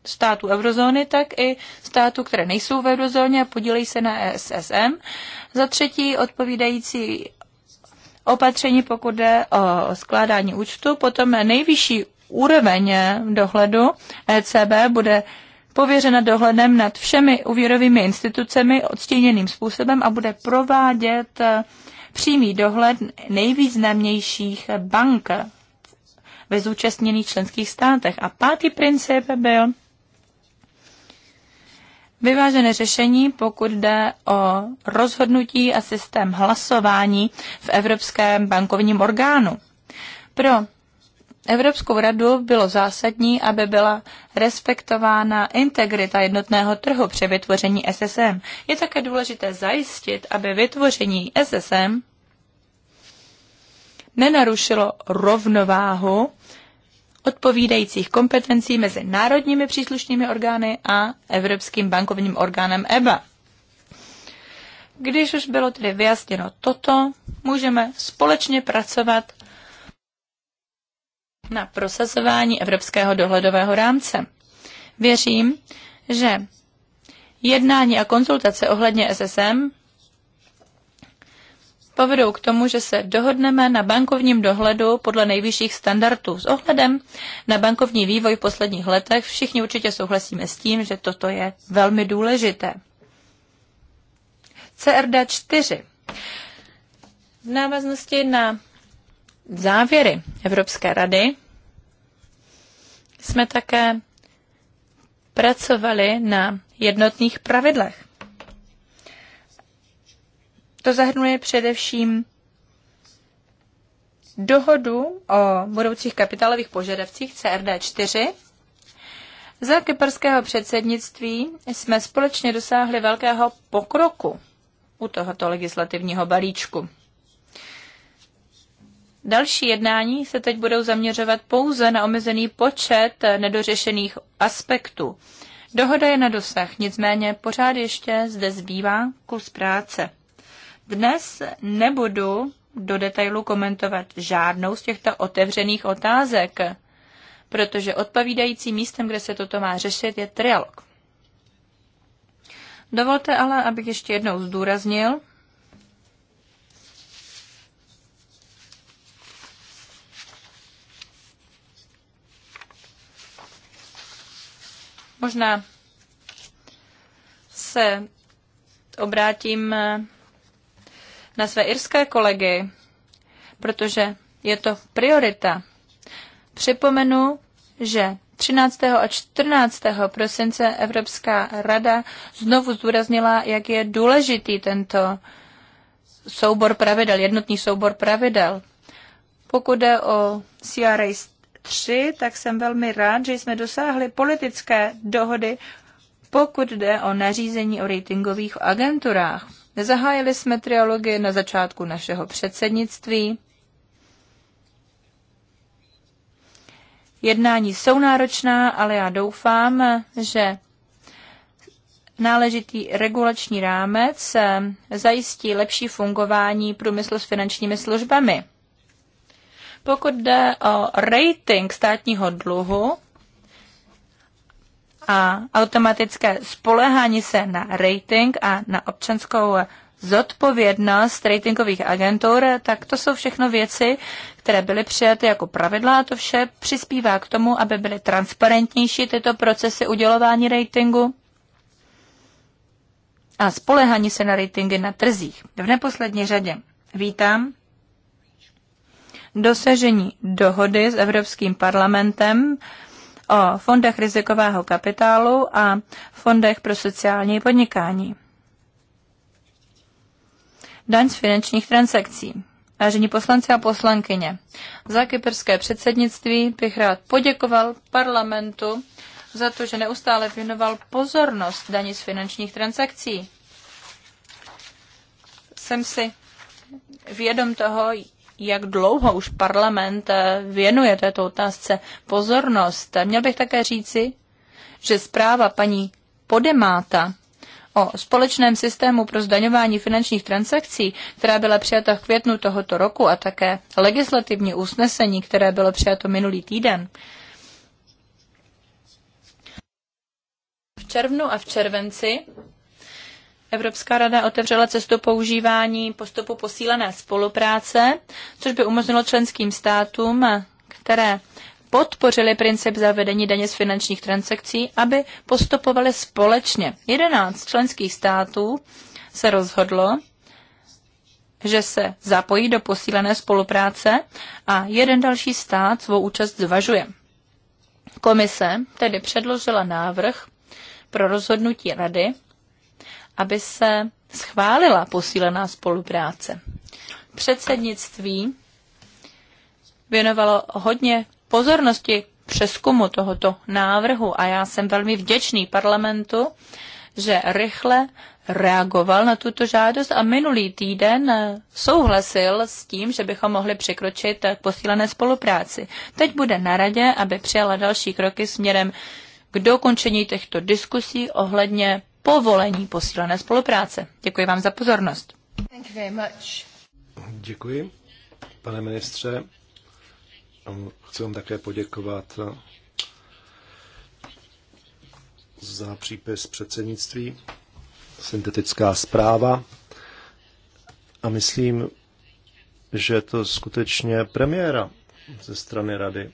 států eurozóny, tak i států, které nejsou v eurozóně a podílejí se na e SSM, Za třetí odpovídající opatření, pokud jde o skládání účtu, potom nejvyšší úroveň dohledu ECB bude pověřena dohledem nad všemi úvěrovými institucemi odstíněným způsobem a bude provádět eh, přímý dohled nejvýznamnějších bank ve zúčastněných členských státech. A pátý princip byl vyvážené řešení, pokud jde o rozhodnutí a systém hlasování v Evropském bankovním orgánu. Pro Evropskou radu bylo zásadní, aby byla respektována integrita jednotného trhu při vytvoření SSM. Je také důležité zajistit, aby vytvoření SSM nenarušilo rovnováhu odpovídajících kompetencí mezi národními příslušnými orgány a Evropským bankovním orgánem EBA. Když už bylo tedy vyjasněno toto, můžeme společně pracovat na prosazování evropského dohledového rámce. Věřím, že jednání a konzultace ohledně SSM povedou k tomu, že se dohodneme na bankovním dohledu podle nejvyšších standardů. S ohledem na bankovní vývoj v posledních letech všichni určitě souhlasíme s tím, že toto je velmi důležité. CRD 4. V návaznosti na závěry Evropské rady jsme také pracovali na jednotných pravidlech. To zahrnuje především dohodu o budoucích kapitálových požadavcích CRD 4. Za kyperského předsednictví jsme společně dosáhli velkého pokroku u tohoto legislativního balíčku. Další jednání se teď budou zaměřovat pouze na omezený počet nedořešených aspektů. Dohoda je na dosah, nicméně pořád ještě zde zbývá kus práce. Dnes nebudu do detailu komentovat žádnou z těchto otevřených otázek, protože odpovídající místem, kde se toto má řešit, je trialog. Dovolte ale, abych ještě jednou zdůraznil, Možná se obrátím eh, na své irské kolegy, protože je to priorita. Připomenu, že 13. a 14. prosince Evropská rada znovu zdůraznila, jak je důležitý tento soubor pravidel, jednotný soubor pravidel. Pokud jde o CRA 3, tak jsem velmi rád, že jsme dosáhli politické dohody, pokud jde o nařízení o ratingových agenturách. Zahájili jsme trialogy na začátku našeho předsednictví. Jednání jsou náročná, ale já doufám, že náležitý regulační rámec eh, zajistí lepší fungování průmyslu s finančními službami. Pokud jde o rating státního dluhu a automatické spolehání se na rating a na občanskou zodpovědnost ratingových agentur, tak to jsou všechno věci, které byly přijaty jako pravidla a to vše přispívá k tomu, aby byly transparentnější tyto procesy udělování ratingu a spolehání se na ratingy na trzích. V neposlední řadě vítám dosažení dohody s Evropským parlamentem o fondech rizikového kapitálu a fondech pro sociální podnikání. Daň z finančních transakcí. Vážení poslanci a poslankyně, za kyperské předsednictví bych rád poděkoval parlamentu za to, že neustále věnoval pozornost daní z finančních transakcí. Jsem si vědom toho, jak dlouho už parlament eh, věnuje této otázce pozornost. Měl bych také říci, že zpráva paní Podemáta o společném systému pro zdaňování finančních transakcí, která byla přijata v květnu tohoto roku a také legislativní usnesení, které bylo přijato minulý týden. V červnu a v červenci Evropská rada otevřela cestu používání postupu posílené spolupráce, což by umožnilo členským státům, které podpořili princip zavedení daně z finančních transakcí, aby postupovali společně. 11 členských států se rozhodlo, že se zapojí do posílené spolupráce a jeden další stát svou účast zvažuje. Komise tedy předložila návrh pro rozhodnutí rady aby se schválila posílená spolupráce. Předsednictví věnovalo hodně pozornosti přeskumu tohoto návrhu a já jsem velmi vděčný parlamentu, že rychle reagoval na tuto žádost a minulý týden souhlasil s tím, že bychom mohli překročit k posílené spolupráci. Teď bude na radě, aby přijala další kroky směrem k dokončení těchto diskusí ohledně povolení posílené spolupráce. Děkuji vám za pozornost. Děkuji, pane ministře. Chci vám také poděkovat za přípis předsednictví, syntetická zpráva. A myslím, že je to skutečně premiéra ze strany rady,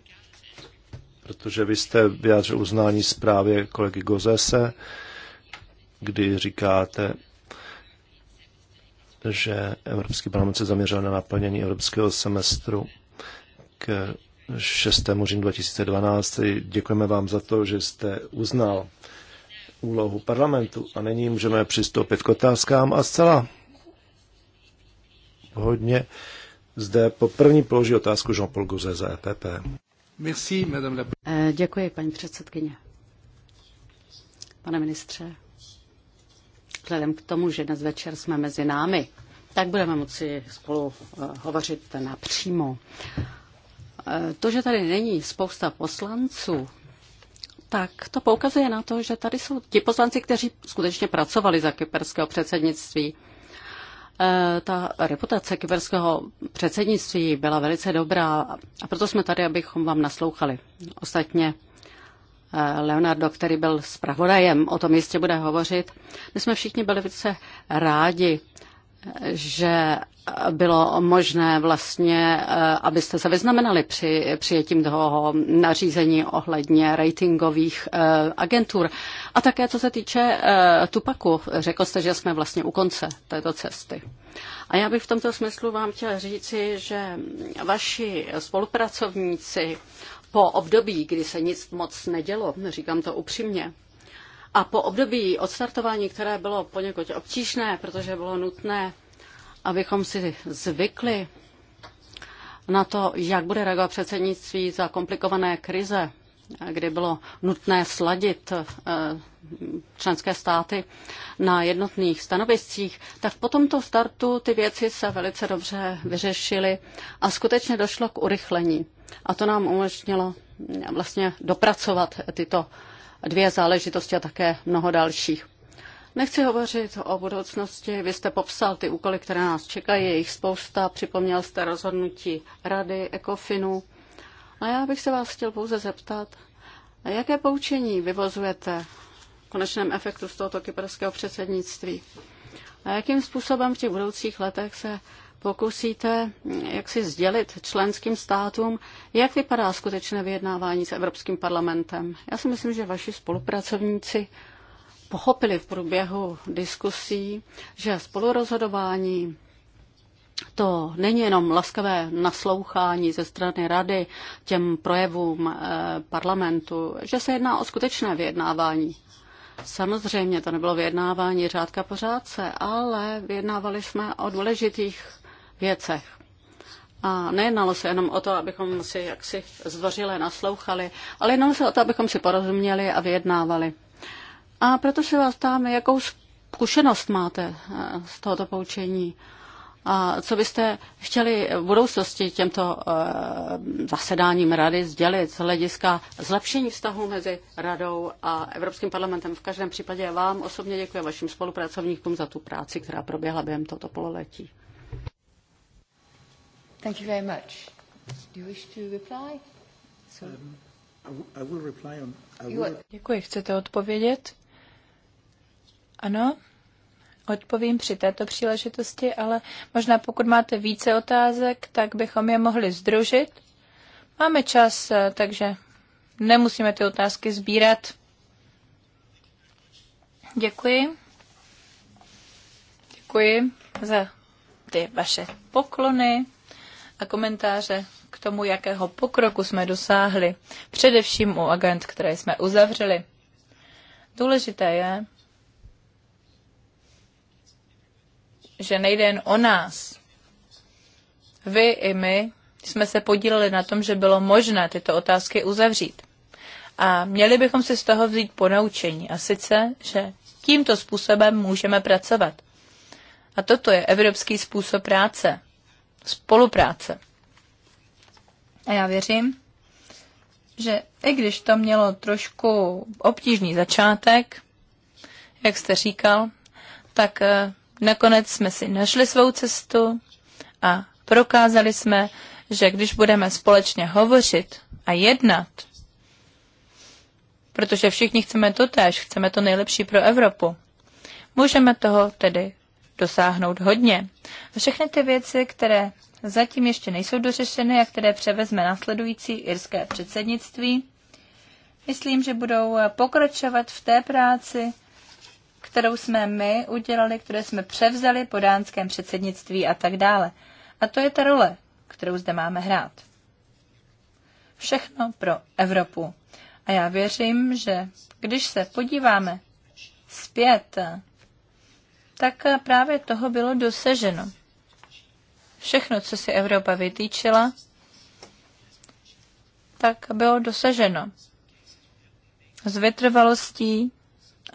protože vy jste vyjádřil uznání zprávě kolegy Gozese, kdy říkáte, že Evropský parlament se zaměřil na naplnění evropského semestru k 6. říjnu 2012. Děkujeme vám za to, že jste uznal úlohu parlamentu a nyní můžeme přistoupit k otázkám a zcela hodně zde po první položí otázku Jean-Paul Gouze za EPP. Merci, madame la... Eh, děkuji, paní předsedkyně. Pane ministře, vzhledem k tomu, že dnes večer jsme mezi námi, tak budeme moci spolu eh, hovořit napřímo. Eh, to, že tady není spousta poslanců, tak to poukazuje na to, že tady jsou ti poslanci, kteří skutečně pracovali za kyperského předsednictví. Eh, ta reputace kyperského předsednictví byla velice dobrá a proto jsme tady, abychom vám naslouchali. Ostatně Leonardo, který byl zpravodajem, o tom jistě bude hovořit. My jsme všichni byli velice rádi, že bylo možné vlastně, eh, abyste se vyznamenali při přijetím toho nařízení ohledně ratingových eh, agentur. A také co se týče eh, Tupaku, řekl jste, že jsme vlastně u konce této cesty. A já bych v tomto smyslu vám chtěla říci, že vaši spolupracovníci po období, kdy se nic moc nedělo, říkám to upřímně, a po období odstartování, které bylo poněkud obtížné, protože bylo nutné, abychom si zvykli na to, jak bude reagovat předsednictví za komplikované krize, kdy bylo nutné sladit eh, členské státy na jednotných stanoviscích, tak po tomto startu ty věci se velice dobře vyřešily a skutečně došlo k urychlení. A to nám umožnilo eh, vlastně dopracovat tyto dvě záležitosti a také mnoho dalších. Nechci hovořit o budoucnosti. Vy jste popsal ty úkoly, které nás čekají, je jich spousta. Připomněl jste rozhodnutí Rady, Ekofinu. A já bych se vás chtěl pouze zeptat, jaké poučení vyvozujete v konečném efektu z tohoto kyperského předsednictví? A jakým způsobem v těch budoucích letech se pokusíte jak si sdělit členským státům, jak vypadá skutečné vyjednávání s Evropským parlamentem. Já si myslím, že vaši spolupracovníci pochopili v průběhu diskusí, že spolurozhodování to není jenom laskavé naslouchání ze strany rady těm projevům eh, parlamentu, že se jedná o skutečné vyjednávání. Samozřejmě to nebylo vyjednávání řádka pořádce, ale vyjednávali jsme o důležitých věcech. A nejednalo se jenom o to, abychom si jaksi zdvořile naslouchali, ale jenom se o to, abychom si porozuměli a vyjednávali. A proto se vás ptáme, jakou zkušenost máte eh, z tohoto poučení a co byste chtěli v budoucnosti těmto eh, zasedáním rady sdělit z hlediska zlepšení vztahu mezi radou a Evropským parlamentem? V každém případě vám osobně děkuji vašim spolupracovníkům za tu práci, která proběhla během tohoto pololetí. Thank you very much. Do you wish to reply? So... Um, I will, I will reply on, I will... Děkuji. Chcete odpovědět? Ano, odpovím při této příležitosti, ale možná pokud máte více otázek, tak bychom je mohli združit. Máme čas, eh, takže nemusíme ty otázky sbírat. Děkuji. Děkuji za ty vaše poklony a komentáře k tomu, jakého pokroku jsme dosáhli, především u agent, které jsme uzavřeli. Důležité je, že nejde jen o nás. Vy i my jsme se podíleli na tom, že bylo možné tyto otázky uzavřít. A měli bychom si z toho vzít ponaučení, a sice, že tímto způsobem můžeme pracovat. A toto je evropský způsob práce spolupráce. A já věřím, že i když to mělo trošku obtížný začátek, jak jste říkal, tak eh, nakonec jsme si našli svou cestu a prokázali jsme, že když budeme společně hovořit a jednat, protože všichni chceme to tež, chceme to nejlepší pro Evropu, můžeme toho tedy dosáhnout hodně. Všechny ty věci, které zatím ještě nejsou dořešeny a které převezme následující irské předsednictví, myslím, že budou pokračovat v té práci, kterou jsme my udělali, které jsme převzali po dánském předsednictví a tak dále. A to je ta role, kterou zde máme hrát. Všechno pro Evropu. A já věřím, že když se podíváme zpět tak právě toho bylo dosaženo. Všechno, co si Evropa vytýčila, tak bylo dosaženo. S vytrvalostí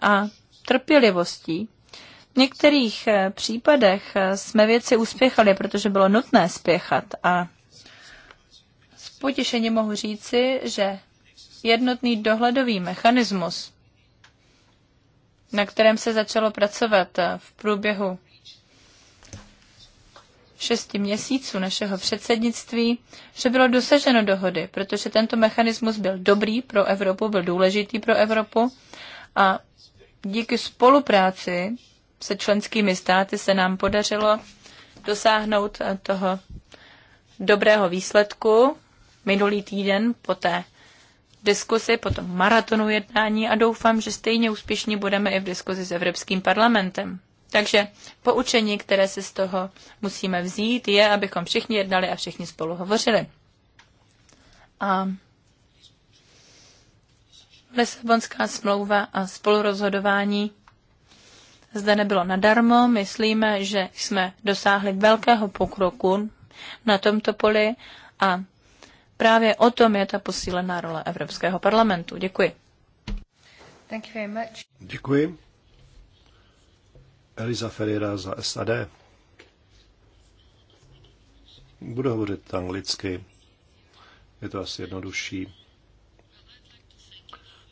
a trpělivostí. V některých eh, případech eh, jsme věci uspěchali, protože bylo nutné spěchat a s potěšením mohu říci, že jednotný dohledový mechanismus na kterém se začalo pracovat eh, v průběhu šesti měsíců našeho předsednictví, že bylo dosaženo dohody, protože tento mechanismus byl dobrý pro Evropu, byl důležitý pro Evropu a díky spolupráci se členskými státy se nám podařilo dosáhnout eh, toho dobrého výsledku minulý týden po té diskusi, potom maratonu jednání a doufám, že stejně úspěšní budeme i v diskuzi s Evropským parlamentem. Takže poučení, které si z toho musíme vzít, je, abychom všichni jednali a všichni spolu hovořili. A Lisabonská smlouva a spolurozhodování zde nebylo nadarmo. Myslíme, že jsme dosáhli velkého pokroku na tomto poli a Právě o tom je ta posílená role Evropského parlamentu. Děkuji. Thank you very much. Děkuji. Eliza Ferreira za SAD. Budu hovořit anglicky. Je to asi jednodušší.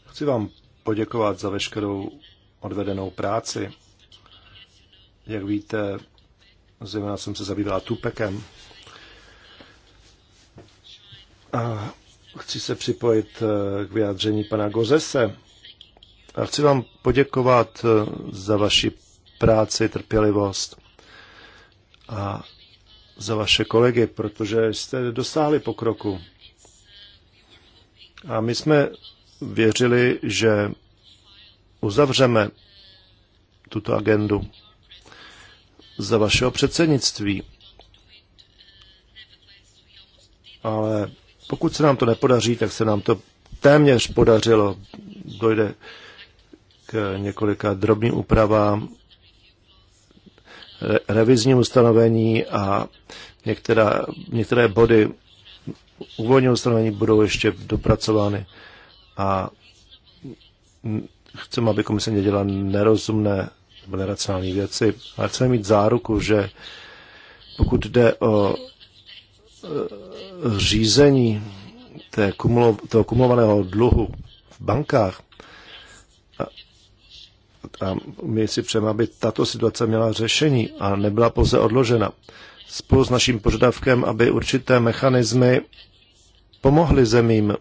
Chci vám poděkovat za veškerou odvedenou práci. Jak víte, zejména jsem se zabývala Tupekem a chci se připojit eh, k vyjádření pana Gozese. A chci vám poděkovat eh, za vaši práci, trpělivost a za vaše kolegy, protože jste dosáhli pokroku. A my jsme věřili, že uzavřeme tuto agendu za vašeho předsednictví. Ale pokud se nám to nepodaří, tak se nám to téměř podařilo. Dojde k několika drobným úpravám revizním ustanovení a některá, některé body uvolněné ustanovení budou ještě dopracovány a chceme, aby komise nedělala nerozumné nebo neracionální věci, ale chceme mít záruku, že pokud jde o řízení té kumulo, toho kumulovaného dluhu v bankách, a my si přejeme, aby tato situace měla řešení a nebyla pouze odložena. Spolu s naším požadavkem, aby určité mechanismy pomohly zemím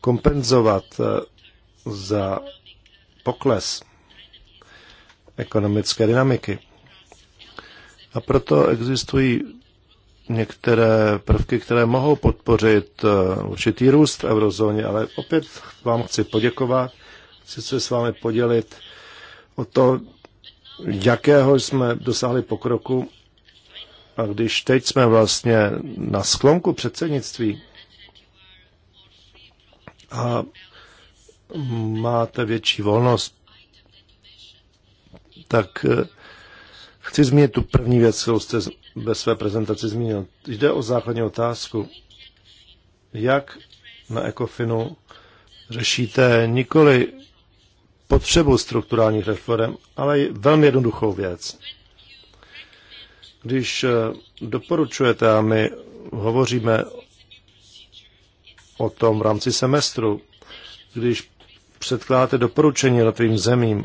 kompenzovat e, za pokles ekonomické dynamiky. A proto existují některé prvky, které mohou podpořit eh, určitý růst v eurozóně, ale opět vám chci poděkovat, chci se s vámi podělit o to, jakého jsme dosáhli pokroku a když teď jsme vlastně na sklonku předsednictví a máte větší volnost, tak eh, chci zmínit tu první věc, kterou jste ve své prezentaci zmínil. Jde o základní otázku, jak na ECOFINu řešíte nikoli potřebu strukturálních reform, ale velmi jednoduchou věc. Když eh, doporučujete a my hovoříme o tom v rámci semestru, když předkládáte doporučení letovým zemím,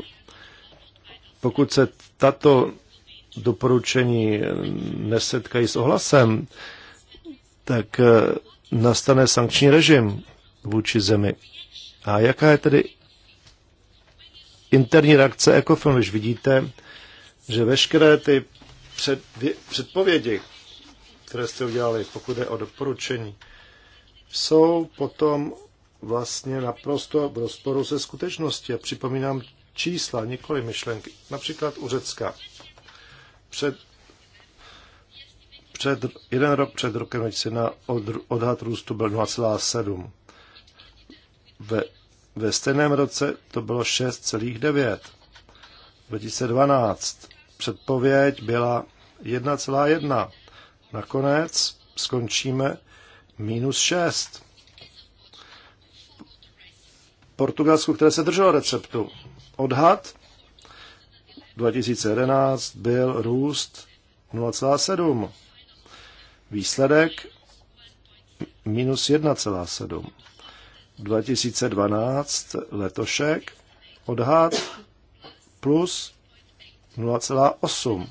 pokud se tato doporučení eh, nesetkají s ohlasem, tak eh, nastane sankční režim vůči zemi. A jaká je tedy interní reakce ECOFIN, když vidíte, že veškeré ty před, předpovědi, které jste udělali, pokud je o doporučení, jsou potom vlastně naprosto v rozporu se skutečností. A připomínám čísla, nikoli myšlenky. Například u Řecka před, před, jeden rok před rokem 2001 od, odhad růstu byl 0,7. Ve, ve stejném roce to bylo 6,9. 2012 předpověď byla 1,1. Nakonec skončíme minus 6. Portugalsku, které se drželo receptu. Odhad 2011 byl růst 0,7. Výsledek minus 1,7. 2012 letošek odhad plus 0,8.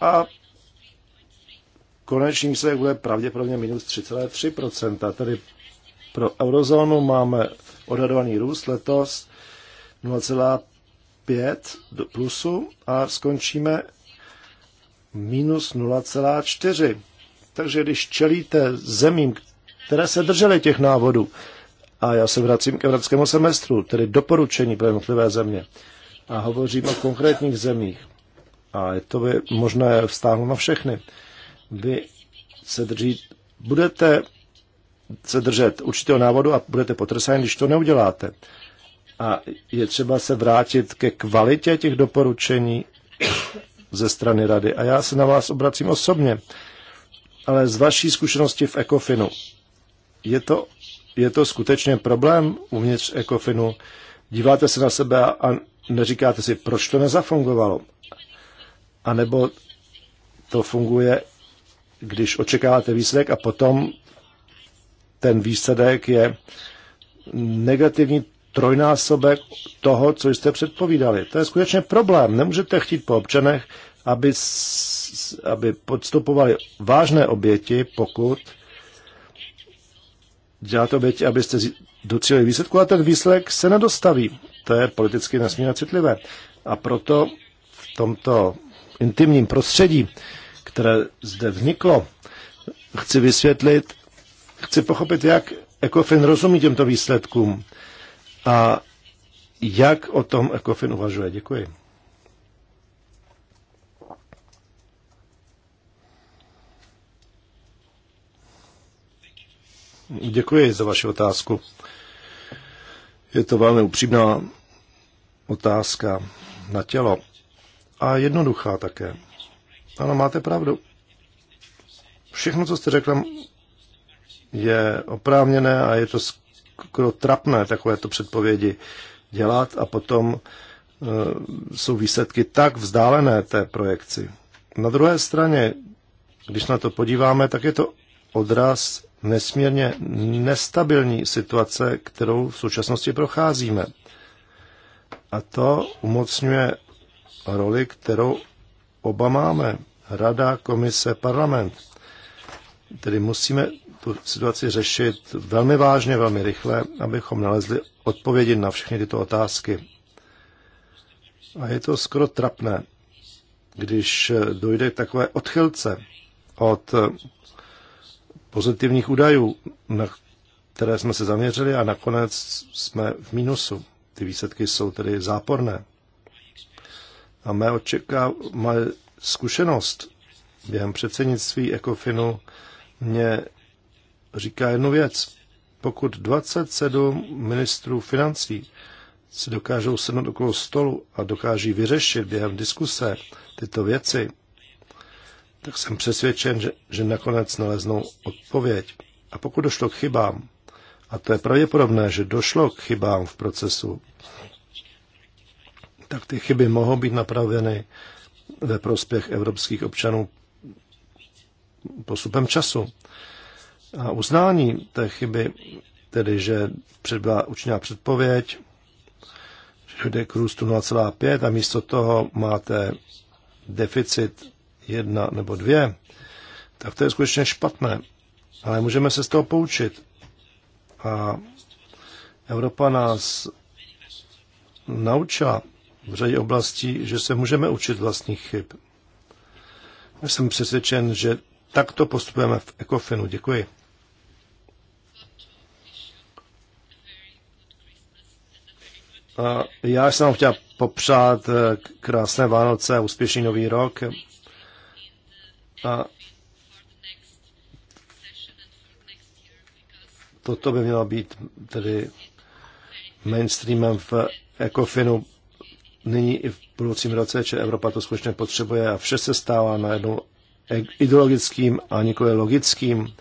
A konečný výsledek bude pravděpodobně minus 3,3%. Tedy pro eurozónu máme odhadovaný růst letos 5 do plusu a skončíme minus 0,4. Takže když čelíte zemím, které se držely těch návodů, a já se vracím k evropskému semestru, tedy doporučení pro jednotlivé země, a hovořím o konkrétních zemích, a je to by možné vztáhnout na všechny, vy se držít, budete se držet určitého návodu a budete potrsáni, když to neuděláte a je třeba se vrátit ke kvalitě těch doporučení ze strany rady. A já se na vás obracím osobně, ale z vaší zkušenosti v ECOFINu. Je to, je to skutečně problém uvnitř ECOFINu? Díváte se na sebe a neříkáte si, proč to nezafungovalo? A nebo to funguje, když očekáváte výsledek a potom ten výsledek je negativní trojnásobek toho, co jste předpovídali. To je skutečně problém. Nemůžete chtít po občanech, aby, aby podstupovali vážné oběti, pokud děláte oběti, abyste docílili výsledku a ten výsledek se nedostaví. To je politicky nesmírně citlivé. A proto v tomto intimním prostředí, které zde vzniklo, chci vysvětlit, chci pochopit, jak ECOFIN rozumí těmto výsledkům a jak o tom ECOFIN uvažuje. Děkuji. Děkuji za vaši otázku. Je to velmi upřímná otázka na tělo. A jednoduchá také. Ano, máte pravdu. Všechno, co jste řekla, je oprávněné a je to skoro trapné takovéto předpovědi dělat a potom e, jsou výsledky tak vzdálené té projekci. Na druhé straně, když na to podíváme, tak je to odraz nesmírně nestabilní situace, kterou v současnosti procházíme. A to umocňuje roli, kterou oba máme. Rada, komise, parlament. Tedy musíme tu situaci řešit velmi vážně, velmi rychle, abychom nalezli odpovědi na všechny tyto otázky. A je to skoro trapné, když dojde k takové odchylce od pozitivních údajů, na které jsme se zaměřili a nakonec jsme v mínusu. Ty výsledky jsou tedy záporné. A mé očeká, má zkušenost během předsednictví Ecofinu, mě říká jednu věc. Pokud 27 ministrů financí si dokážou sednout okolo stolu a dokáží vyřešit během diskuse tyto věci, tak jsem přesvědčen, že, že nakonec naleznou odpověď. A pokud došlo k chybám, a to je pravděpodobné, že došlo k chybám v procesu, tak ty chyby mohou být napraveny ve prospěch evropských občanů postupem času a uznání té chyby, tedy že byla učiněna předpověď, že jde k růstu 0,5 a místo toho máte deficit 1 nebo 2, tak to je skutečně špatné. Ale můžeme se z toho poučit. A Evropa nás naučila v řadě oblastí, že se můžeme učit vlastních chyb. Já jsem přesvědčen, že takto postupujeme v Ekofinu. Děkuji. A já jsem vám chtěl popřát eh, krásné Vánoce a úspěšný nový rok. A toto by mělo být tedy mainstreamem v Ecofinu nyní i v budoucím roce, že Evropa to skutečně potřebuje a vše se stává najednou e- ideologickým a nikoli logickým.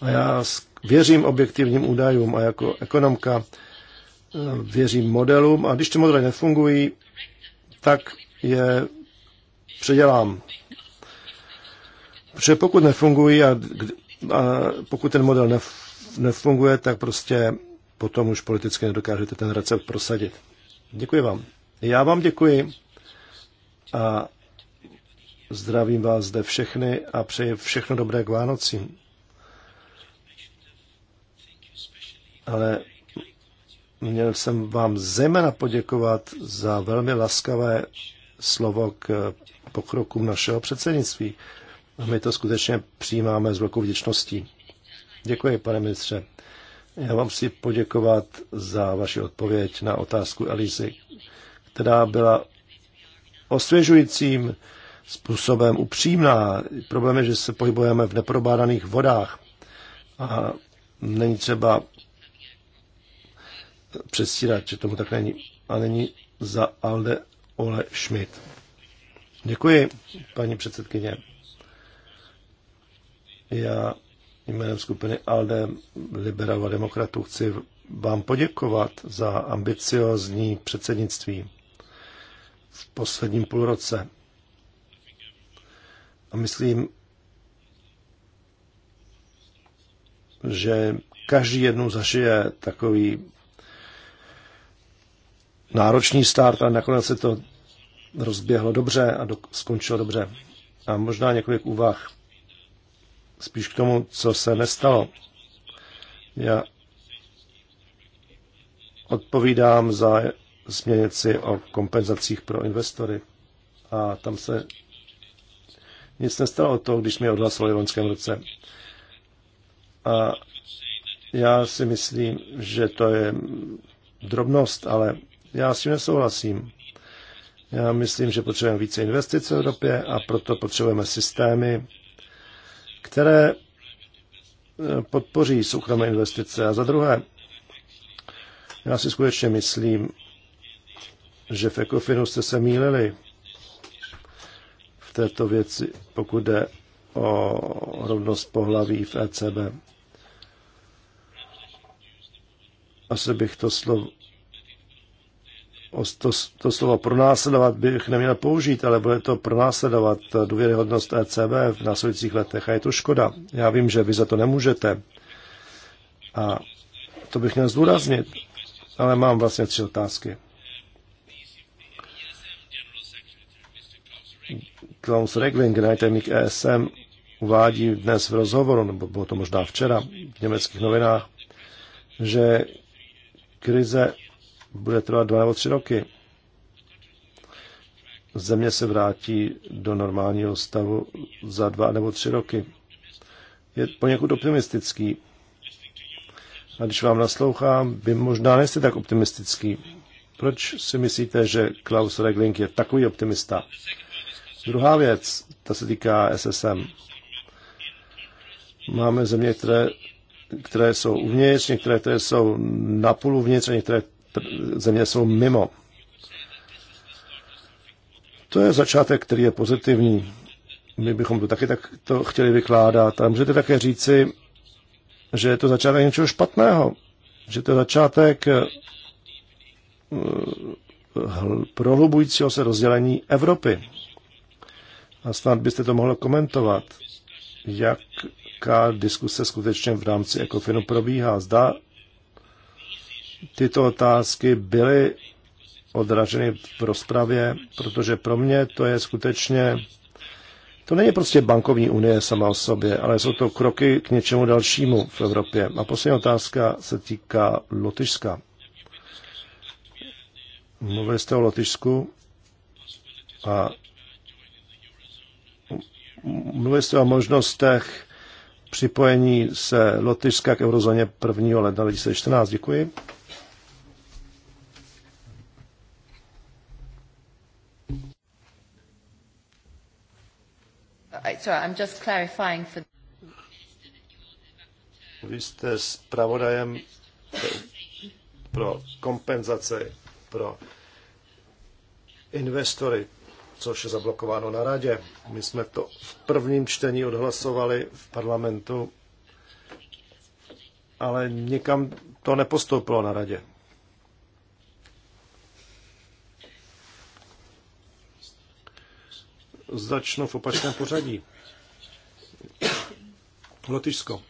A já věřím objektivním údajům a jako ekonomka věřím modelům a když ty modely nefungují, tak je předělám. Protože pokud nefungují a, a pokud ten model nefunguje, tak prostě potom už politicky nedokážete ten recept prosadit. Děkuji vám. Já vám děkuji a zdravím vás zde všechny a přeji všechno dobré k Vánocím. Ale Měl jsem vám zejména poděkovat za velmi laskavé slovo k pokrokům našeho předsednictví. A my to skutečně přijímáme s velkou vděčností. Děkuji, pane ministře. Já vám chci poděkovat za vaši odpověď na otázku Elizy, která byla osvěžujícím způsobem upřímná. Problém je, že se pohybujeme v neprobádaných vodách a není třeba předstírat, že tomu tak není. A není za Alde Ole Schmidt. Děkuji, paní předsedkyně. Já jménem skupiny ALDE Liberal a demokratů chci vám poděkovat za ambiciozní předsednictví v posledním půlroce. A myslím, že každý jednou zažije takový náročný start, ale nakonec se to rozběhlo dobře a do, skončilo dobře. A možná několik úvah spíš k tomu, co se nestalo. Já odpovídám za směnici o kompenzacích pro investory. A tam se nic nestalo o to, když jsme odhlasovali v loňském roce. A já si myslím, že to je drobnost, ale já s tím nesouhlasím. Já myslím, že potřebujeme více investic v Evropě a proto potřebujeme systémy, které eh, podpoří soukromé investice. A za druhé, já si skutečně myslím, že v Ekofinu jste se mýlili v této věci, pokud jde o rovnost pohlaví v ECB. Asi bych to slovo to, to slovo pronásledovat bych neměl použít, ale bude to pronásledovat důvěryhodnost ECB v následujících letech a je to škoda. Já vím, že vy za to nemůžete a to bych měl zdůraznit, ale mám vlastně tři otázky. Klaus Regling, najtemník ESM, uvádí dnes v rozhovoru, nebo bylo to možná včera v německých novinách, že krize bude trvat dva nebo tři roky. Země se vrátí do normálního stavu za dva nebo tři roky. Je poněkud optimistický. A když vám naslouchám, vy možná nejste tak optimistický. Proč si myslíte, že Klaus Regling je takový optimista? Druhá věc, ta se týká SSM. Máme země, které, které jsou uvnitř, některé, které jsou napůl uvnitř a některé, země jsou mimo. To je začátek, který je pozitivní. My bychom to taky tak to chtěli vykládat. A můžete také říci, že je to začátek něčeho špatného. Že to je začátek eh, prohlubujícího se rozdělení Evropy. A snad byste to mohlo komentovat, jaká diskuse skutečně v rámci ECOFINu probíhá. Zda tyto otázky byly odraženy v rozpravě, protože pro mě to je skutečně, to není prostě bankovní unie sama o sobě, ale jsou to kroky k něčemu dalšímu v Evropě. A poslední otázka se týká Lotyšska. Mluvili jste o Lotyšsku a mluvili jste o možnostech připojení se Lotyšska k eurozóně 1. ledna 2014. Děkuji. sorry, I'm just clarifying for... Vy jste zpravodajem pro kompenzace pro investory, což je zablokováno na radě. My jsme to v prvním čtení odhlasovali v parlamentu, ale někam to nepostoupilo na radě. začnu v opačném pořadí. Lotyšsko.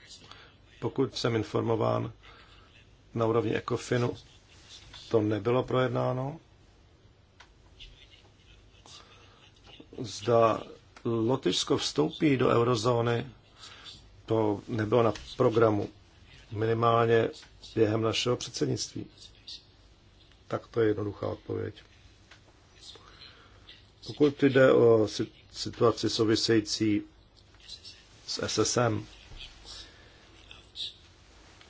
Pokud jsem informován, na úrovni ECOFINu to nebylo projednáno. Zda Lotyšsko vstoupí do eurozóny, to nebylo na programu. Minimálně během našeho předsednictví. Tak to je jednoduchá odpověď. Pokud jde o situaci související s SSM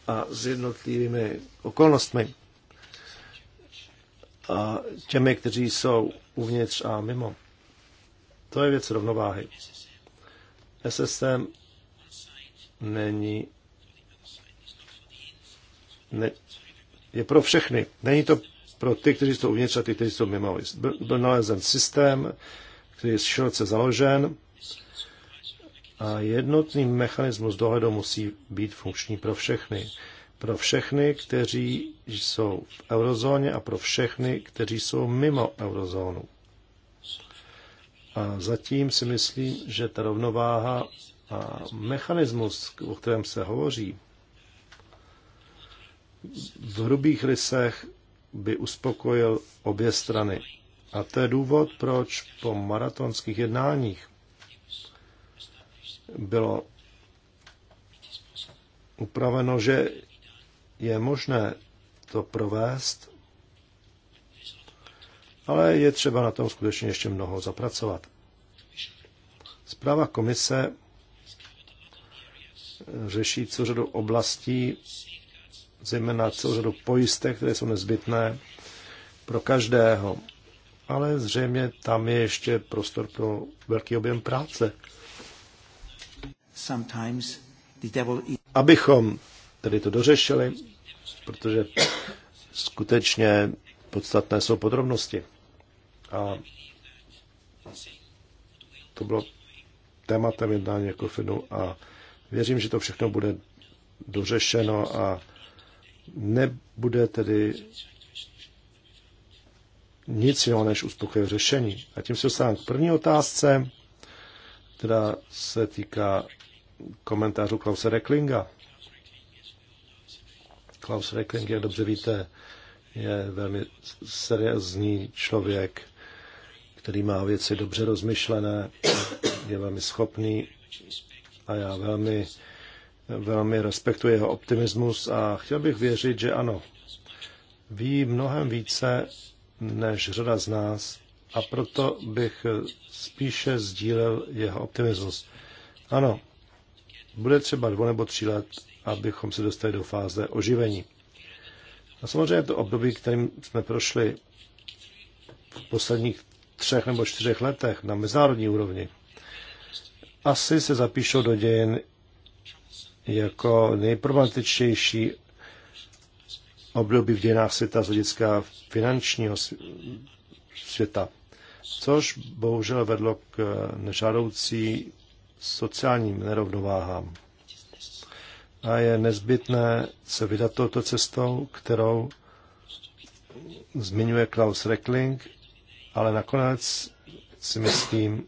a s jednotlivými okolnostmi a těmi, kteří jsou uvnitř a mimo, to je věc rovnováhy. SSM není ne, je pro všechny. Není to pro ty, kteří jsou uvnitř a ty, kteří jsou mimo. Byl nalezen systém, který je široce založen a jednotný mechanismus dohledu musí být funkční pro všechny. Pro všechny, kteří jsou v eurozóně a pro všechny, kteří jsou mimo eurozónu. A zatím si myslím, že ta rovnováha a mechanismus, o kterém se hovoří, v hrubých rysech by uspokojil obě strany. A to je důvod, proč po maratonských jednáních bylo upraveno, že je možné to provést, ale je třeba na tom skutečně ještě mnoho zapracovat. Zpráva komise řeší co řadu oblastí, zejména celou řadu pojistek, které jsou nezbytné pro každého. Ale zřejmě tam je ještě prostor pro velký objem práce. Abychom tedy to dořešili, protože skutečně podstatné jsou podrobnosti. A to bylo tématem jednání jako finu a věřím, že to všechno bude dořešeno a nebude tedy nic jiného než uspokojivé řešení. A tím se dostávám k první otázce, která se týká komentářů Klause Recklinga. Klaus Reckling, jak dobře víte, je velmi seriózní člověk, který má věci dobře rozmyšlené, je velmi schopný a já velmi velmi respektuji jeho optimismus a chtěl bych věřit, že ano, ví mnohem více než řada z nás a proto bych spíše sdílel jeho optimismus. Ano, bude třeba dvou nebo tří let, abychom se dostali do fáze oživení. A samozřejmě to období, kterým jsme prošli v posledních třech nebo čtyřech letech na mezinárodní úrovni, asi se zapíšou do dějin jako nejproblematičtější období v dějinách světa z hlediska finančního světa, což bohužel vedlo k nežádoucí sociálním nerovnováhám. A je nezbytné se vydat touto cestou, kterou zmiňuje Klaus Reckling, ale nakonec si myslím,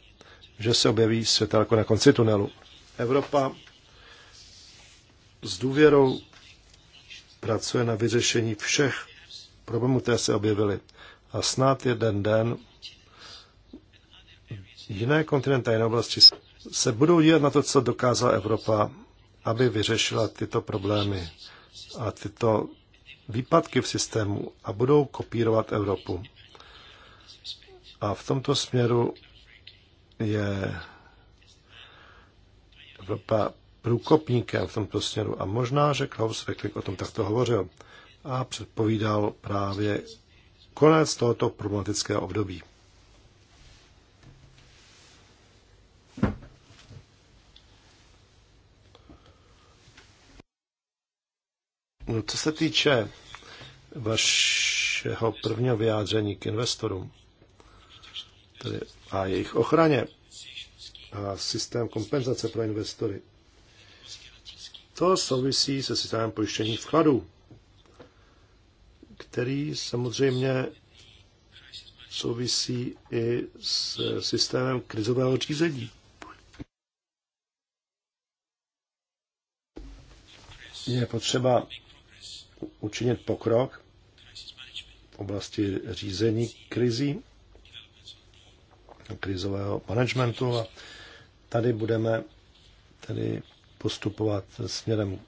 že se objeví světelko na konci tunelu. Evropa s důvěrou pracuje na vyřešení všech problémů, které se objevily. A snad jeden den jiné kontinenty a jiné oblasti se budou dívat na to, co dokázala Evropa, aby vyřešila tyto problémy a tyto výpadky v systému a budou kopírovat Evropu. A v tomto směru je Evropa průkopníkem v tomto směru. A možná, že Klaus Reklik o tom takto hovořil a předpovídal právě konec tohoto problematického období. No, Co se týče vašeho prvního vyjádření k investorům tedy a jejich ochraně a systém kompenzace pro investory, to souvisí se systémem pojištění vkladů, který samozřejmě souvisí i s systémem krizového řízení. Je potřeba učinit pokrok v oblasti řízení krizí, krizového managementu a tady budeme tedy postupovat směrem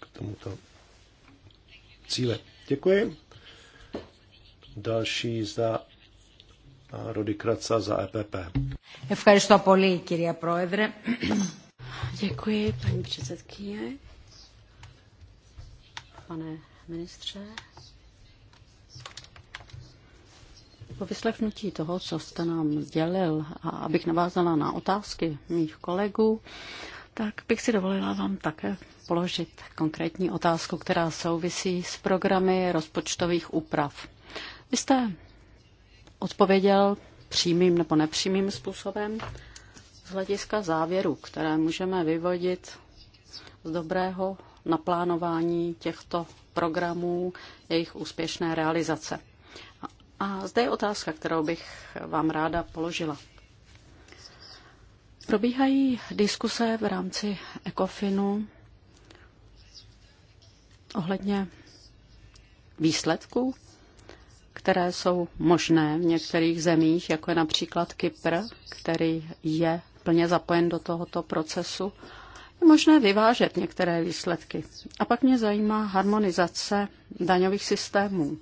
k tomuto cíle. Děkuji. Další za Rody Kraca za EPP. Děkuji, paní předsedkyně. Pane ministře, po vyslechnutí toho, co jste nám sdělil, a abych navázala na otázky mých kolegů, tak bych si dovolila vám také položit konkrétní otázku, která souvisí s programy rozpočtových úprav. Vy jste odpověděl přímým nebo nepřímým způsobem z hlediska závěru, které můžeme vyvodit z dobrého naplánování těchto programů, jejich úspěšné realizace. A zde je otázka, kterou bych vám ráda položila. Probíhají diskuse v rámci ECOFINu ohledně výsledků, které jsou možné v některých zemích, jako je například Kypr, který je plně zapojen do tohoto procesu. Je možné vyvážet některé výsledky. A pak mě zajímá harmonizace daňových systémů.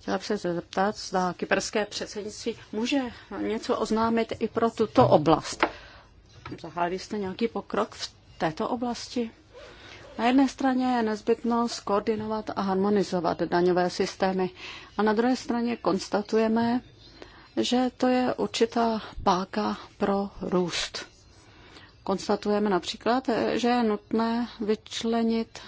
Chtěla bych se zeptat, zda kyperské předsednictví může něco oznámit i pro tuto oblast. Zahájili jste nějaký pokrok v této oblasti? Na jedné straně je nezbytnost koordinovat a harmonizovat daňové systémy a na druhé straně konstatujeme, že to je určitá páka pro růst. Konstatujeme například, že je nutné vyčlenit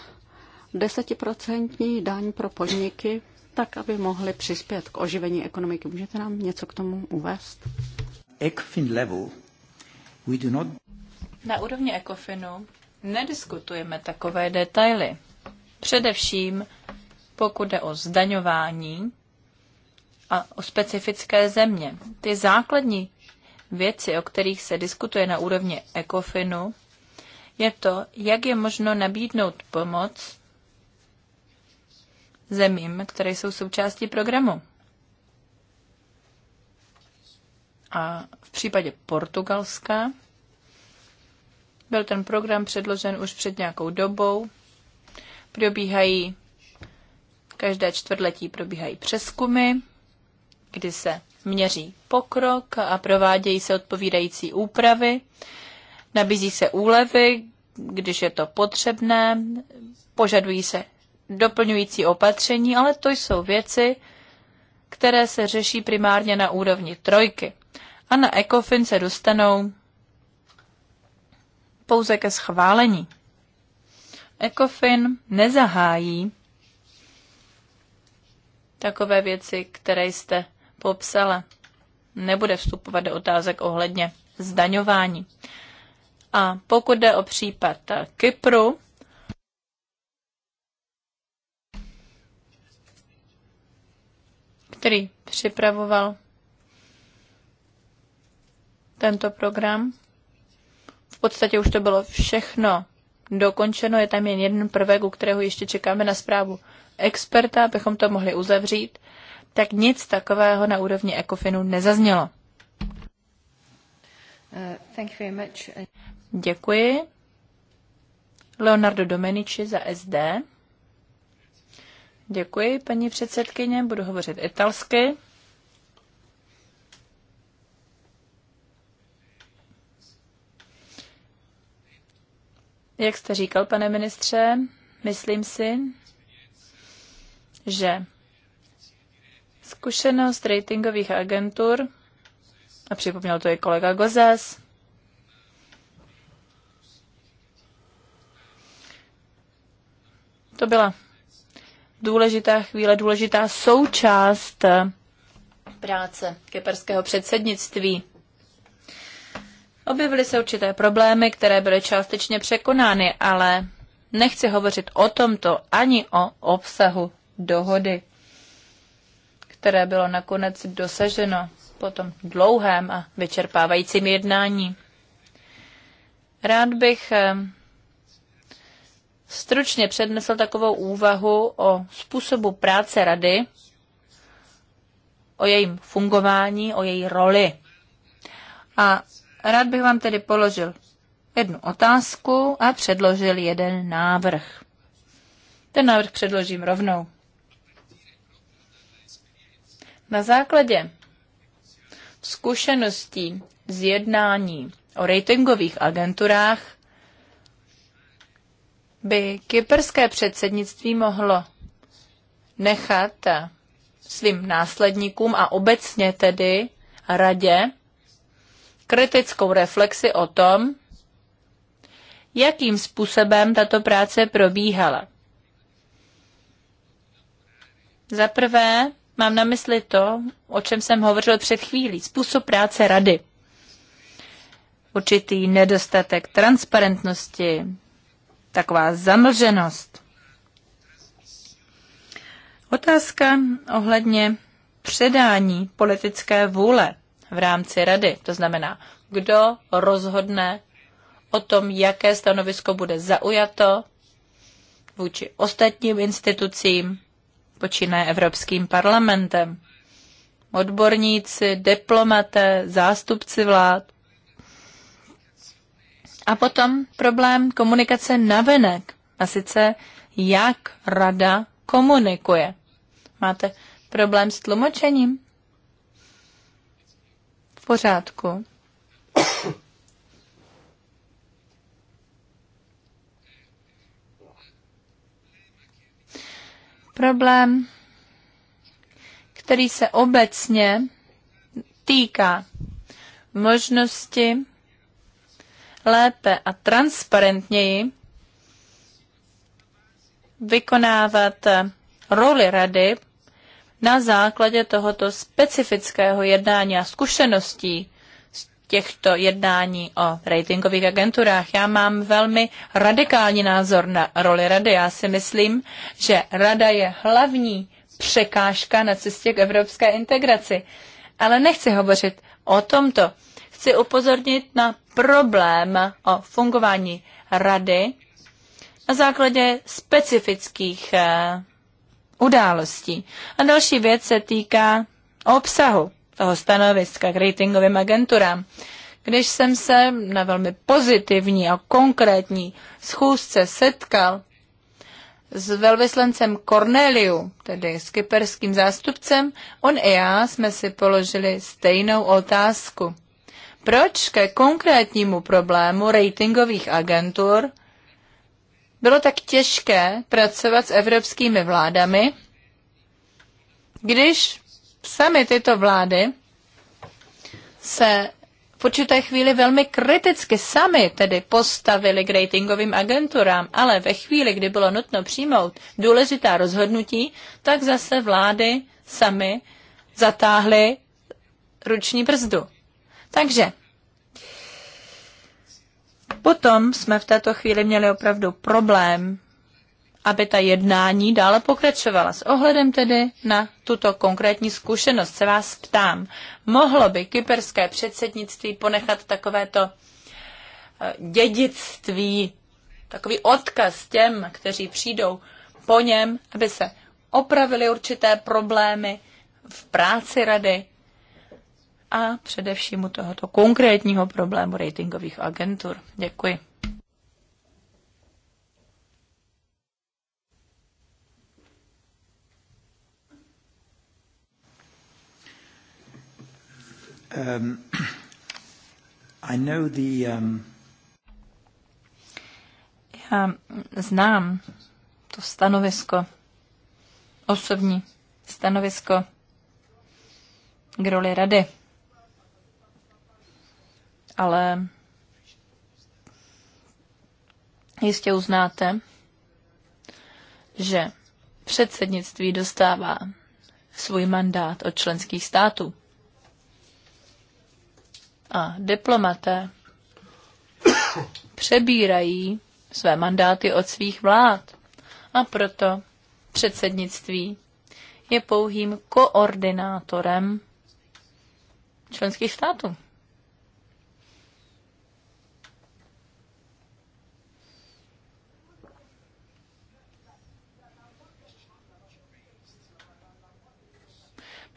desetiprocentní daň pro podniky, tak aby mohly přispět k oživení ekonomiky. Můžete nám něco k tomu uvést? ECFIN level We do not... Na úrovni ECOFINu nediskutujeme takové detaily. Především pokud jde o zdaňování a o specifické země. Ty základní věci, o kterých se diskutuje na úrovni ECOFINu, je to, jak je možno nabídnout pomoc zemím, které jsou součástí programu. A v případě Portugalska byl ten program předložen už před nějakou dobou. Probíhají každé čtvrtletí probíhají přeskumy, kdy se měří pokrok a provádějí se odpovídající úpravy. Nabízí se úlevy, když je to potřebné, požadují se doplňující opatření, ale to jsou věci, které se řeší primárně na úrovni trojky a na ECOFIN se dostanou pouze ke schválení. ECOFIN nezahájí takové věci, které jste popsala. Nebude vstupovat do otázek ohledně zdaňování. A pokud jde o případ Kypru, který připravoval tento program. V podstatě už to bylo všechno dokončeno, je tam jen jeden prvek, u kterého ještě čekáme na zprávu experta, abychom to mohli uzavřít, tak nic takového na úrovni ECOFINu nezaznělo. Uh, Děkuji. Leonardo Domenici za SD. Děkuji, paní předsedkyně, budu hovořit italsky. Jak jste říkal, pane ministře, myslím si, že zkušenost ratingových agentur, a připomněl to i kolega Gozes, to byla důležitá chvíle, důležitá součást práce kyperského předsednictví. Objevily se určité problémy, které byly částečně překonány, ale nechci hovořit o tomto ani o obsahu dohody, které bylo nakonec dosaženo po tom dlouhém a vyčerpávajícím jednání. Rád bych eh, stručně přednesl takovou úvahu o způsobu práce rady, o jejím fungování, o její roli. A Rád bych vám tedy položil jednu otázku a předložil jeden návrh. Ten návrh předložím rovnou. Na základě zkušeností z jednání o ratingových agenturách by kyperské předsednictví mohlo nechat svým následníkům a obecně tedy radě kritickou reflexi o tom, jakým způsobem tato práce probíhala. Za prvé mám na mysli to, o čem jsem hovořil před chvílí, způsob práce rady. Určitý nedostatek transparentnosti, taková zamlženost. Otázka ohledně předání politické vůle v rámci rady. To znamená, kdo rozhodne o tom, jaké stanovisko bude zaujato vůči ostatním institucím, počínaje Evropským parlamentem. Odborníci, diplomaté, zástupci vlád. A potom problém komunikace navenek. A sice, jak rada komunikuje. Máte problém s tlumočením? pořádku. Problém, který se obecně týká možnosti lépe a transparentněji vykonávat roli rady na základě tohoto specifického jednání a zkušeností z těchto jednání o ratingových agenturách. Já mám velmi radikální názor na roli rady. Já si myslím, že rada je hlavní překážka na cestě k evropské integraci. Ale nechci hovořit o tomto. Chci upozornit na problém o fungování rady na základě specifických eh, události A další věc se týká obsahu toho stanoviska k ratingovým agenturám. Když jsem se na velmi pozitivní a konkrétní schůzce setkal s velvyslancem Corneliu, tedy s kyperským zástupcem, on i já jsme si položili stejnou otázku. Proč ke konkrétnímu problému ratingových agentur bylo tak těžké pracovat s evropskými vládami, když sami tyto vlády se v určité chvíli velmi kriticky sami tedy postavili k ratingovým agenturám, ale ve chvíli, kdy bylo nutno přijmout důležitá rozhodnutí, tak zase vlády sami zatáhly ruční brzdu. Takže Potom jsme v této chvíli měli opravdu problém, aby ta jednání dále pokračovala. S ohledem tedy na tuto konkrétní zkušenost se vás ptám, mohlo by kyperské předsednictví ponechat takovéto eh, dědictví, takový odkaz těm, kteří přijdou po něm, aby se opravili určité problémy v práci rady, a především u tohoto konkrétního problému ratingových agentur. Děkuji. Um, I know the, um... Já znám to stanovisko, osobní stanovisko k roli rady ale jistě uznáte, že předsednictví dostává svůj mandát od členských států. A diplomaté přebírají své mandáty od svých vlád. A proto předsednictví je pouhým koordinátorem členských států.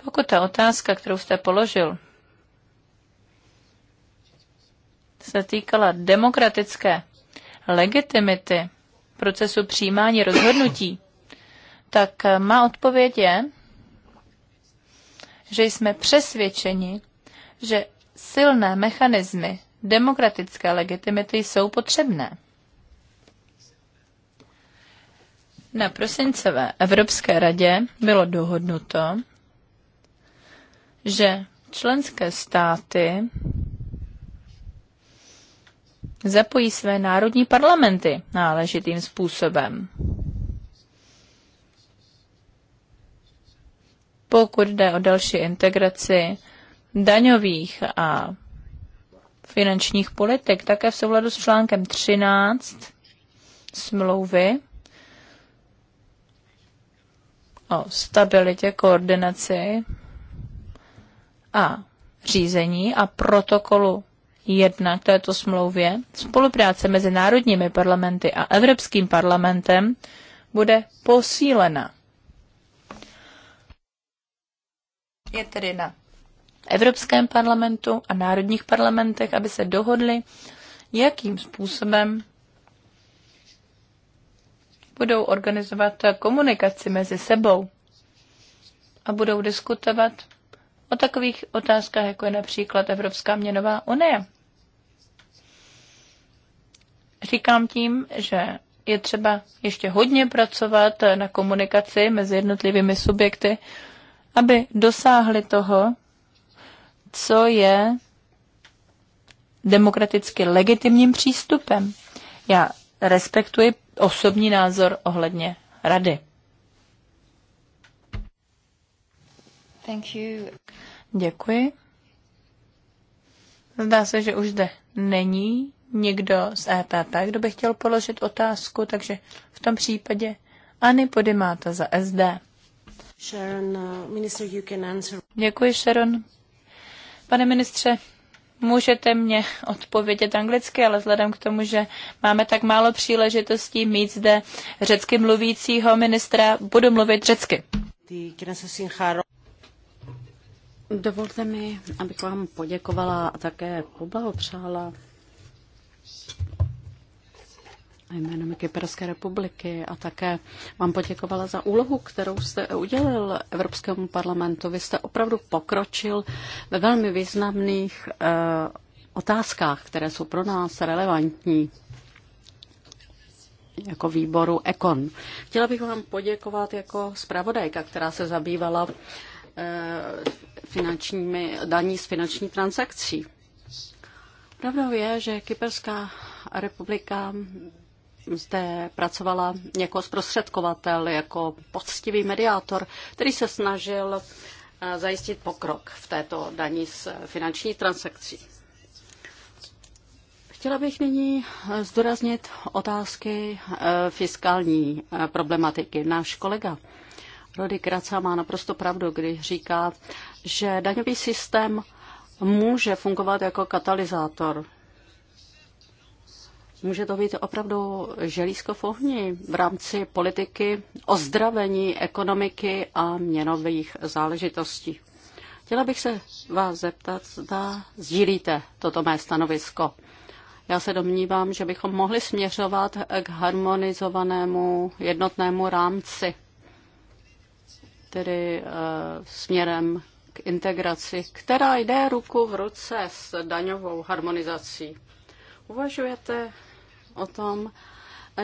Pokud ta otázka, kterou jste položil, se týkala demokratické legitimity procesu přijímání rozhodnutí, tak eh, má odpověď je, že jsme přesvědčeni, že silné mechanismy demokratické legitimity jsou potřebné. Na prosincové Evropské radě bylo dohodnuto, že členské státy zapojí své národní parlamenty náležitým způsobem. Pokud jde o další integraci daňových a finančních politik, také v souladu s článkem 13 smlouvy o stabilitě, koordinaci a řízení a protokolu 1 k této smlouvě, spolupráce mezi národními parlamenty a Evropským parlamentem bude posílena. Je tedy na Evropském parlamentu a národních parlamentech, aby se dohodli, jakým způsobem budou organizovat komunikaci mezi sebou a budou diskutovat o takových otázkách, jako je například Evropská měnová unie. Říkám tím, že je třeba ještě hodně pracovat na komunikaci mezi jednotlivými subjekty, aby dosáhli toho, co je demokraticky legitimním přístupem. Já respektuji osobní názor ohledně rady. Thank you. Děkuji. Zdá se, že už zde není někdo z EPP, kdo by chtěl položit otázku, takže v tom případě Ani Podimáta za SD. Sharon, uh, minister, you can answer. Děkuji, Sharon. Pane ministře, můžete mě odpovědět anglicky, ale vzhledem k tomu, že máme tak málo příležitostí mít zde řecky mluvícího ministra, budu mluvit řecky. Dovolte mi, abych vám poděkovala a také poblahopřála jménem Kyperské republiky a také vám poděkovala za úlohu, kterou jste udělil Evropskému parlamentu. Vy jste opravdu pokročil ve velmi významných eh, otázkách, které jsou pro nás relevantní jako výboru EKON. Chtěla bych vám poděkovat jako zpravodajka, která se zabývala Eh, finančními, daní z finanční transakcí. Pravdou je, že Kyperská republika zde pracovala jako zprostředkovatel, jako poctivý mediátor, který se snažil eh, zajistit pokrok v této daní z finanční transakcí. Chtěla bych nyní eh, zdůraznit otázky fiskální problematiky. Náš kolega Rody Kraca má naprosto pravdu, když říká, že daňový systém může fungovat jako katalyzátor. Může to být opravdu želízko v ohni v rámci politiky ozdravení ekonomiky a měnových záležitostí. Chtěla bych se vás zeptat, zda sdílíte toto mé stanovisko. Já se domnívám, že bychom mohli směřovat k harmonizovanému jednotnému rámci tedy eh, směrem k integraci, která jde ruku v ruce s daňovou harmonizací. Uvažujete o tom,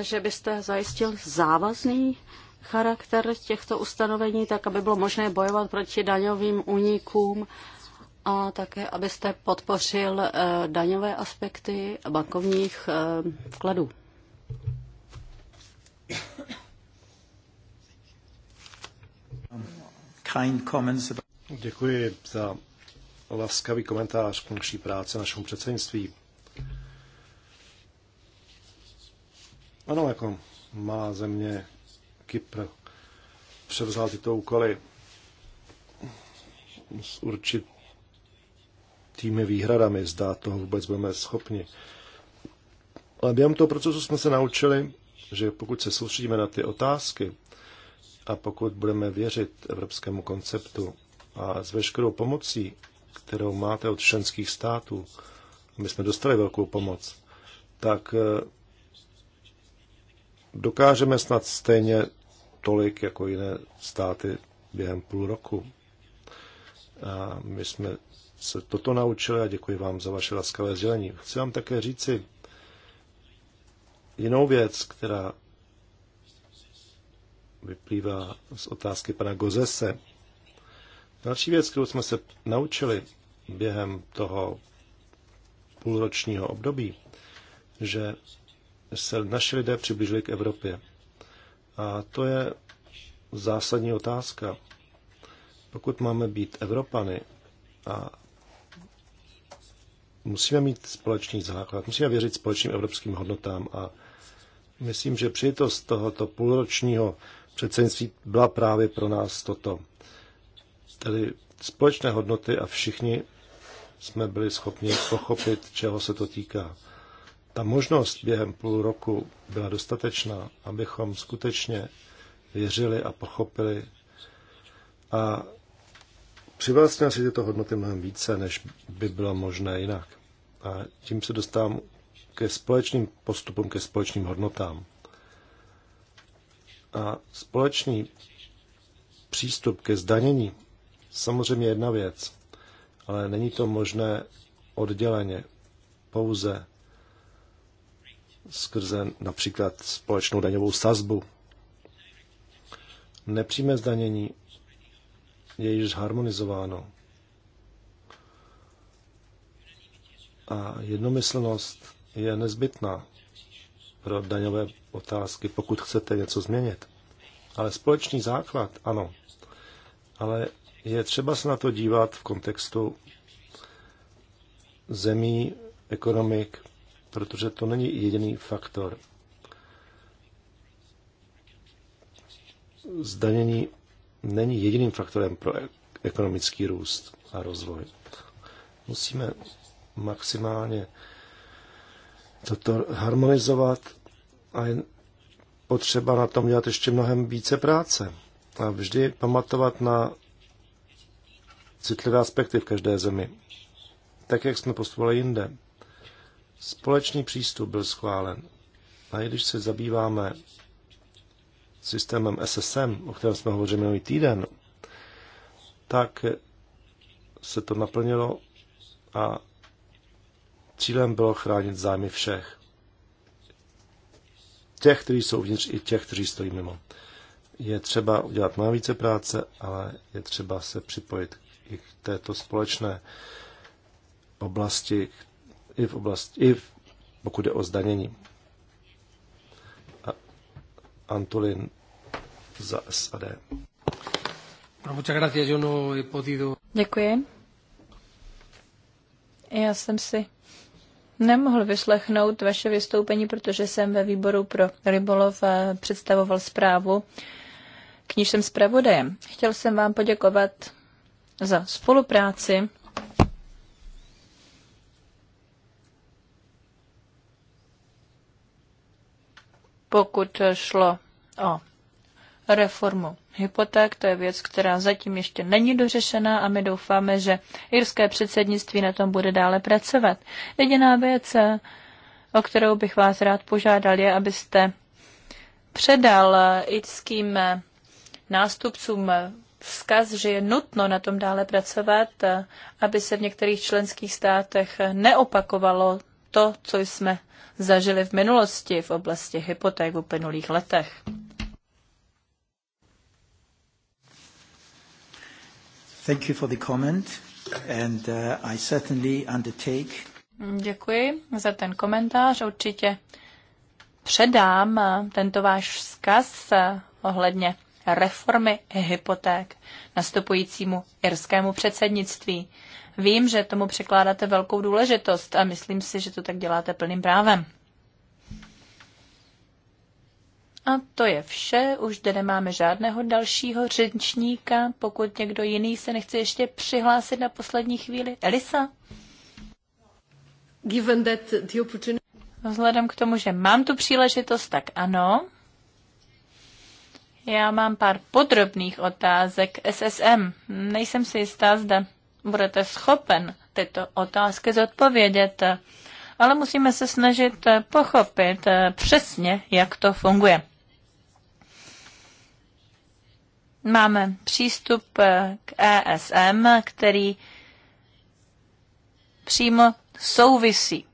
že byste zajistil závazný charakter těchto ustanovení, tak aby bylo možné bojovat proti daňovým únikům a také, abyste podpořil eh, daňové aspekty bankovních eh, vkladů. kind comments about... Děkuji za laskavý komentář k naší práci, našemu předsednictví. Ano, jako malá země Kypr převzal tyto úkoly s určitými výhradami, zdá toho vůbec budeme schopni. Ale během toho procesu jsme se naučili, že pokud se soustředíme na ty otázky, a pokud budeme věřit evropskému konceptu a s veškerou pomocí, kterou máte od členských států, my jsme dostali velkou pomoc, tak eh, dokážeme snad stejně tolik jako jiné státy během půl roku. A my jsme se toto naučili a děkuji vám za vaše laskavé sdělení. Chci vám také říci jinou věc, která vyplývá z otázky pana Gozese. Další věc, kterou jsme se naučili během toho půlročního období, že se naši lidé přiblížili k Evropě. A to je zásadní otázka. Pokud máme být Evropany a musíme mít společný základ, musíme věřit společným evropským hodnotám a myslím, že přijetost tohoto půlročního předsednictví byla právě pro nás toto. Tedy společné hodnoty a všichni jsme byli schopni pochopit, čeho se to týká. Ta možnost během půl roku byla dostatečná, abychom skutečně věřili a pochopili a přivlastnil si tyto hodnoty mnohem více, než by bylo možné jinak. A tím se dostávám ke společným postupům, ke společným hodnotám. A společný přístup ke zdanění samozřejmě jedna věc, ale není to možné odděleně, pouze skrze například společnou daňovou sazbu. Nepřímé zdanění je již harmonizováno. A jednomyslnost je nezbytná pro daňové otázky, pokud chcete něco změnit. Ale společný základ, ano. Ale je třeba se na to dívat v kontextu zemí, ekonomik, protože to není jediný faktor. Zdanění není jediným faktorem pro ekonomický růst a rozvoj. Musíme maximálně toto harmonizovat a je potřeba na tom dělat ještě mnohem více práce. A vždy pamatovat na citlivé aspekty v každé zemi. Tak, jak jsme postupovali jinde. Společný přístup byl schválen. A i když se zabýváme systémem SSM, o kterém jsme hovořili minulý týden, tak se to naplnilo a Cílem bylo chránit zájmy všech. Těch, kteří jsou uvnitř, i těch, kteří stojí mimo. Je třeba udělat má více práce, ale je třeba se připojit i k této společné oblasti, i v oblasti, i v, pokud jde o zdanění. Antolin za SAD. No Děkuji. Já jsem si nemohl vyslechnout vaše vystoupení, protože jsem ve výboru pro rybolov eh, představoval zprávu, k níž jsem zpravodajem. Chtěl jsem vám poděkovat za spolupráci. Pokud šlo o reformu hypoték. To je věc, která zatím ještě není dořešená a my doufáme, že irské předsednictví na tom bude dále pracovat. Jediná věc, o kterou bych vás rád požádal, je, abyste předal irským nástupcům vzkaz, že je nutno na tom dále pracovat, aby se v některých členských státech neopakovalo to, co jsme zažili v minulosti v oblasti hypoték v uplynulých letech. Thank you for the comment and uh, I certainly undertake. Děkuji za ten komentář. Určitě předám uh, tento váš vzkaz uh, ohledně reformy hypoték nastupujícímu irskému předsednictví. Vím, že tomu překládáte velkou důležitost a myslím si, že to tak děláte plným právem. A to je vše, už zde nemáme žádného dalšího řečníka, pokud někdo jiný se nechce ještě přihlásit na poslední chvíli. Elisa? Given that the opportunity... Vzhledem k tomu, že mám tu příležitost, tak ano. Já mám pár podrobných otázek SSM. Nejsem si jistá, zda budete schopen tyto otázky zodpovědět, ale musíme se snažit pochopit přesně, jak to funguje. máme přístup eh, k ESM, který přímo souvisí.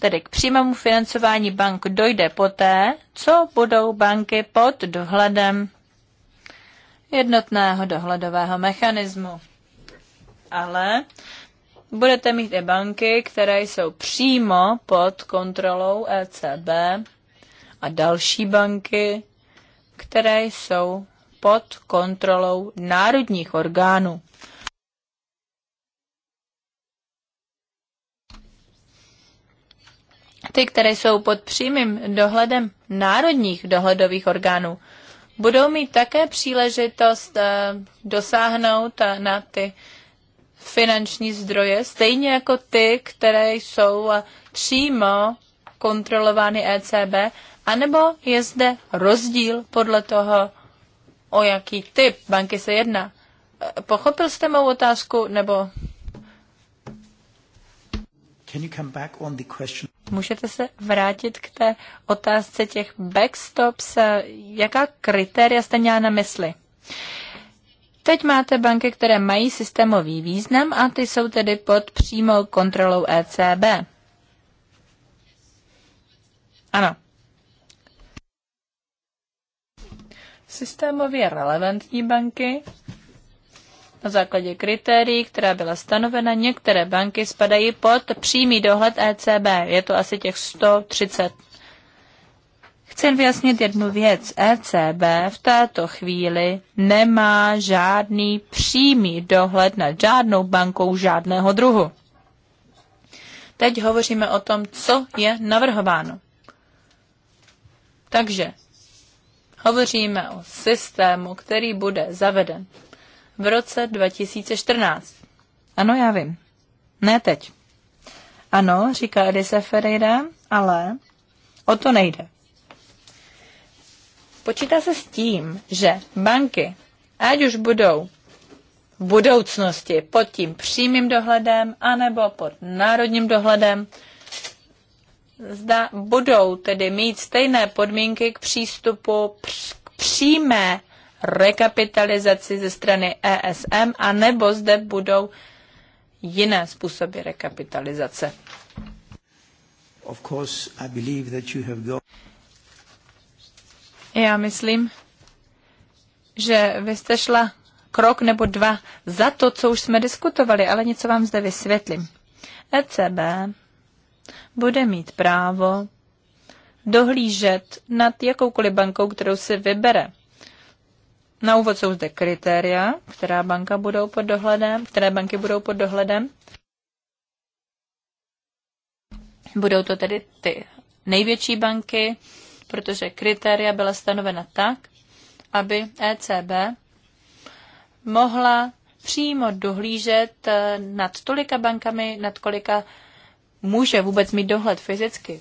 Tedy k přímému financování bank dojde poté, co budou banky pod dohledem jednotného dohledového mechanismu. Ale budete mít i banky, které jsou přímo pod kontrolou ECB a další banky, které jsou pod kontrolou národních orgánů. Ty, které jsou pod přímým dohledem národních dohledových orgánů, budou mít také příležitost eh, dosáhnout eh, na ty finanční zdroje, stejně jako ty, které jsou eh, přímo kontrolovány ECB, anebo je zde rozdíl podle toho, o jaký typ banky se jedná. Eh, pochopil jste mou otázku, nebo... Can you come back on the question? Můžete se vrátit k té otázce těch backstops? Eh, jaká kritéria jste měla na mysli? Teď máte banky, které mají systémový význam a ty jsou tedy pod přímou kontrolou ECB. Ano. systémově relevantní banky. Na základě kritérií, která byla stanovena, některé banky spadají pod přímý dohled ECB. Je to asi těch 130. Chci jen vyjasnit jednu věc. ECB v této chvíli nemá žádný přímý dohled nad žádnou bankou žádného druhu. Teď hovoříme o tom, co je navrhováno. Takže Hovoříme o systému, který bude zaveden v roce 2014. Ano, já vím. Ne teď. Ano, říká Edise Ferreira, ale o to nejde. Počítá se s tím, že banky, ať už budou v budoucnosti pod tím přímým dohledem anebo pod národním dohledem, zda budou tedy mít stejné podmínky k přístupu k přímé rekapitalizaci ze strany ESM, a nebo zde budou jiné způsoby rekapitalizace. Of course, I believe that you have got... Já myslím, že vy jste šla krok nebo dva za to, co už jsme diskutovali, ale něco vám zde vysvětlím. ECB bude mít právo dohlížet nad jakoukoliv bankou, kterou si vybere. Na úvod jsou zde kritéria, která banka budou pod dohledem, které banky budou pod dohledem. Budou to tedy ty největší banky, protože kritéria byla stanovena tak, aby ECB mohla přímo dohlížet eh, nad tolika bankami, nad kolika může vůbec mít dohled fyzicky.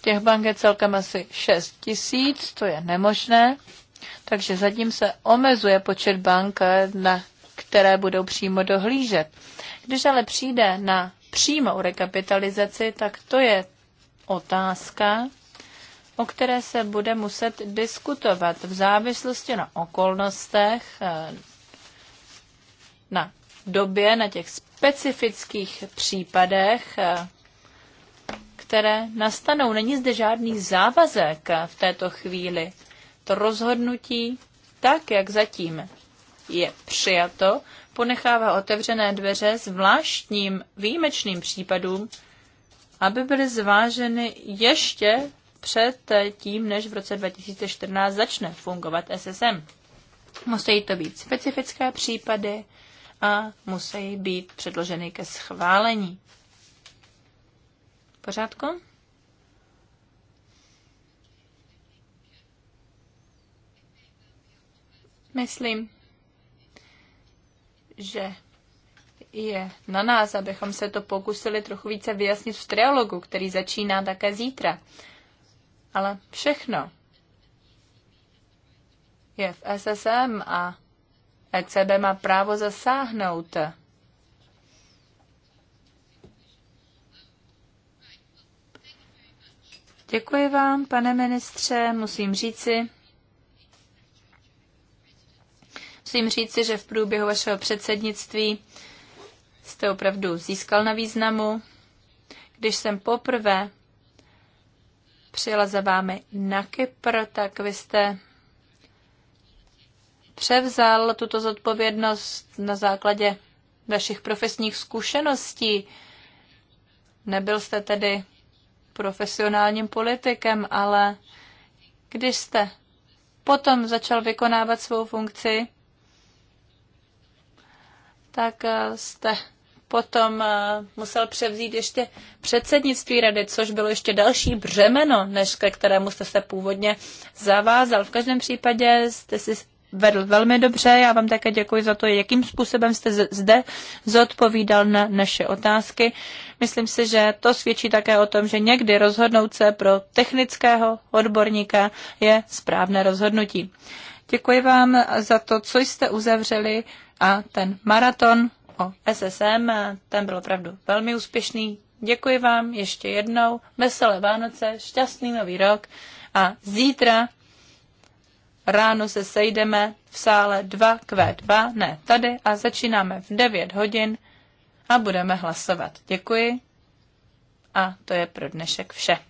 Těch bank je celkem asi 6 tisíc, to je nemožné, takže zatím se omezuje počet bank, na které budou přímo dohlížet. Když ale přijde na přímou rekapitalizaci, tak to je otázka, o které se bude muset diskutovat v závislosti na okolnostech, eh, na době, na těch specifických případech, eh, které nastanou. Není zde žádný závazek v této chvíli. To rozhodnutí, tak jak zatím je přijato, ponechává otevřené dveře zvláštním výjimečným případům, aby byly zváženy ještě před eh, tím, než v roce 2014 začne fungovat SSM. Musí to být specifické případy, a musí být předloženy ke schválení. Pořádku? Myslím, že je na nás, abychom se to pokusili trochu více vyjasnit v trialogu, který začíná také zítra. Ale všechno je v SSM a ECB má právo zasáhnout. Děkuji vám, pane ministře. Musím říci, musím říci, že v průběhu vašeho předsednictví jste opravdu získal na významu. Když jsem poprvé přijela za vámi na Kypr, tak vy jste převzal tuto zodpovědnost na základě vašich profesních zkušeností. Nebyl jste tedy profesionálním politikem, ale když jste potom začal vykonávat svou funkci, tak eh, jste potom eh, musel převzít ještě předsednictví rady, což bylo ještě další břemeno, než ke kterému jste se původně zavázal. V každém případě jste si vedl velmi dobře. Já vám také děkuji za to, jakým způsobem jste zde zodpovídal na naše otázky. Myslím si, že to svědčí také o tom, že někdy rozhodnout se pro technického odborníka je správné rozhodnutí. Děkuji vám za to, co jste uzavřeli a ten maraton o SSM, ten byl opravdu velmi úspěšný. Děkuji vám ještě jednou, veselé Vánoce, šťastný nový rok a zítra Ráno se sejdeme v sále 2Q2, ne tady, a začínáme v 9 hodin a budeme hlasovat. Děkuji a to je pro dnešek vše.